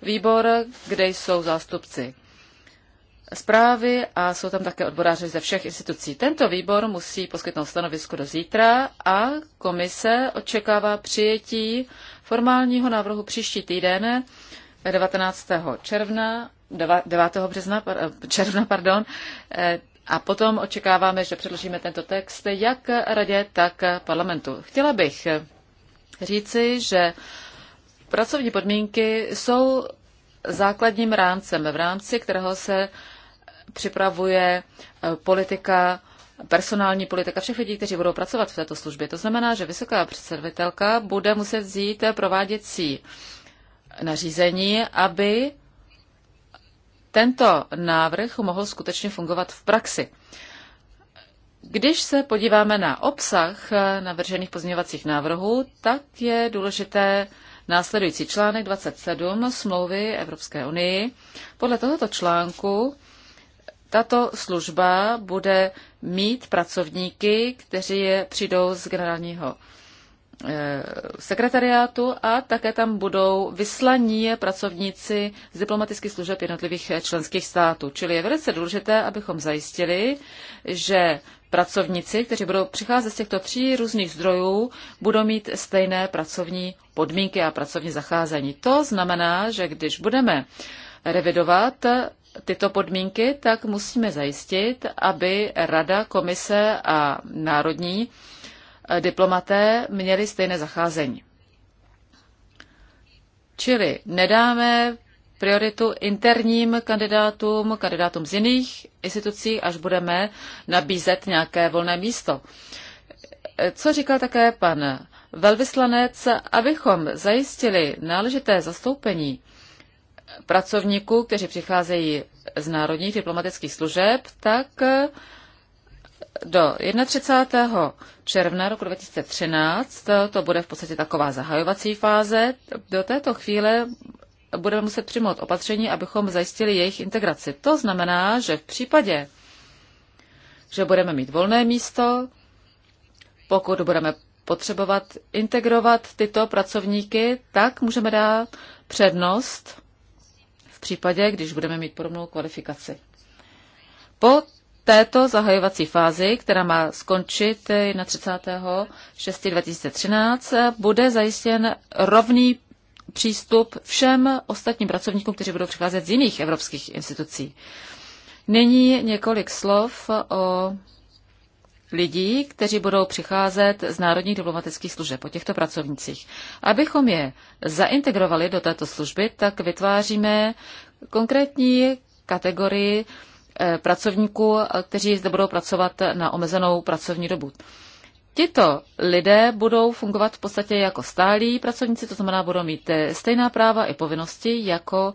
výbor, kde jsou zástupci zprávy a jsou tam také odboráři ze všech institucí. Tento výbor musí poskytnout stanovisko do zítra a komise očekává přijetí formálního návrhu příští týden eh, 19. června 9. března, eh, června, pardon, eh, a potom očekáváme, že předložíme tento text jak radě, tak parlamentu. Chtěla bych říci, že pracovní podmínky jsou základním rámcem, v rámci kterého se připravuje eh, politika, personální politika všech lidí, kteří budou pracovat v této službě. To znamená, že vysoká představitelka bude muset vzít prováděcí nařízení, aby tento návrh mohl skutečně fungovat v praxi. Když se podíváme na obsah eh, navržených pozměňovacích návrhů, tak je důležité následující článek 27 smlouvy Evropské unii. Podle tohoto článku tato služba bude mít pracovníky, kteří je přijdou z generálního Eh, sekretariátu a také tam budou vyslaní pracovníci z diplomatických služeb jednotlivých eh, členských států. Čili je velice důležité, abychom zajistili, že pracovníci, kteří budou přicházet z těchto tří různých zdrojů, budou mít stejné pracovní podmínky a pracovní zacházení. To znamená, že když budeme revidovat eh, tyto podmínky, tak musíme zajistit, aby Rada, Komise a Národní diplomaté měli stejné zacházení. Čili nedáme prioritu interním kandidátům, kandidátům z jiných institucí, až budeme nabízet nějaké volné místo. Co říkal také pan velvyslanec, abychom zajistili náležité zastoupení pracovníků, kteří přicházejí z národních diplomatických služeb, tak do 31. června roku 2013, eh, to bude v podstatě taková zahajovací fáze, do této chvíle budeme muset přijmout opatření, abychom zajistili jejich integraci. To znamená, že v případě, že budeme mít volné místo, pokud budeme potřebovat integrovat tyto pracovníky, tak můžeme dát přednost v případě, když budeme mít podobnou kvalifikaci. Po této zahajovací fázi, která má skončit na 30.6.2013, bude zajištěn rovný přístup všem ostatním pracovníkům, kteří budou přicházet z jiných evropských institucí. Nyní několik slov o lidí, kteří budou přicházet z národních diplomatických služeb, o těchto pracovnicích. Abychom je zaintegrovali do této služby, tak vytváříme konkrétní kategorii Eh, pracovníků, eh, kteří zde budou pracovat na omezenou pracovní dobu. Tito lidé budou fungovat v podstatě jako stálí pracovníci, to znamená, budou mít eh, stejná práva i povinnosti jako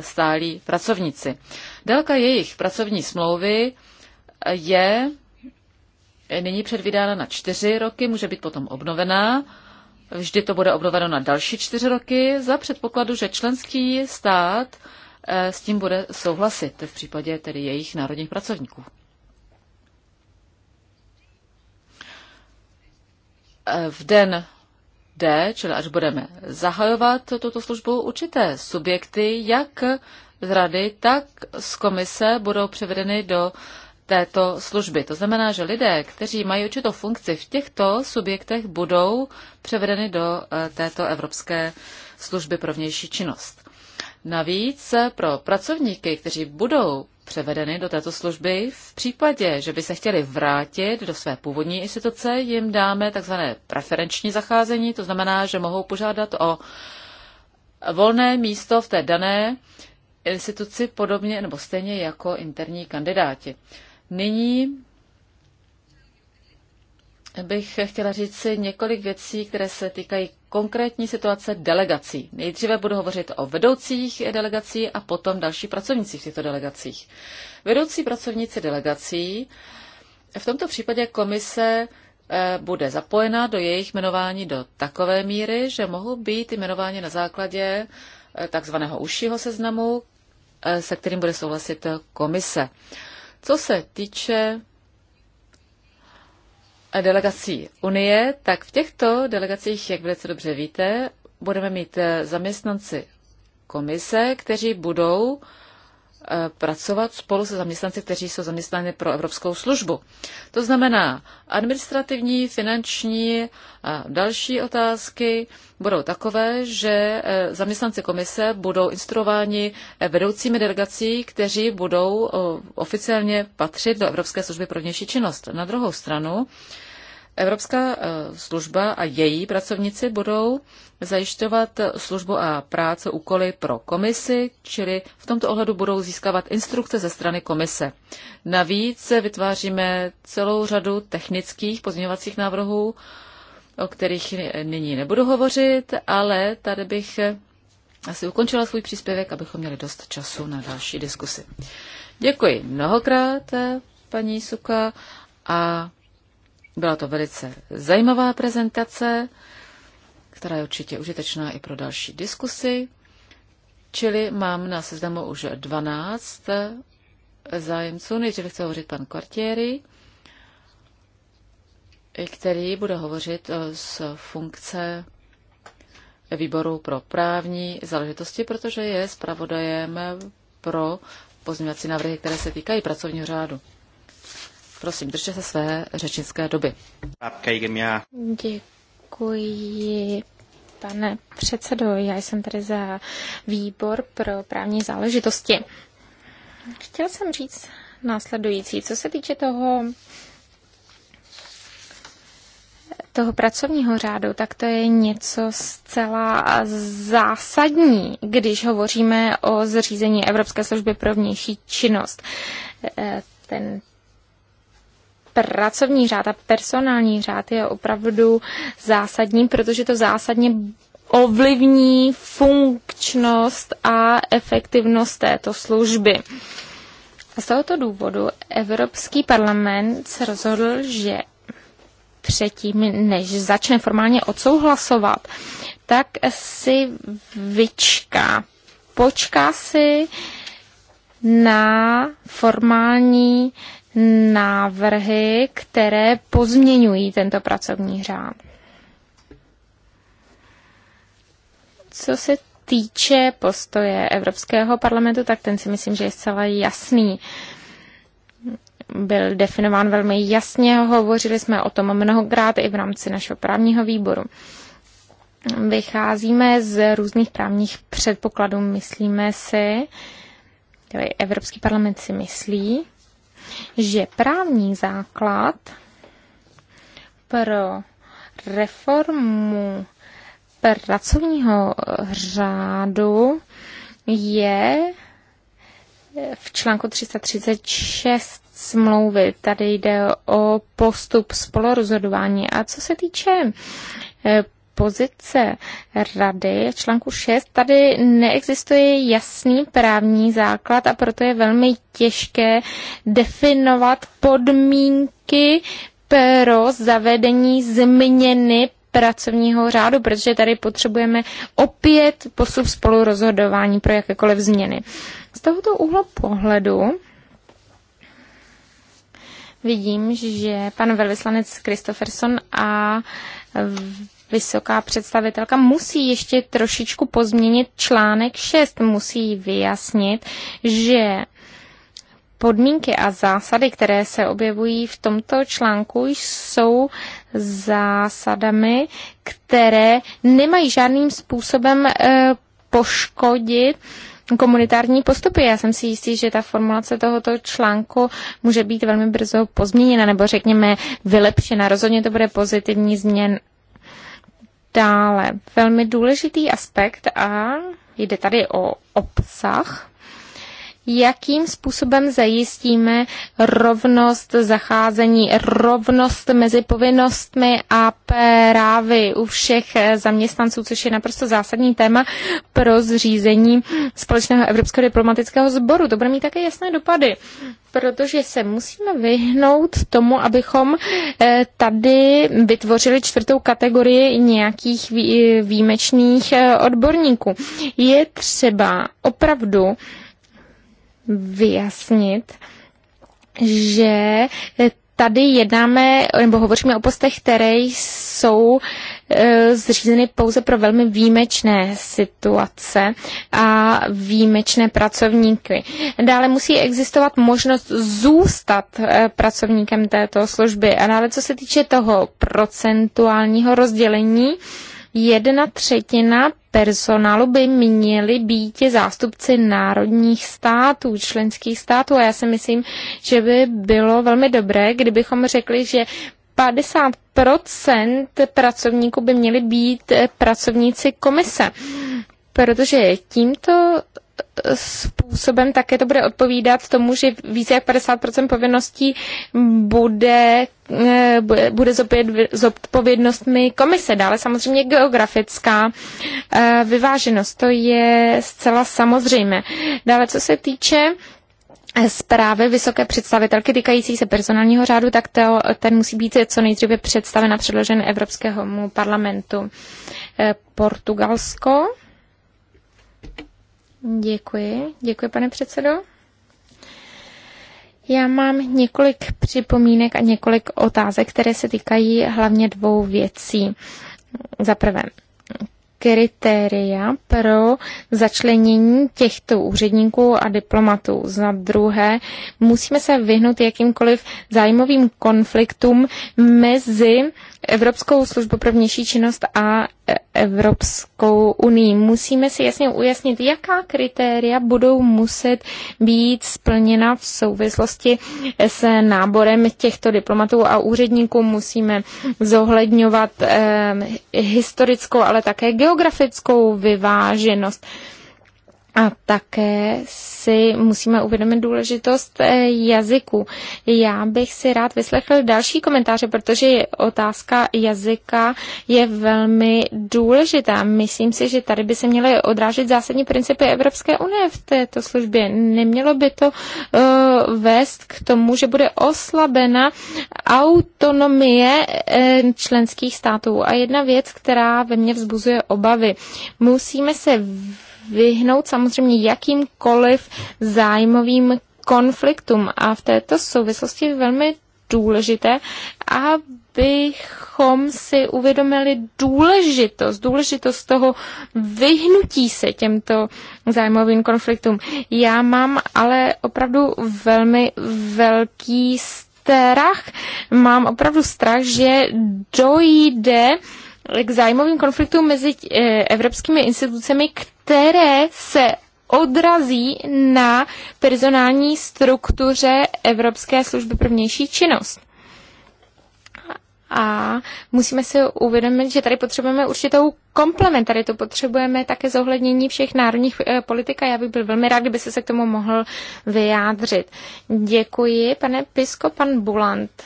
stálí pracovníci. Délka jejich pracovní smlouvy je nyní předvídána na čtyři roky, může být potom obnovená. Vždy to bude obnoveno na další čtyři roky za předpokladu, že členský stát Eh, s tím bude souhlasit v případě tedy jejich národních pracovníků. Eh, v den D, čili až budeme zahajovat tuto službu, určité subjekty, jak z rady, tak z komise budou převedeny do této služby. To znamená, že lidé, kteří mají určitou funkci v těchto subjektech, budou převedeny do eh, této Evropské služby pro vnější činnost. Navíc pro pracovníky, kteří budou převedeny do této služby, v případě, že by se chtěli vrátit do své původní instituce, jim dáme tzv. preferenční zacházení, to znamená, že mohou požádat o volné místo v té dané instituci podobně nebo stejně jako interní kandidáti. Nyní bych chtěla říct si několik věcí, které se týkají konkrétní situace delegací. Nejdříve budu hovořit o vedoucích delegací a potom další pracovnících v těchto delegacích. Vedoucí pracovníci delegací, v tomto případě komise eh, bude zapojena do jejich jmenování do takové míry, že mohou být jmenováni na základě eh, takzvaného užšího seznamu, eh, se kterým bude souhlasit komise. Co se týče delegací Unie, tak v těchto delegacích, jak velice dobře víte, budeme mít eh, zaměstnanci komise, kteří budou eh, pracovat spolu se zaměstnanci, kteří jsou zaměstnáni pro Evropskou službu. To znamená, administrativní, finanční a další otázky budou takové, že eh, zaměstnanci komise budou instruováni vedoucími delegací, kteří budou oficiálně patřit do Evropské služby pro vnější činnost. Na druhou stranu, Evropská eh, služba a její pracovníci budou zajišťovat eh, službu a práce úkoly pro komisi, čili v tomto ohledu budou získávat instrukce ze strany komise. Navíc vytváříme celou řadu technických pozměňovacích návrhů, o kterých nyní nebudu hovořit, ale tady bych eh, asi ukončila svůj příspěvek, abychom měli dost času na další diskusy. Děkuji mnohokrát, paní Suka, a byla to velice zajímavá prezentace, která je určitě užitečná i pro další diskusy. Čili mám na seznamu už 12 zájemců. Nejdříve chce hovořit pan Quartieri, který bude hovořit eh, z funkce výboru pro právní záležitosti, protože je zpravodajem pro pozměňovací návrhy, které se týkají pracovního řádu. Prosím, držte se své řečnické doby. Děkuji. Pane předsedo, já jsem tady za výbor pro právní záležitosti. Chtěl jsem říct následující. Co se týče toho toho pracovního řádu, tak to je něco zcela zásadní, když hovoříme o zřízení Evropské služby pro vnější činnost. E, ten pracovní řád a personální řád je opravdu zásadní, protože to zásadně ovlivní funkčnost a efektivnost této služby. A z tohoto důvodu Evropský parlament se rozhodl, že předtím, než začne formálně odsouhlasovat, tak si vyčká, počká si na formální návrhy, které pozměňují tento pracovní řád. Co se týče postoje Evropského parlamentu, tak ten si myslím, že je zcela jasný. Byl definován velmi jasně, hovořili jsme o tom mnohokrát i v rámci našeho právního výboru. Vycházíme z různých právních předpokladů, myslíme si, Evropský parlament si myslí, že právní základ pro reformu pracovního řádu je v článku 336 smlouvy. Tady jde o postup spolorozhodování. A co se týče eh, pozice rady článku 6 tady neexistuje jasný právní základ a proto je velmi těžké definovat podmínky pro zavedení změny pracovního řádu, protože tady potřebujeme opět spolu spolurozhodování pro jakékoliv změny. Z tohoto úhlu pohledu vidím, že pan velvyslanec Christopherson a vysoká představitelka musí ještě trošičku pozměnit článek 6, musí vyjasnit, že podmínky a zásady, které se objevují v tomto článku, jsou zásadami, které nemají žádným způsobem eh, poškodit komunitární postupy. Já jsem si jistý, že ta formulace tohoto článku může být velmi brzo pozměněna nebo řekněme vylepšena. Rozhodně to bude pozitivní změn, Dále, velmi důležitý aspekt a jde tady o obsah jakým způsobem zajistíme rovnost zacházení, rovnost mezi povinnostmi a právy u všech zaměstnanců, což je naprosto zásadní téma pro zřízení společného evropského diplomatického sboru. To bude mít také jasné dopady, protože se musíme vyhnout tomu, abychom eh, tady vytvořili čtvrtou kategorii nějakých výjimečných eh, odborníků. Je třeba opravdu vyjasnit, že tady jednáme, nebo hovoříme o postech, které jsou e, zřízeny pouze pro velmi výjimečné situace a výjimečné pracovníky. Dále musí existovat možnost zůstat e, pracovníkem této služby. A dále, co se týče toho procentuálního rozdělení, jedna třetina personálu by měli být zástupci národních států, členských států. A já si myslím, že by bylo velmi dobré, kdybychom řekli, že 50% pracovníků by měli být pracovníci komise, protože tímto způsobem také to bude odpovídat tomu, že více jak 50% povinností bude, eh, bude s odpovědnostmi komise. Dále samozřejmě geografická eh, vyváženost, to je zcela samozřejmé. Dále co se týče eh, zprávy vysoké představitelky týkající se personálního řádu, tak to, ten musí být co nejdříve představen a předložen Evropskému parlamentu. Portugalsko. Děkuji. Děkuji, pane předsedo. Já mám několik připomínek a několik otázek, které se týkají hlavně dvou věcí. Za prvé, kritéria pro začlenění těchto úředníků a diplomatů. Za druhé, musíme se vyhnout jakýmkoliv zájmovým konfliktům mezi Evropskou službu pro vnější činnost a Evropskou unii. Musíme si jasně ujasnit, jaká kritéria budou muset být splněna v souvislosti s náborem těchto diplomatů a úředníků. Musíme zohledňovat eh, historickou, ale také geografickou vyváženost. Eh, a také si musíme uvědomit důležitost eh, jazyku. Já bych si rád vyslechl další komentáře, protože otázka jazyka je velmi důležitá. Myslím si, že tady by se měly odrážet zásadní principy Evropské unie v této službě. Nemělo by to uh, vést k tomu, že bude oslabena autonomie uh, členských států. A jedna věc, která ve mně vzbuzuje obavy. Musíme se vyhnout samozřejmě jakýmkoliv zájmovým konfliktům. A v této souvislosti je velmi důležité, abychom si uvědomili důležitost, důležitost toho vyhnutí se těmto zájmovým konfliktům. Já mám ale opravdu velmi velký strach. Mám opravdu strach, že dojde k zájmovým konfliktům mezi eh, evropskými institucemi, které se odrazí na personální struktuře Evropské služby pro vnější činnost. A musíme si uvědomit, že tady potřebujeme určitou komplementaritu, potřebujeme také zohlednění všech národních e, politik a já bych byl velmi rád, kdyby se k tomu mohl vyjádřit. Děkuji, pane Pisko, pan Bulant,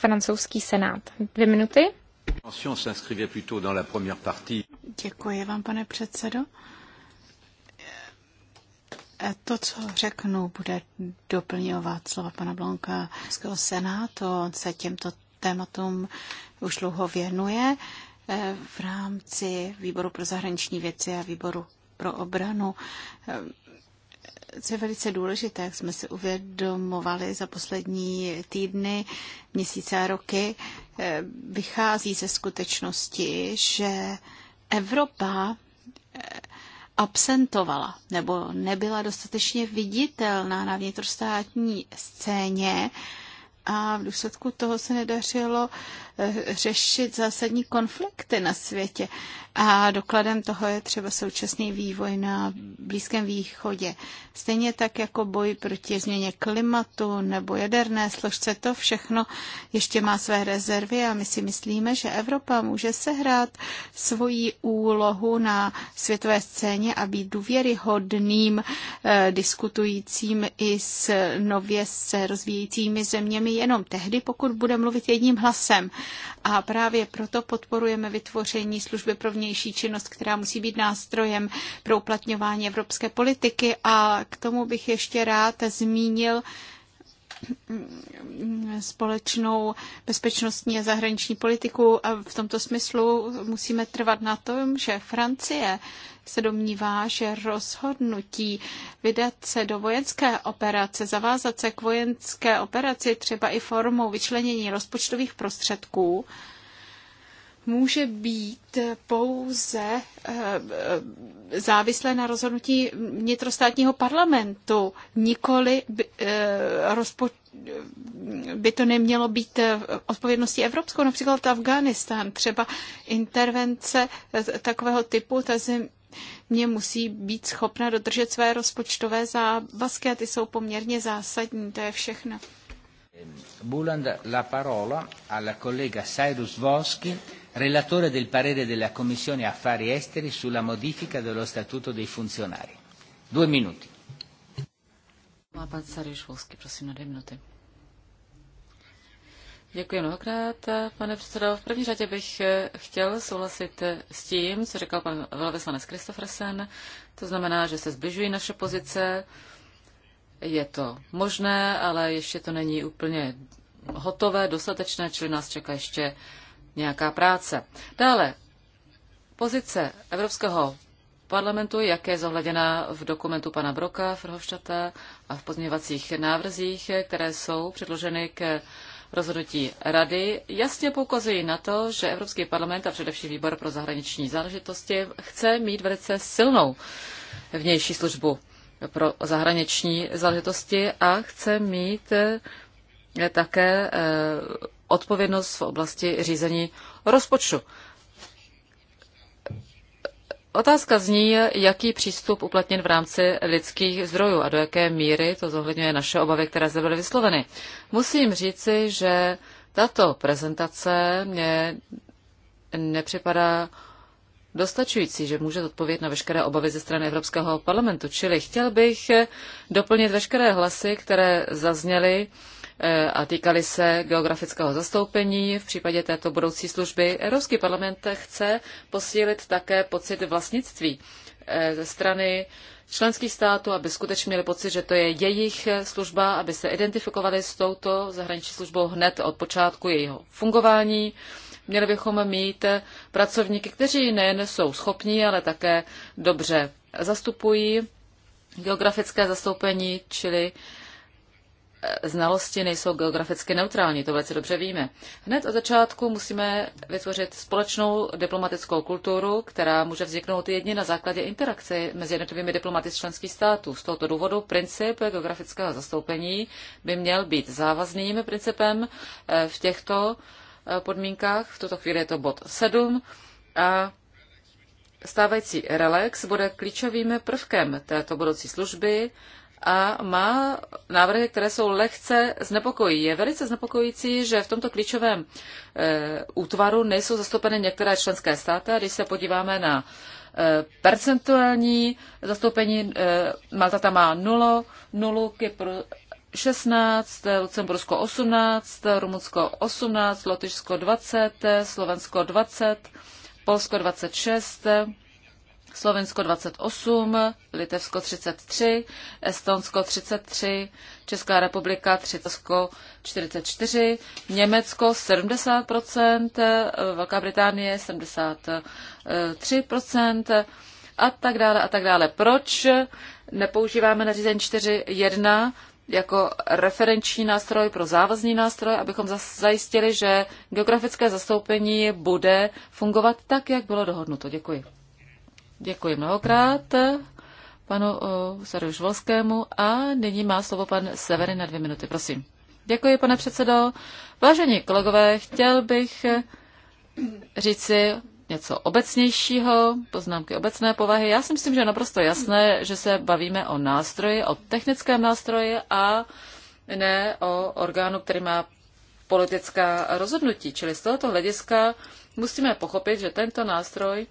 francouzský senát. Dvě minuty. Děkuji vám, pane předsedo. E, to, co řeknu, bude doplňovat slova pana Blonka z Senátu. On se těmto tématům už dlouho věnuje e, v rámci výboru pro zahraniční věci a výboru pro obranu. E, co je velice důležité, jak jsme si uvědomovali za poslední týdny, měsíce a roky, eh, vychází ze skutečnosti, že Evropa eh, absentovala nebo nebyla dostatečně viditelná na vnitrostátní scéně a v důsledku toho se nedařilo Eh, řešit zásadní konflikty na světě. A dokladem toho je třeba současný vývoj na Blízkém východě. Stejně tak jako boj proti změně klimatu nebo jaderné složce, to všechno ještě má své rezervy a my si myslíme, že Evropa může sehrát svoji úlohu na světové scéně a být důvěryhodným eh, diskutujícím i s nově se rozvíjejícími zeměmi jenom tehdy, pokud bude mluvit jedním hlasem. A právě proto podporujeme vytvoření služby pro vnější činnost, která musí být nástrojem pro uplatňování evropské politiky. A k tomu bych ještě rád zmínil mm, společnou bezpečnostní a zahraniční politiku. A v tomto smyslu musíme trvat na tom, že Francie se domnívá, že rozhodnutí vydat se do vojenské operace, zavázat se k vojenské operaci třeba i formou vyčlenění rozpočtových prostředků, může být pouze eh, eh, závislé na rozhodnutí vnitrostátního parlamentu. Nikoli by, eh, rozpo, by to nemělo být odpovědností evropskou, například Afganistán. Třeba intervence takového typu ta zem, mě musí být schopna dodržet své rozpočtové závazky a ty jsou poměrně zásadní. To je všechno. Buland la parola alla collega Cyrus Voski, relatore del parere della Commissione Affari Esteri sulla modifica dello Statuto dei funzionari. Due minuti. Ma pan Cyrus Voski, prosím, na dvě minuty. Děkuji mnohokrát, pane předsedo. V první řadě bych chtěl souhlasit s tím, co říkal pan velvyslanec Kristoffersen. To znamená, že se zbližují naše pozice. Je to možné, ale ještě to není úplně hotové, dostatečné, čili nás čeká ještě nějaká práce. Dále, pozice Evropského parlamentu, jak je zohleděna v dokumentu pana Broka, Frhoštata a v pozměňovacích návrzích, které jsou předloženy k Rozhodnutí Rady jasně poukazují na to, že Evropský parlament a především výbor pro zahraniční záležitosti chce mít velice silnou vnější službu pro zahraniční záležitosti a chce mít eh, také eh, odpovědnost v oblasti řízení rozpočtu. Otázka zní, jaký přístup uplatnit v rámci lidských zdrojů a do jaké míry to zohledňuje naše obavy, které zde byly vysloveny. Musím říci, že tato prezentace mě nepřipadá dostačující, že může odpovědět na veškeré obavy ze strany Evropského parlamentu. Čili chtěl bych doplnit veškeré hlasy, které zazněly Eh, a týkaly se geografického zastoupení v případě této budoucí služby. Evropský parlament chce posílit také pocit vlastnictví eh, ze strany členských států, aby skutečně měli pocit, že to je jejich služba, aby se identifikovali s touto zahraniční službou hned od počátku jejího fungování. Měli bychom mít pracovníky, kteří nejen jsou schopní, ale také dobře zastupují geografické zastoupení, čili znalosti nejsou geograficky neutrální, to velice dobře víme. Hned od začátku musíme vytvořit společnou diplomatickou kulturu, která může vzniknout jedině na základě interakce mezi jednotlivými diplomaty z členských států. Z tohoto důvodu princip geografického zastoupení by měl být závazným principem eh, v těchto eh, podmínkách. V tuto chvíli je to bod 7 a stávající relax bude klíčovým prvkem této budoucí služby a má návrhy, které jsou lehce znepokojí. Je velice znepokojící, že v tomto klíčovém e, útvaru nejsou zastoupeny některé členské státy. A když se podíváme na e, percentuální zastoupení, e, Malta tam má 0, 0 Kypr 16, Lucembursko 18, Rumunsko 18, Lotyšsko 20, Slovensko 20, Polsko 26, Slovensko 28, Litevsko 33, Estonsko 33, Česká republika 30, 44, Německo 70%, Velká Británie 73% a tak dále a tak dále. Proč nepoužíváme nařízení 4.1 jako referenční nástroj pro závazný nástroj, abychom zajistili, že geografické zastoupení bude fungovat tak, jak bylo dohodnuto? Děkuji. Děkuji mnohokrát panu eh, Saruš Volskému a nyní má slovo pan Severin na dvě minuty, prosím. Děkuji, pane předsedo. Vážení kolegové, chtěl bych eh, říci něco obecnějšího, poznámky obecné povahy. Já si myslím, že je naprosto jasné, že se bavíme o nástroji, o technickém nástroji a ne o orgánu, který má politická rozhodnutí. Čili z tohoto hlediska musíme pochopit, že tento nástroj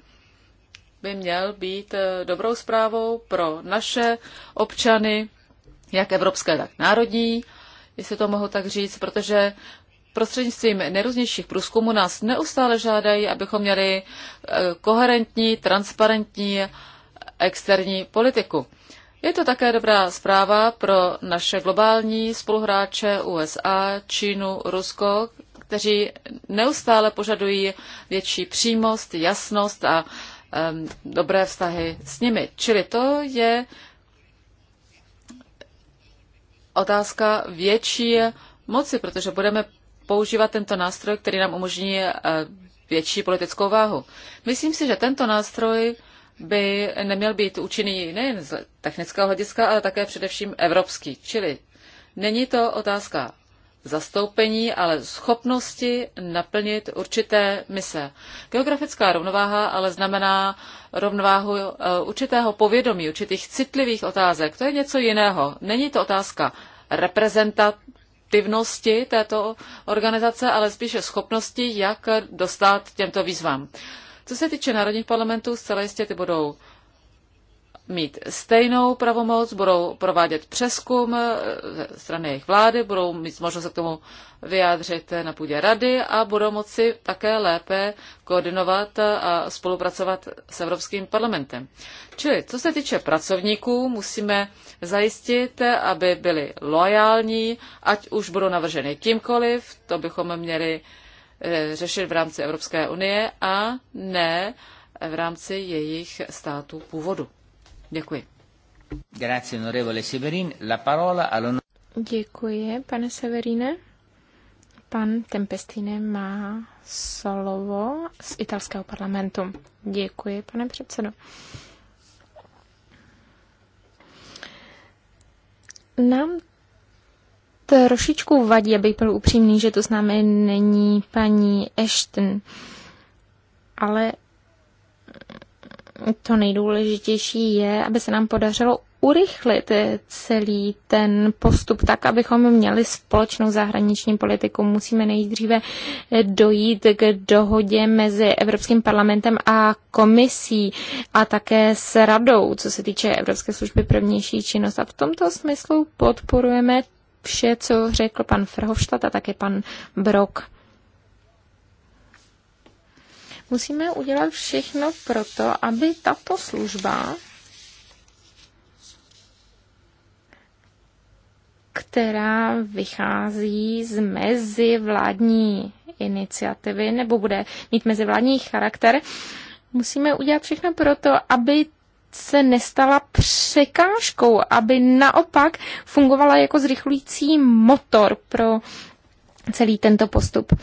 by měl být eh, dobrou zprávou pro naše občany, jak evropské, tak národní, jestli to mohu tak říct, protože prostřednictvím nejrůznějších průzkumů nás neustále žádají, abychom měli eh, koherentní, transparentní externí politiku. Je to také dobrá zpráva pro naše globální spoluhráče USA, Čínu, Rusko, kteří neustále požadují větší přímost, jasnost a dobré vztahy s nimi. Čili to je otázka větší moci, protože budeme používat tento nástroj, který nám umožní eh, větší politickou váhu. Myslím si, že tento nástroj by neměl být účinný nejen z technického hlediska, ale také především evropský. Čili není to otázka zastoupení, ale schopnosti naplnit určité mise. Geografická rovnováha ale znamená rovnováhu eh, určitého povědomí, určitých citlivých otázek. To je něco jiného. Není to otázka reprezentativnosti této organizace, ale spíše schopnosti, jak dostat těmto výzvám. Co se týče národních parlamentů, zcela jistě ty budou mít stejnou pravomoc, budou provádět přeskum eh, ze strany jejich vlády, budou mít možnost se k tomu vyjádřit na půdě rady a budou moci také lépe koordinovat a spolupracovat s Evropským parlamentem. Čili, co se týče pracovníků, musíme zajistit, aby byli loajální, ať už budou navrženy kýmkoliv, to bychom měli eh, řešit v rámci Evropské unie a ne v rámci jejich států původu. Děkuji. Grazie, onorevole Severin. La parola Děkuji, pane Severine. Pan Tempestine má slovo z italského parlamentu. Děkuji, pane předsedo. Nám trošičku vadí, abych byl upřímný, že to s námi není paní Ashton. Ale to nejdůležitější je, aby se nám podařilo urychlit celý ten postup tak, abychom měli společnou zahraniční politiku. Musíme nejdříve dojít k dohodě mezi Evropským parlamentem a komisí a také s radou, co se týče Evropské služby pro vnější činnost. A v tomto smyslu podporujeme vše, co řekl pan Frhovštat a také pan Brok. Musíme udělat všechno pro to, aby tato služba, která vychází z mezivládní iniciativy nebo bude mít mezivládní charakter, musíme udělat všechno pro to, aby se nestala překážkou, aby naopak fungovala jako zrychlující motor pro celý tento postup.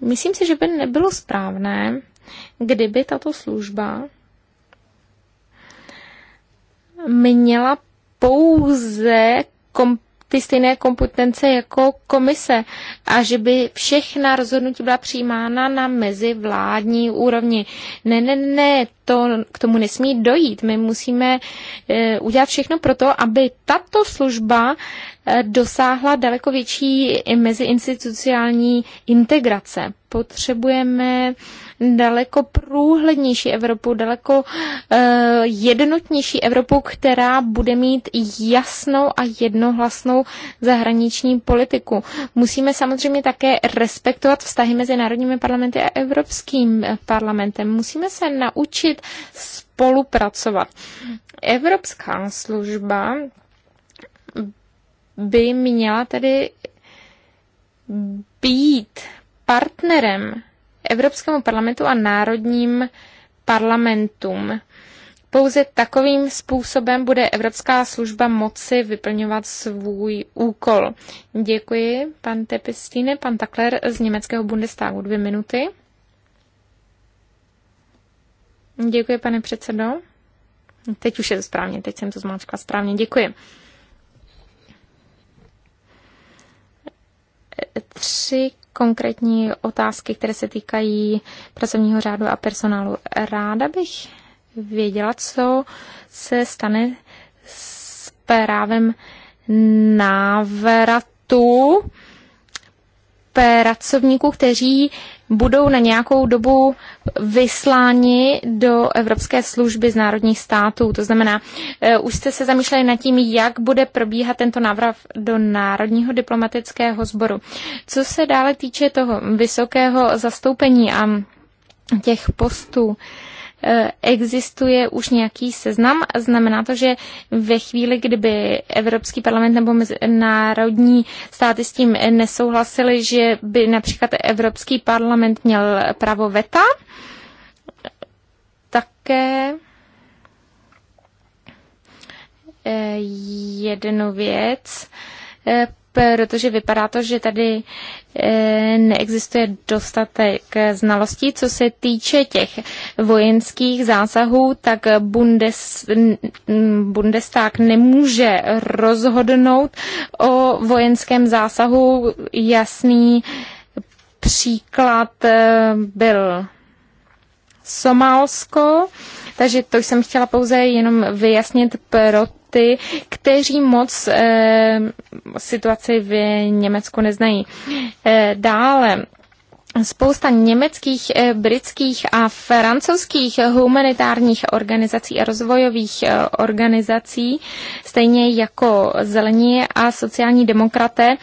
Myslím si, že by nebylo správné, kdyby tato služba měla pouze komp- ty stejné kompetence jako komise a že by všechna rozhodnutí byla přijímána na mezivládní úrovni. Ne, ne, ne, to k tomu nesmí dojít. My musíme e, udělat všechno pro to, aby tato služba e, dosáhla daleko větší meziinstitucionální integrace. Potřebujeme e, daleko průhlednější Evropu, daleko eh, jednotnější Evropu, která bude mít jasnou a jednohlasnou zahraniční politiku. Musíme samozřejmě také respektovat vztahy mezi národními parlamenty a Evropským eh, parlamentem. Musíme se naučit spolupracovat. Evropská služba by měla tedy být partnerem Evropskému parlamentu a národním parlamentům. Pouze takovým způsobem bude Evropská služba moci vyplňovat svůj úkol. Děkuji, pan Tepistine, pan Takler z německého Bundestagu. Dvě minuty. Děkuji, pane předsedo. Teď už je to správně, teď jsem to zmáčkla správně. Děkuji. Tři konkrétní otázky, které se týkají pracovního řádu a personálu. Ráda bych věděla, co se stane s právem návratu pracovníků, kteří budou na nějakou dobu vysláni do Evropské služby z národních států. To znamená, eh, už jste se zamýšleli nad tím, jak bude probíhat tento návrat do Národního diplomatického sboru. Co se dále týče toho vysokého zastoupení a těch postů, Eh, existuje už nějaký seznam. Znamená to, že ve chvíli, kdyby Evropský parlament nebo národní státy s tím nesouhlasili, že by například Evropský parlament měl právo veta, také eh, jednu věc eh, protože vypadá to, že tady eh, neexistuje dostatek znalostí. Co se týče těch vojenských zásahů, tak Bundes, Bundestag nemůže rozhodnout o vojenském zásahu. Jasný příklad eh, byl Somálsko takže to jsem chtěla pouze jenom vyjasnit pro ty, kteří moc e, situaci v Německu neznají. E, dále spousta německých, eh, britských a francouzských humanitárních organizací a rozvojových organizací, stejně jako zelení a sociální demokraté,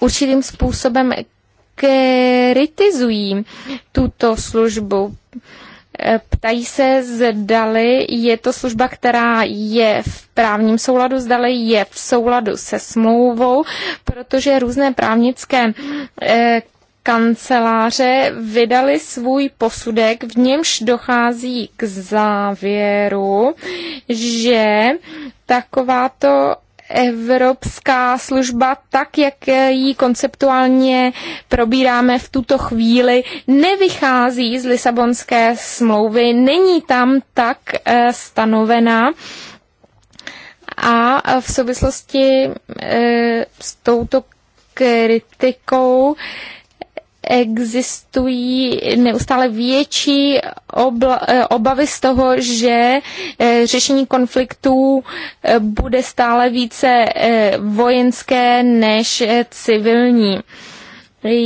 určitým způsobem kritizují tuto službu. E, ptají se, zdali je to služba, která je v právním souladu, zdali je v souladu se smlouvou, protože různé právnické e, kanceláře vydali svůj posudek, v němž dochází k závěru, že takováto Evropská služba, tak jak ji konceptuálně probíráme v tuto chvíli, nevychází z Lisabonské smlouvy, není tam tak eh, stanovená. A v souvislosti eh, s touto kritikou existují neustále větší obla- eh, obavy z toho, že eh, řešení konfliktů eh, bude stále více vojenské než civilní.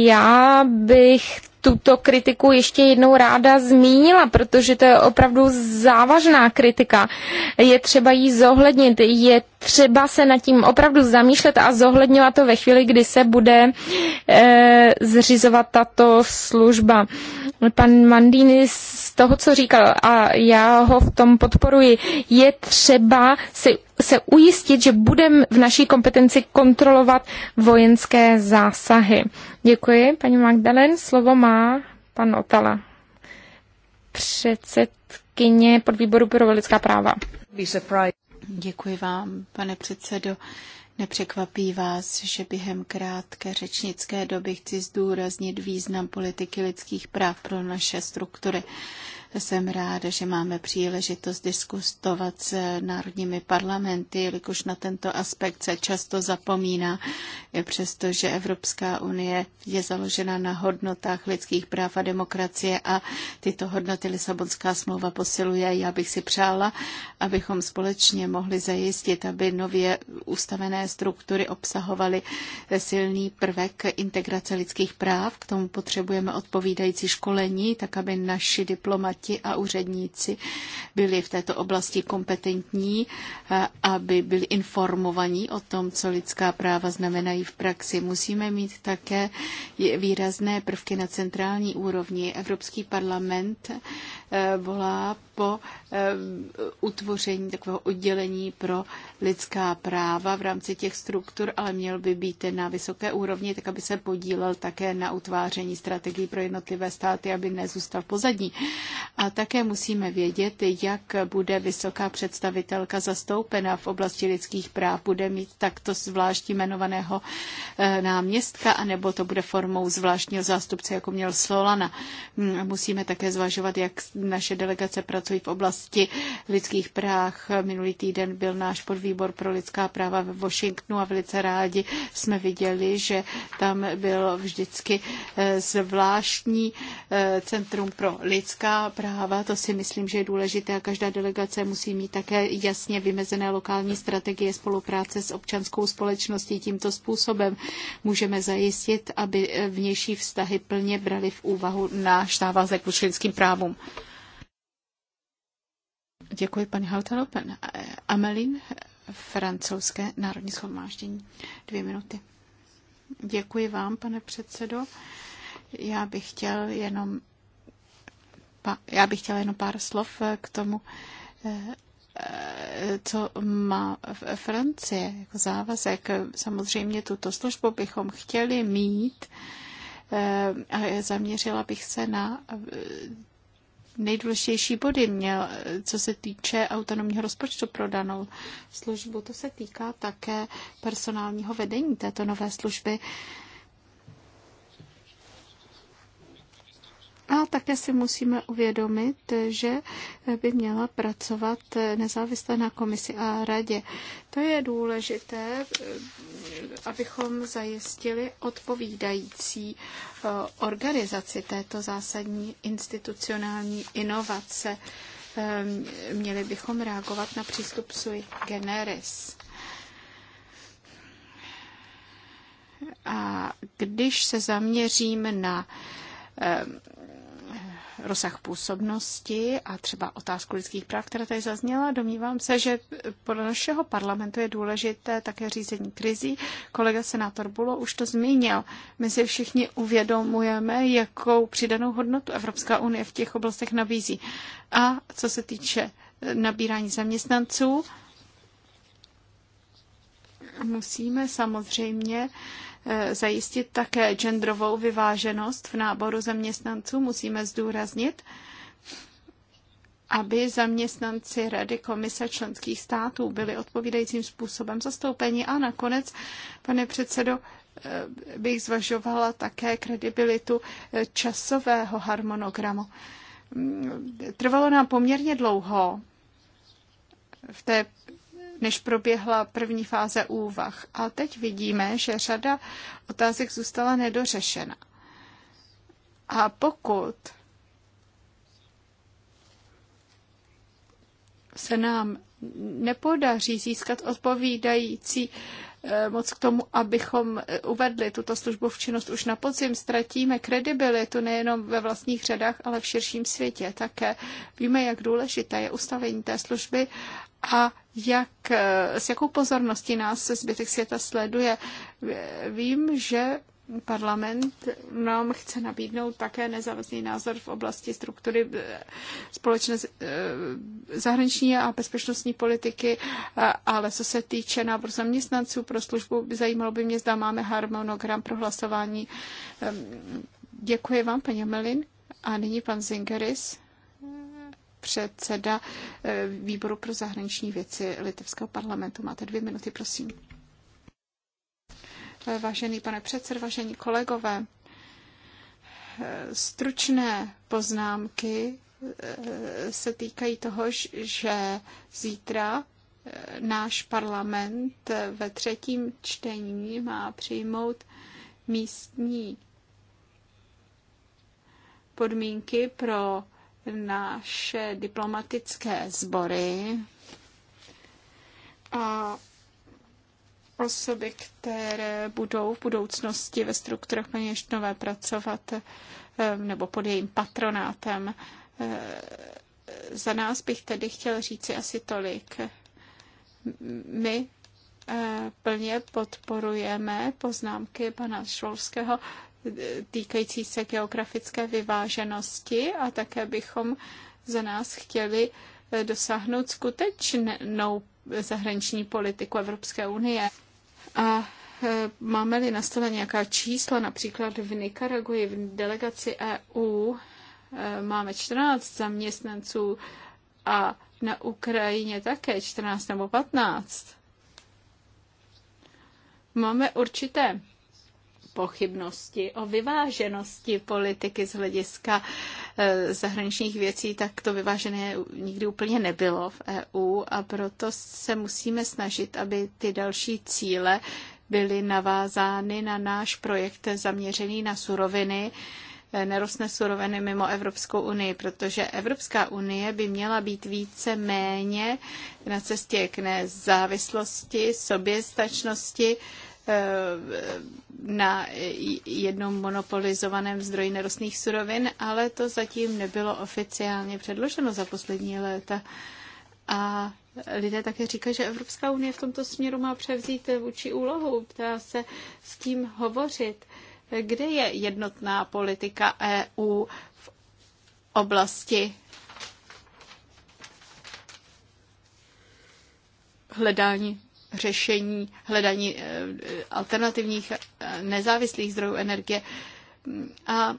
Já bych tuto kritiku ještě jednou ráda zmínila, protože to je opravdu závažná kritika. Je třeba ji zohlednit, je třeba se nad tím opravdu zamýšlet a zohledňovat to ve chvíli, kdy se bude e, zřizovat tato služba. E, pan Mandini, z toho, co říkal, a já ho v tom podporuji, je třeba si se ujistit, že budeme v naší kompetenci kontrolovat vojenské zásahy. Děkuji, paní Magdalen. Slovo má pan Otala, předsedkyně podvýboru pro lidská práva. Děkuji vám, pane předsedo. Nepřekvapí vás, že během krátké řečnické doby chci zdůraznit význam politiky lidských práv pro naše struktury. Jsem ráda, že máme příležitost diskutovat s národními parlamenty, jelikož na tento aspekt se často zapomíná, přestože Evropská unie je založena na hodnotách lidských práv a demokracie a tyto hodnoty Lisabonská smlouva posiluje. Já bych si přála, abychom společně mohli zajistit, aby nově ustavené struktury obsahovaly silný prvek integrace lidských práv. K tomu potřebujeme odpovídající školení, tak aby naši diplomati experti a úředníci byli v této oblasti kompetentní, eh, aby byli informovaní o tom, co lidská práva znamenají v praxi. Musíme mít také výrazné prvky na centrální úrovni. Evropský parlament Eh, volá po eh, utvoření takového oddělení pro lidská práva v rámci těch struktur, ale měl by být na vysoké úrovni, tak aby se podílel také na utváření strategií pro jednotlivé státy, aby nezůstal pozadní. A také musíme vědět, jak bude vysoká představitelka zastoupena v oblasti lidských práv. Bude mít takto zvlášť jmenovaného eh, náměstka, anebo to bude formou zvláštního zástupce, jako měl Solana. Hm, musíme také zvažovat, jak naše delegace pracují v oblasti lidských práv. Minulý týden byl náš podvýbor pro lidská práva ve Washingtonu a velice rádi jsme viděli, že tam bylo vždycky eh, zvláštní eh, centrum pro lidská práva. To si myslím, že je důležité a každá delegace musí mít také jasně vymezené lokální strategie spolupráce s občanskou společností. Tímto způsobem můžeme zajistit, aby eh, vnější vztahy plně brali v úvahu náš závazek k členským právům. Děkuji, paní Hautelopen. Amelin, francouzské národní schromáždění. Dvě minuty. Děkuji vám, pane předsedo. Já bych chtěl jenom já bych chtěla jenom pár slov k tomu, eh, co má Francie jako závazek. Samozřejmě tuto službu bychom chtěli mít eh, a zaměřila bych se na nejdůležitější body měl, co se týče autonomního rozpočtu pro danou službu. To se týká také personálního vedení této nové služby. A také si musíme uvědomit, že by měla pracovat nezávisle na komisi a radě. To je důležité, abychom zajistili odpovídající eh, organizaci této zásadní institucionální inovace. Ehm, měli bychom reagovat na přístup sui generis. A když se zaměřím na ehm, rozsah působnosti a třeba otázku lidských práv, která tady zazněla. Domnívám se, že podle našeho parlamentu je důležité také řízení krizí. Kolega senátor Bulo už to zmínil. My si všichni uvědomujeme, jakou přidanou hodnotu Evropská unie v těch oblastech nabízí. A co se týče nabírání zaměstnanců, musíme samozřejmě Eh, zajistit také genderovou vyváženost v náboru zaměstnanců. Musíme zdůraznit, aby zaměstnanci Rady Komise členských států byli odpovídajícím způsobem zastoupeni. A nakonec, pane předsedo, eh, bych zvažovala také kredibilitu eh, časového harmonogramu. Mm, trvalo nám poměrně dlouho v té než proběhla první fáze úvah. A teď vidíme, že řada otázek zůstala nedořešena. A pokud se nám nepodaří získat odpovídající eh, moc k tomu, abychom eh, uvedli tuto službu v činnost už na podzim, ztratíme kredibilitu nejenom ve vlastních řadách, ale v širším světě. Také víme, jak důležité je ustavení té služby a jak, eh, s jakou pozorností nás se zbytek světa sleduje. Vím, že parlament nám chce nabídnout také nezávazný názor v oblasti struktury eh, společné eh, zahraniční a bezpečnostní politiky, ale co se týče náboru zaměstnanců pro službu, zajímalo by mě, zda máme harmonogram pro hlasování. Děkuji vám, paní Melin. A nyní pan Zingeris předseda eh, výboru pro zahraniční věci Litevského parlamentu. Máte dvě minuty, prosím. Eh, vážený pane předsed, vážení kolegové, eh, stručné poznámky se týkají toho, že zítra náš parlament ve třetím čtení má přijmout místní podmínky pro naše diplomatické sbory a osoby, které budou v budoucnosti ve strukturách peněžnové pracovat eh, nebo pod jejím patronátem. Eh, za nás bych tedy chtěl říci asi tolik. My eh, plně podporujeme poznámky pana Šolského týkající se geografické vyváženosti a také bychom za nás chtěli eh, dosáhnout skutečnou zahraniční politiku Evropské unie. A eh, máme-li na stole nějaká čísla, například v Nikaraguji, v delegaci EU eh, máme 14 zaměstnanců a na Ukrajině také 14 nebo 15. Máme určité pochybnosti o vyváženosti politiky z hlediska eh, zahraničních věcí, tak to vyvážené nikdy úplně nebylo v EU a proto se musíme snažit, aby ty další cíle byly navázány na náš projekt zaměřený na suroviny, eh, nerostné suroviny mimo Evropskou unii, protože Evropská unie by měla být více méně na cestě k nezávislosti, soběstačnosti, Eh, na jednom monopolizovaném zdroji nerostných surovin, ale to zatím nebylo oficiálně předloženo za poslední léta. A lidé také říkají, že Evropská unie v tomto směru má převzít vůči úlohu, ptá se s tím hovořit. Kde je jednotná politika EU v oblasti hledání řešení, hledání eh, alternativních eh, nezávislých zdrojů energie. A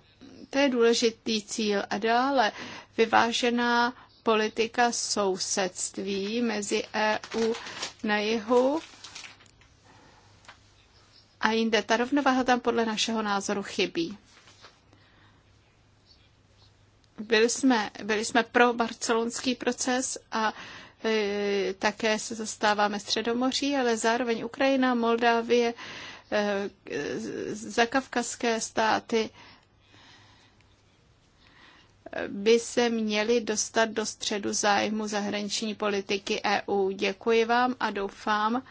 to je důležitý cíl. A dále vyvážená politika sousedství mezi EU na jihu a jinde. Ta rovnováha tam podle našeho názoru chybí. Byli jsme, byli jsme pro barcelonský proces a E, také se zastáváme Středomoří, ale zároveň Ukrajina, Moldávie, e, zakavkazské státy by se měly dostat do středu zájmu zahraniční politiky EU. Děkuji vám a doufám,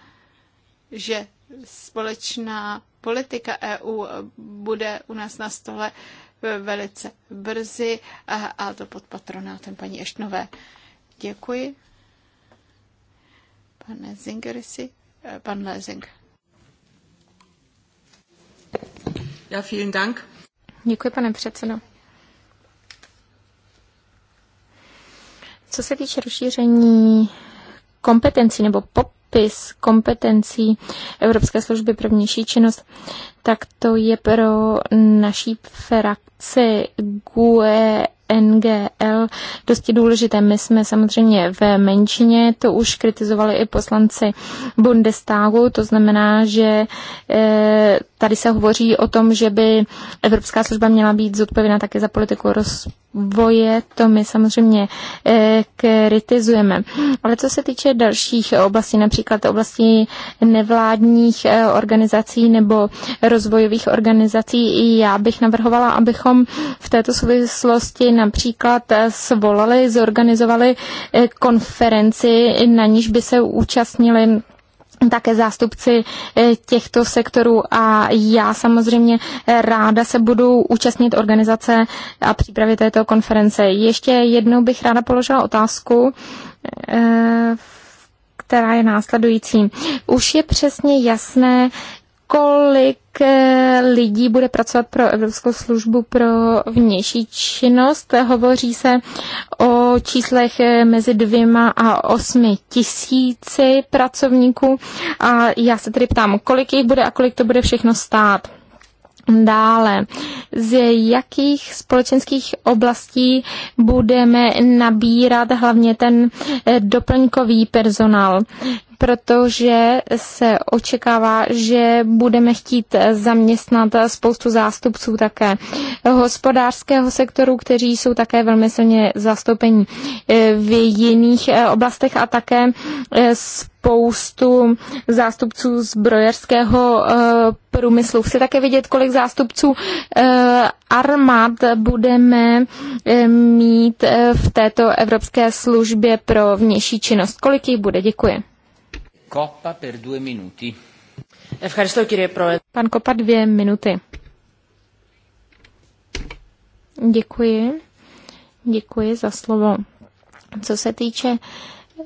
že společná politika EU bude u nás na stole velice brzy a, a to pod patronátem paní Eštnové. Děkuji. Pane Zingerisi, eh, pan Lezing. Ja, vielen Dank. Děkuji, pane předsedo. Co se týče rozšíření kompetencí nebo popis kompetencí Evropské služby pro vnější činnost, tak to je pro naší frakci GUE NGL dosti důležité. My jsme samozřejmě ve menšině, to už kritizovali i poslanci Bundestagu, to znamená, že eh, tady se hovoří o tom, že by Evropská služba měla být zodpovědná také za politiku rozpočtu vývoje, to my samozřejmě eh, kritizujeme. Ale co se týče dalších oblastí, například oblastí nevládních eh, organizací nebo rozvojových organizací, já bych navrhovala, abychom v této souvislosti například eh, svolali, zorganizovali konferenci, na níž by se účastnili také zástupci eh, těchto sektorů a já samozřejmě eh, ráda se budu účastnit organizace a přípravy této konference. Ještě jednou bych ráda položila otázku eh, která je následující. Už je přesně jasné, kolik eh, lidí bude pracovat pro Evropskou službu pro vnější činnost. Hovoří se o číslech eh, mezi dvěma a osmi tisíci pracovníků a já se tedy ptám, kolik jich bude a kolik to bude všechno stát. Dále, z jakých společenských oblastí budeme nabírat hlavně ten eh, doplňkový personál? protože se očekává, že budeme chtít zaměstnat spoustu zástupců také hospodářského sektoru, kteří jsou také velmi silně zastoupení eh, v jiných eh, oblastech a také eh, spoustu zástupců zbrojerského průmyslu. Chci také vidět, kolik zástupců armád budeme mít v této Evropské službě pro vnější činnost. Kolik jich bude? Děkuji per due minuti. Pan Kopa dvě minuty. Děkuji. Děkuji za slovo. Co se týče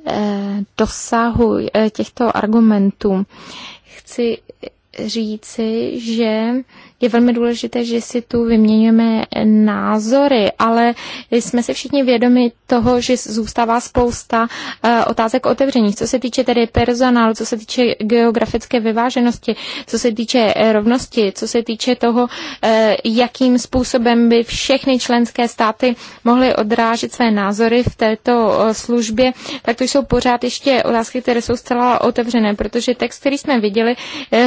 eh, dosahu eh, těchto argumentů, chci říci, že je velmi důležité, že si tu vyměňujeme názory, ale jsme si všichni vědomi toho, že zůstává spousta eh, otázek otevřených. Co se týče tedy personálu, co se týče geografické vyváženosti, co se týče eh, rovnosti, co se týče toho, eh, jakým způsobem by všechny členské státy mohly odrážet své názory v této službě, tak to jsou pořád ještě otázky, které jsou zcela otevřené, protože text, který jsme viděli,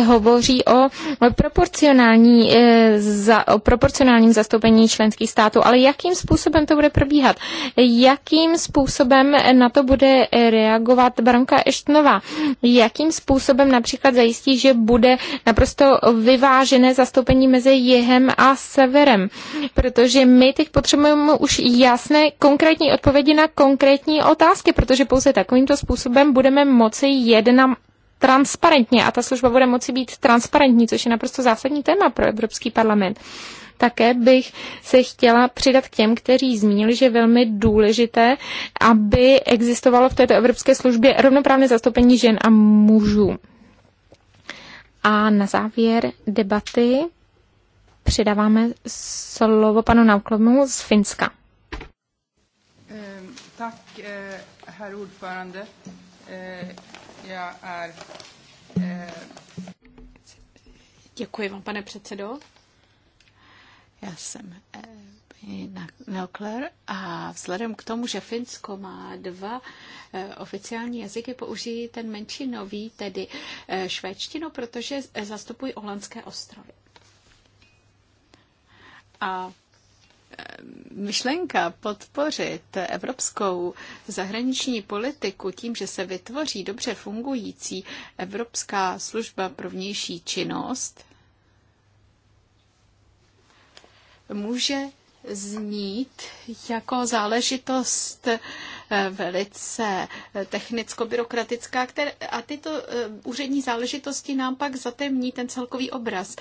hovoří o proporcionální Eh, za, o proporcionálním zastoupení členských států, ale jakým způsobem to bude probíhat? Jakým způsobem na to bude eh, reagovat Baronka Eštnova? Jakým způsobem například zajistí, že bude naprosto vyvážené zastoupení mezi jihem a severem? Protože my teď potřebujeme už jasné konkrétní odpovědi na konkrétní otázky, protože pouze takovýmto způsobem budeme moci jednat transparentně a ta služba bude moci být transparentní, což je naprosto zásadní téma pro Evropský parlament. Také bych se chtěla přidat k těm, kteří zmínili, že je velmi důležité, aby existovalo v této evropské službě rovnoprávné zastoupení žen a mužů. A na závěr debaty předáváme slovo panu Nauklomu z Finska. Ehm, tak, eh, herr ordförande. Eh, já e, Děkuji vám, pane předsedo. Já jsem e, Neokler a vzhledem k tomu, že Finsko má dva e, oficiální jazyky, použijí ten menšinový, tedy švédštinu, protože zastupují Olandské ostrovy. A myšlenka podpořit evropskou zahraniční politiku tím, že se vytvoří dobře fungující Evropská služba pro vnější činnost, může znít jako záležitost Eh, velice eh, technicko-byrokratická a tyto eh, úřední záležitosti nám pak zatemní ten celkový obraz.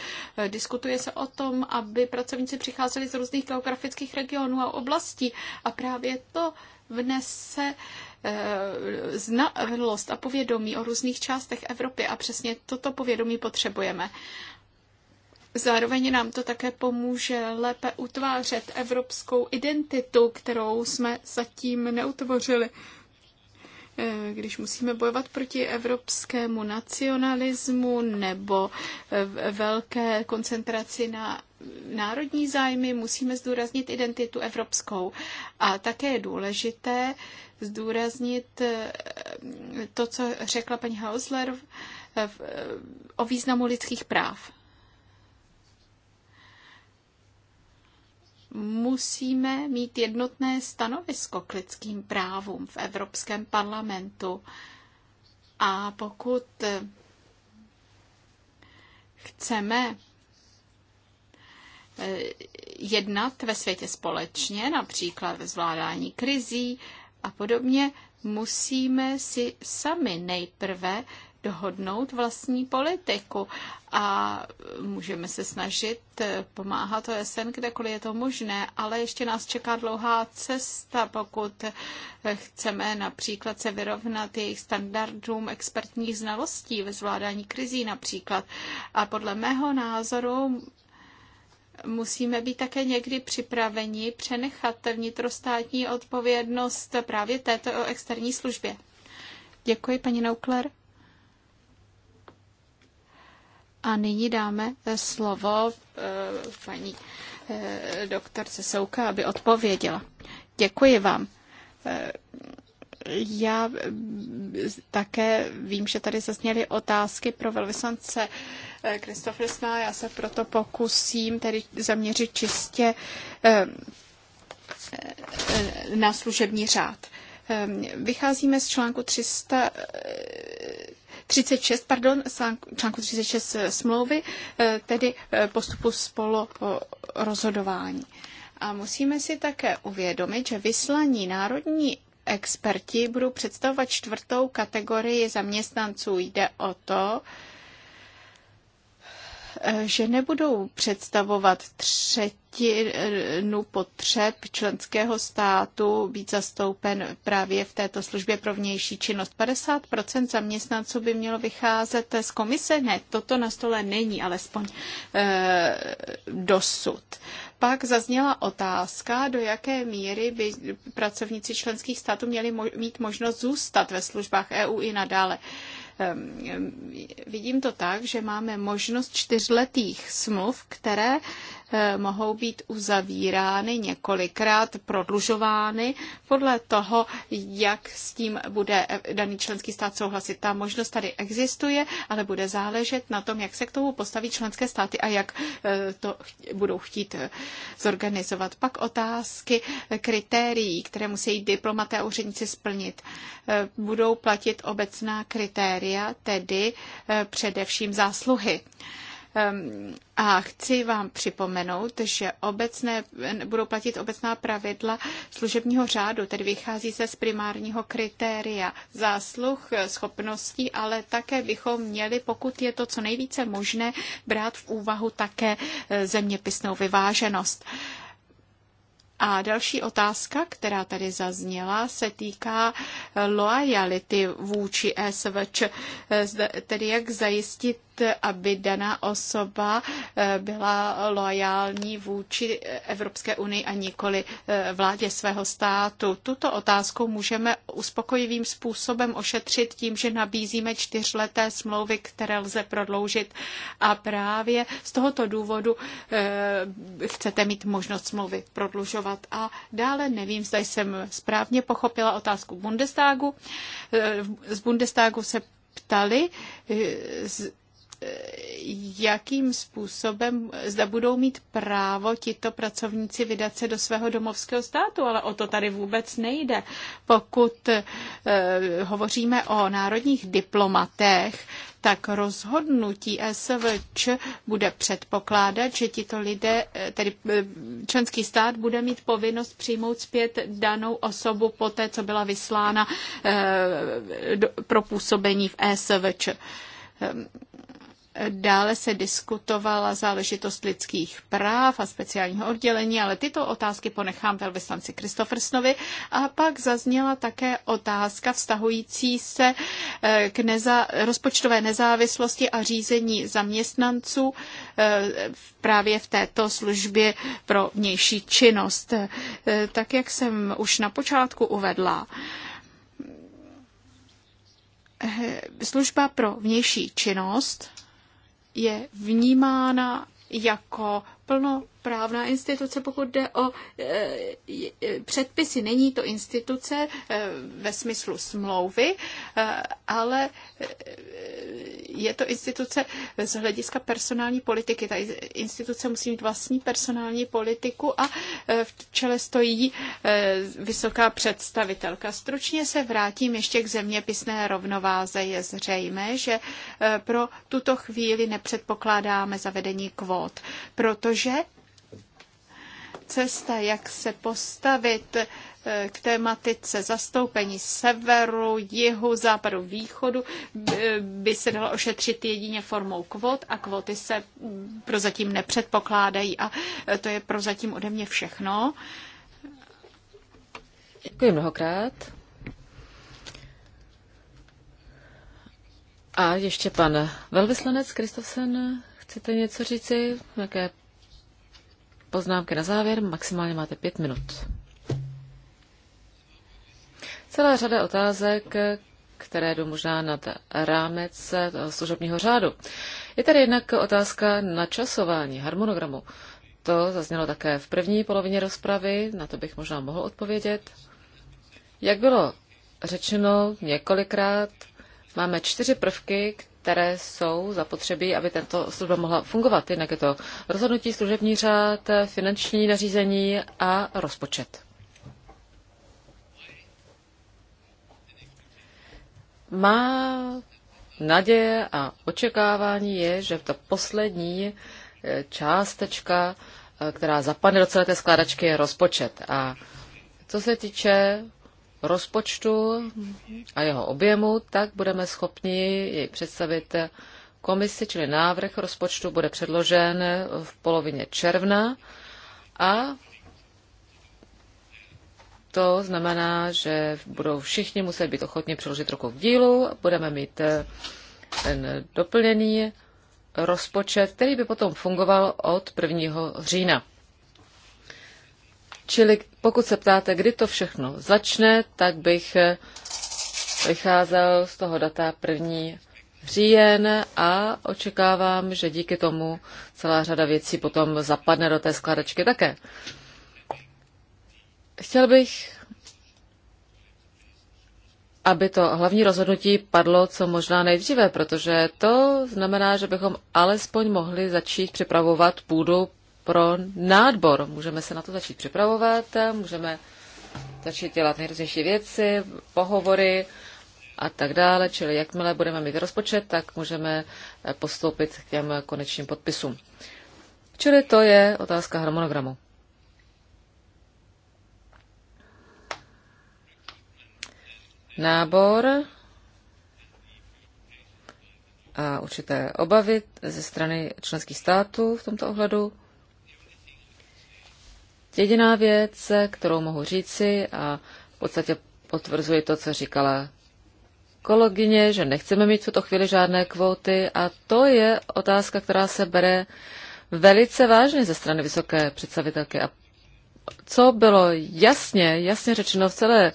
Diskutuje se o tom, aby pracovníci přicházeli z různých geografických regionů a oblastí a právě to vnese znalost a povědomí o různých částech Evropy a přesně toto povědomí potřebujeme. Zároveň nám to také pomůže lépe utvářet evropskou identitu, kterou jsme zatím neutvořili. Eh, když musíme bojovat proti evropskému nacionalismu nebo eh, velké koncentraci na národní zájmy, musíme zdůraznit identitu evropskou. A také je důležité zdůraznit eh, to, co řekla paní Hausler o významu lidských práv musíme mít jednotné stanovisko k lidským právům v Evropském parlamentu. A pokud chceme eh, jednat ve světě společně, například ve zvládání krizí a podobně, musíme si sami nejprve dohodnout vlastní politiku a můžeme se snažit eh, pomáhat SN, kdekoliv je to možné, ale ještě nás čeká dlouhá cesta, pokud eh, chceme například se vyrovnat jejich standardům expertních znalostí ve zvládání krizí například. A podle mého názoru musíme být také někdy připraveni přenechat vnitrostátní odpovědnost právě této externí službě. Děkuji, paní Naukler. A nyní dáme eh, slovo eh, paní eh, doktorce Souka, aby odpověděla. Děkuji vám. Já také vím, že tady zazněly otázky pro velvyslance Kristofersna, já se proto pokusím tedy zaměřit čistě na služební řád. Vycházíme z článku 300 36, pardon, článku 36 eh, smlouvy, eh, tedy eh, postupu spolu rozhodování. A musíme si také uvědomit, že vyslaní národní experti budou představovat čtvrtou kategorii zaměstnanců. Jde o to, že nebudou představovat třetinu potřeb členského státu být zastoupen právě v této službě pro vnější činnost. 50 zaměstnanců by mělo vycházet z komise? Ne, toto na stole není, alespoň e, dosud. Pak zazněla otázka, do jaké míry by pracovníci členských států měli mo- mít možnost zůstat ve službách EU i nadále. E, Ehm, vidím to tak, že máme možnost čtyřletých smluv, které Eh, mohou být uzavírány několikrát, prodlužovány podle toho, jak s tím bude eh, daný členský stát souhlasit. Ta možnost tady existuje, ale bude záležet na tom, jak se k tomu postaví členské státy a jak eh, to budou chtít zorganizovat. Pak otázky kritérií, které musí diplomaté a úředníci splnit. Budou platit obecná kritéria, tedy především zásluhy. Ehm, a chci vám připomenout, že obecné, budou platit obecná pravidla služebního řádu, tedy vychází se z primárního kritéria zásluh, eh, schopností, ale také bychom měli, pokud je to co nejvíce možné, brát v úvahu také eh, zeměpisnou vyváženost. A další otázka, která tady zazněla, se týká eh, loajality vůči SVČ, tedy jak zajistit aby daná osoba eh, byla loajální vůči Evropské unii a nikoli eh, vládě svého státu. Tuto otázku můžeme uspokojivým způsobem ošetřit tím, že nabízíme čtyřleté smlouvy, které lze prodloužit a právě z tohoto důvodu eh, chcete mít možnost smlouvy prodlužovat. A dále nevím, zda jsem správně pochopila otázku Bundestagu. Z Bundestagu se ptali, jakým způsobem, zda budou mít právo tito pracovníci vydat se do svého domovského státu, ale o to tady vůbec nejde. Pokud eh, hovoříme o národních diplomatech, tak rozhodnutí SVČ bude předpokládat, že tito lidé, eh, tedy eh, členský stát, bude mít povinnost přijmout zpět danou osobu po té, co byla vyslána pro působení v SVČ ehm, Dále se diskutovala záležitost lidských práv a speciálního oddělení, ale tyto otázky ponechám velvyslanci Kristofersnovi. A pak zazněla také otázka vztahující se eh, k neza, rozpočtové nezávislosti a řízení zaměstnanců eh, právě v této službě pro vnější činnost. Eh, tak, jak jsem už na počátku uvedla, služba pro vnější činnost je vnímána jako plno právná instituce, pokud jde o e, e, předpisy. Není to instituce e, ve smyslu smlouvy, ale je to instituce z hlediska personální politiky. Ta instituce musí mít vlastní personální politiku a v čele stojí vysoká představitelka. Stručně se vrátím ještě k zeměpisné rovnováze. Je zřejmé, že pro tuto chvíli nepředpokládáme zavedení kvót, protože cesta, jak se postavit eh, k tématice zastoupení severu, jihu, západu, východu by eh, se dalo ošetřit jedině formou kvot a kvoty se mm, prozatím nepředpokládají a eh, to je prozatím ode mě všechno. Děkuji mnohokrát. A ještě pan velvyslanec Kristofsen, chcete něco říci? Jaké poznámky na závěr. Maximálně máte pět minut. Celá řada otázek, které jdou možná nad rámec služebního řádu. Je tady jednak otázka načasování harmonogramu. To zaznělo také v první polovině rozpravy, na to bych možná mohl odpovědět. Jak bylo řečeno několikrát, máme čtyři prvky, které jsou zapotřebí, aby tento služba mohla fungovat. Jinak je to rozhodnutí, služební řád, finanční nařízení a rozpočet. Má naděje a očekávání je, že ta poslední eh, částečka, eh, která zapadne do celé té skládačky, je rozpočet. A co se týče rozpočtu a jeho objemu, tak budeme schopni jej představit komisi, čili návrh rozpočtu bude předložen v polovině června a to znamená, že budou všichni muset být ochotni přiložit ruku k dílu, a budeme mít eh, ten doplněný rozpočet, který by potom fungoval od 1. října. Čili pokud se ptáte, kdy to všechno začne, tak bych eh, vycházel z toho data první říjen a očekávám, že díky tomu celá řada věcí potom zapadne do té skladačky také. Chtěl bych, aby to hlavní rozhodnutí padlo co možná nejdříve, protože to znamená, že bychom alespoň mohli začít připravovat půdu pro nádbor. Můžeme se na to začít připravovat, můžeme začít dělat nejrůznější věci, pohovory a tak dále. Čili jakmile budeme mít rozpočet, tak můžeme eh, postoupit k těm konečným podpisům. Čili to je otázka harmonogramu. Nábor a určité obavy ze strany členských států v tomto ohledu. Jediná věc, kterou mohu říci, a v podstatě potvrzuji to, co říkala kolegyně, že nechceme mít v tuto chvíli žádné kvóty a to je otázka, která se bere velice vážně ze strany vysoké představitelky. A co bylo jasně, jasně řečeno v celé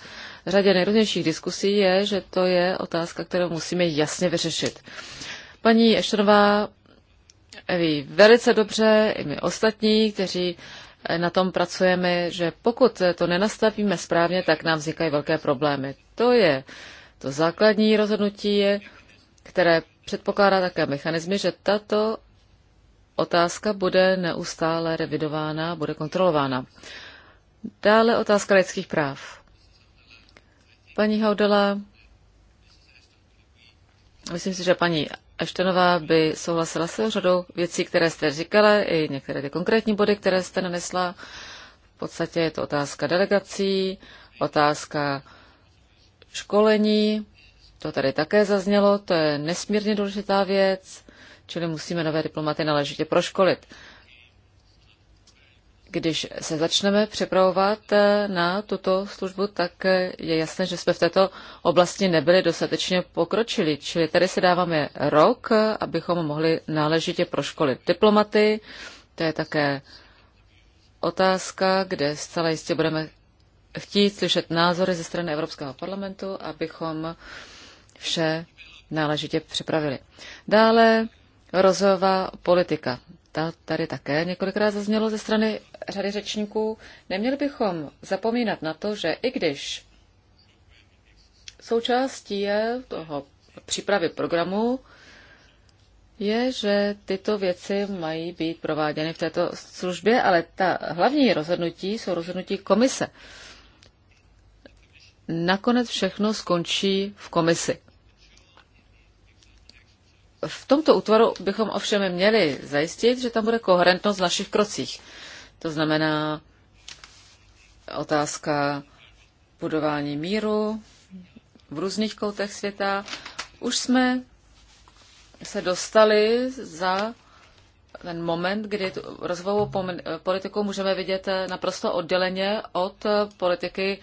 řadě nejrůznějších diskusí, je, že to je otázka, kterou musíme jasně vyřešit. Paní Eštonová ví velice dobře, i my ostatní, kteří na tom pracujeme, že pokud to nenastavíme správně, tak nám vznikají velké problémy. To je to základní rozhodnutí, které předpokládá také mechanizmy, že tato otázka bude neustále revidována, bude kontrolována. Dále otázka lidských práv. Paní Haudela, myslím si, že paní Eštenová by souhlasila s řadou věcí, které jste říkala, i některé ty konkrétní body, které jste nanesla. V podstatě je to otázka delegací, otázka školení, to tady také zaznělo, to je nesmírně důležitá věc, čili musíme nové diplomaty náležitě proškolit když se začneme připravovat eh, na tuto službu, tak eh, je jasné, že jsme v této oblasti nebyli dostatečně pokročili. Čili tady si dáváme rok, eh, abychom mohli náležitě proškolit diplomaty. To je také otázka, kde zcela jistě budeme chtít slyšet názory ze strany Evropského parlamentu, abychom vše náležitě připravili. Dále rozvojová politika. Ta tady také několikrát zaznělo ze strany řady řečníků, neměli bychom zapomínat na to, že i když součástí je toho přípravy programu, je, že tyto věci mají být prováděny v této službě, ale ta hlavní rozhodnutí jsou rozhodnutí komise. Nakonec všechno skončí v komisi. V tomto útvaru bychom ovšem měli zajistit, že tam bude koherentnost v našich krocích. To znamená otázka budování míru v různých koutech světa. Už jsme se dostali za ten moment, kdy rozvojovou politiku můžeme vidět naprosto odděleně od politiky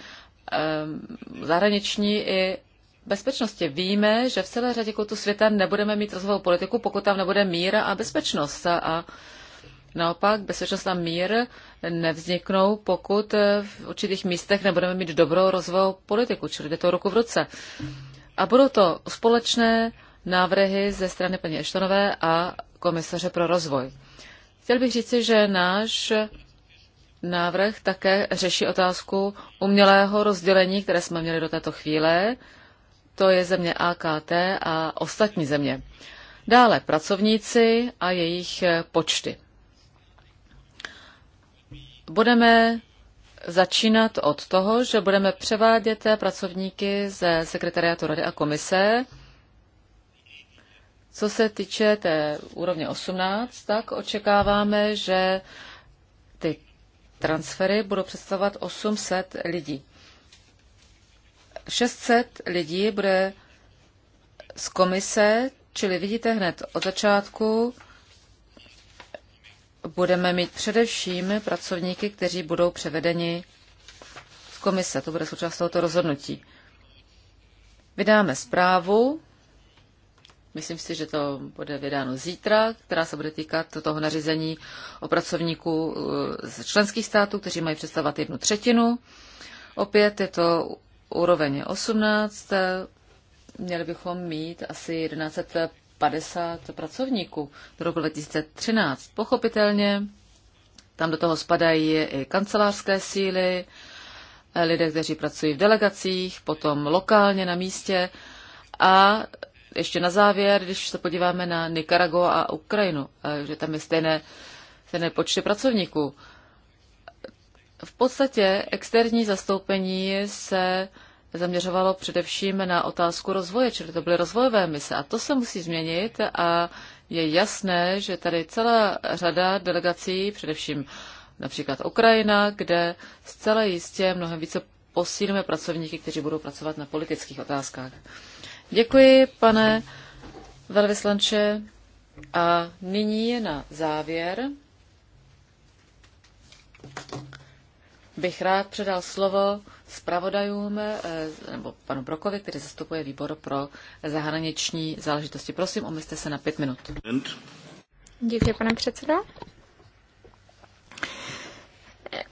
zahraniční i bezpečnosti. Víme, že v celé řadě koutů světa nebudeme mít rozvojovou politiku, pokud tam nebude mír a bezpečnost. A Naopak bezpečnost a mír nevzniknou, pokud eh, v určitých místech nebudeme mít dobrou rozvoj politiku, čili jde to ruku v ruce. A budou to společné návrhy ze strany paní Eštonové a komisaře pro rozvoj. Chtěl bych říci, že náš návrh také řeší otázku umělého rozdělení, které jsme měli do této chvíle. To je země AKT a ostatní země. Dále pracovníci a jejich počty. Budeme začínat od toho, že budeme převádět pracovníky ze sekretariátu Rady a komise. Co se týče té úrovně 18, tak očekáváme, že ty transfery budou představovat 800 lidí. 600 lidí bude z komise, čili vidíte hned od začátku, budeme mít především pracovníky, kteří budou převedeni z komise. To bude součást tohoto rozhodnutí. Vydáme zprávu, myslím si, že to bude vydáno zítra, která se bude týkat toho nařízení o pracovníků eh, z členských států, kteří mají představovat jednu třetinu. Opět je to úroveň 18, měli bychom mít asi 11 50 pracovníků do roku 2013. Pochopitelně tam do toho spadají i kancelářské síly, lidé, kteří pracují v delegacích, potom lokálně na místě. A ještě na závěr, když se podíváme na Nicaragua a Ukrajinu, že tam je stejné, stejné počty pracovníků. V podstatě externí zastoupení se zaměřovalo především na otázku rozvoje, čili to byly rozvojové mise. A to se musí změnit a je jasné, že tady celá řada delegací, především například Ukrajina, kde zcela jistě mnohem více posílíme pracovníky, kteří budou pracovat na politických otázkách. Děkuji, pane velvyslanče. A nyní je na závěr bych rád předal slovo zpravodajům eh, nebo panu Brokovi, který zastupuje výbor pro zahraniční záležitosti. Prosím, omyste se na pět minut. Děkuji, pane předsedo.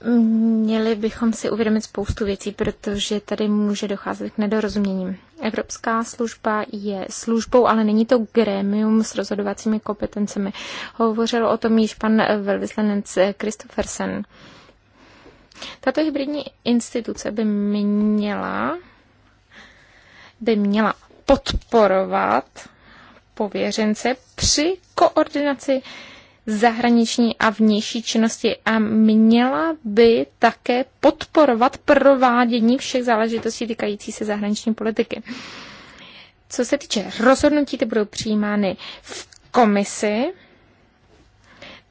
Měli bychom si uvědomit spoustu věcí, protože tady může docházet k nedorozuměním. Evropská služba je službou, ale není to grémium s rozhodovacími kompetencemi. Hovořil o tom již pan velvyslanec Christophersen. Tato hybridní instituce by měla, by měla podporovat pověřence při koordinaci zahraniční a vnější činnosti a měla by také podporovat provádění všech záležitostí týkající se zahraniční politiky. Co se týče rozhodnutí, ty budou přijímány v komisi,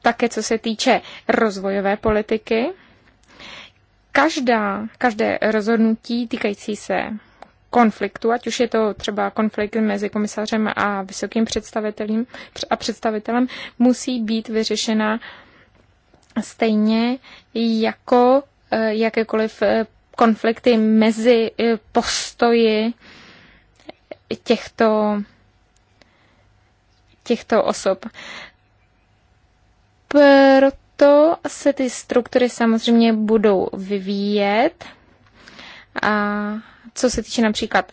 také co se týče rozvojové politiky, každá, každé rozhodnutí týkající se konfliktu, ať už je to třeba konflikt mezi komisařem a vysokým představitelem a představitelem, musí být vyřešena stejně jako eh, jakékoliv eh, konflikty mezi eh, postoji těchto, těchto osob. Proto to se ty struktury samozřejmě budou vyvíjet. A co se týče například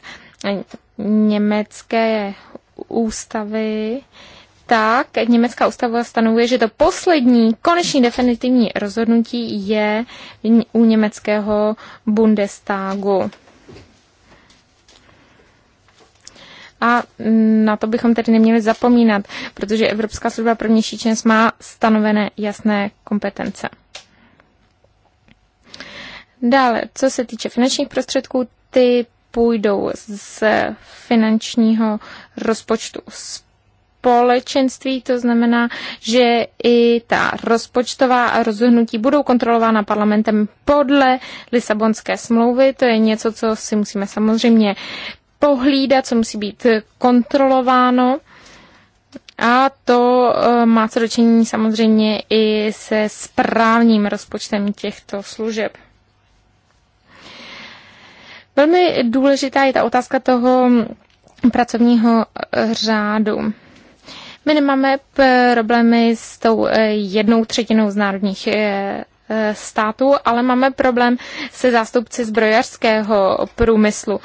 německé ústavy, tak německá ústava stanovuje, že to poslední, konečný definitivní rozhodnutí je u německého Bundestagu. a na to bychom tedy neměli zapomínat, protože Evropská služba pro vnější činnost má stanovené jasné kompetence. Dále, co se týče finančních prostředků, ty půjdou z finančního rozpočtu společenství, to znamená, že i ta rozpočtová rozhodnutí budou kontrolována parlamentem podle Lisabonské smlouvy. To je něco, co si musíme samozřejmě pohlídat, co musí být kontrolováno. A to eh, má co dočení samozřejmě i se správním rozpočtem těchto služeb. Velmi důležitá je ta otázka toho pracovního eh, řádu. My nemáme problémy s tou eh, jednou třetinou z národních Eh, státu, ale máme problém se zástupci zbrojařského průmyslu,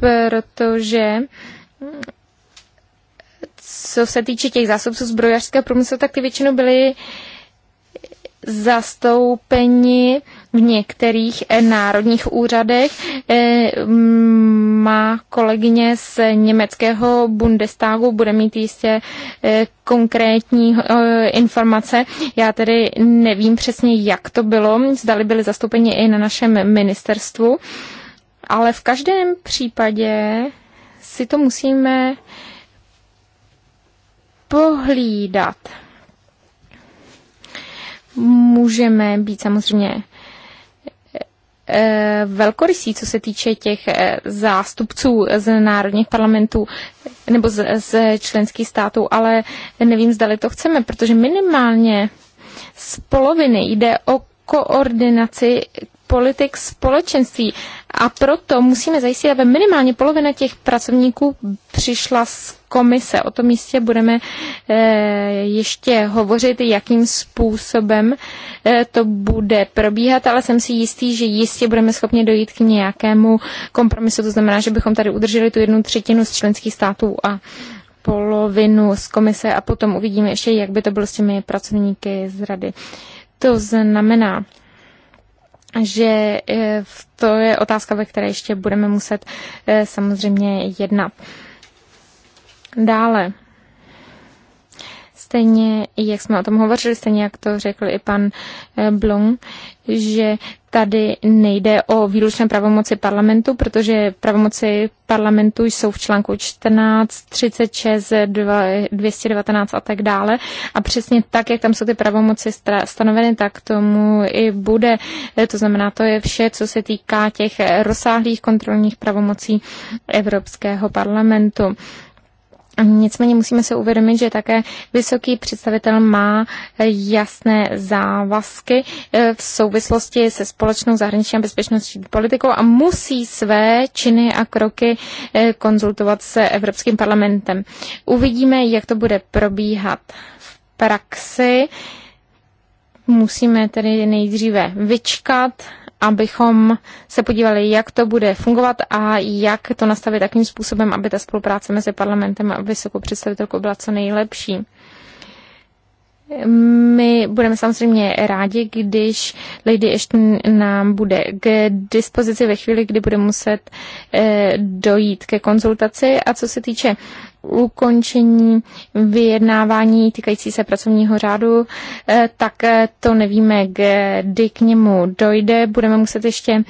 protože co se týče těch zástupců zbrojařského průmyslu, tak ty většinou byly zastoupeni v některých eh, národních úřadech. Eh, má kolegyně z německého Bundestagu bude mít jistě eh, konkrétní informace. Já tedy nevím přesně, jak to bylo, zdali byly zastoupeni i na našem ministerstvu, ale v každém případě si to musíme pohlídat můžeme být samozřejmě eh, velkorysí, co se týče těch eh, zástupců z národních parlamentů nebo z, z členských států, ale nevím, zda to chceme, protože minimálně z poloviny jde o koordinaci politik společenství. A proto musíme zajistit, aby minimálně polovina těch pracovníků přišla z komise. O tom jistě budeme eh, ještě hovořit, jakým způsobem eh, to bude probíhat, ale jsem si jistý, že jistě budeme schopni dojít k nějakému kompromisu. To znamená, že bychom tady udrželi tu jednu třetinu z členských států a polovinu z komise a potom uvidíme ještě, jak by to bylo s těmi pracovníky z rady. To znamená, že eh, to je otázka, ve které ještě budeme muset eh, samozřejmě jednat. Dále, stejně, jak jsme o tom hovořili, stejně jak to řekl i pan eh, Blong, že tady nejde o výlučné pravomoci parlamentu, protože pravomoci parlamentu jsou v článku 14, 36, 219 a tak dále. A přesně tak, jak tam jsou ty pravomoci stanoveny, tak tomu i bude. Eh, to znamená, to je vše, co se týká těch eh, rozsáhlých kontrolních pravomocí Evropského parlamentu. Nicméně musíme se uvědomit, že také vysoký představitel má jasné závazky eh, v souvislosti se společnou zahraniční a bezpečnostní politikou a musí své činy a kroky eh, konzultovat se Evropským parlamentem. Uvidíme, jak to bude probíhat v praxi. Musíme tedy nejdříve vyčkat abychom se podívali, jak to bude fungovat a jak to nastavit takým způsobem, aby ta spolupráce mezi parlamentem a vysokou představitelkou byla co nejlepší. My budeme samozřejmě rádi, když Lady Ashton nám bude k dispozici ve chvíli, kdy bude muset eh, dojít ke konzultaci. A co se týče ukončení vyjednávání týkající se pracovního řádu, eh, tak eh, to nevíme, kdy k němu dojde. Budeme muset ještě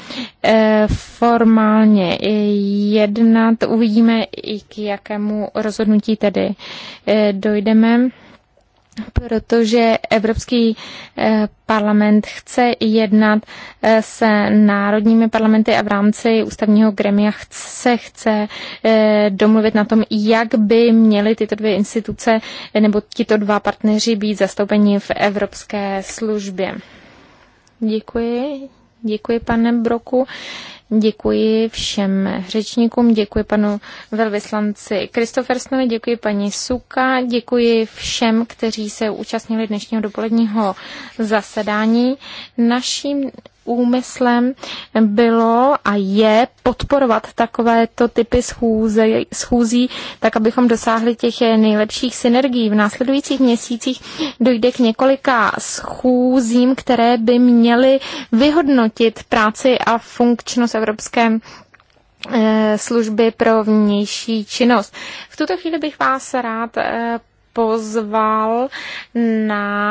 formálně jednat. Uvidíme i k jakému rozhodnutí tedy dojdeme protože Evropský eh, parlament chce jednat eh, se národními parlamenty a v rámci ústavního gremia se chce eh, domluvit na tom, jak by měly tyto dvě instituce nebo tito dva partneři být zastoupeni v Evropské službě. Děkuji. Děkuji, pane Broku. Děkuji všem řečníkům, děkuji panu velvyslanci Kristofersnovi, děkuji paní Suka, děkuji všem, kteří se účastnili dnešního dopoledního zasedání. Naším úmyslem bylo a je podporovat takovéto typy schůze, schůzí, tak abychom dosáhli těch nejlepších synergií. V následujících měsících dojde k několika schůzím, které by měly vyhodnotit práci a funkčnost Evropské eh, služby pro vnější činnost. V tuto chvíli bych vás rád eh, pozval na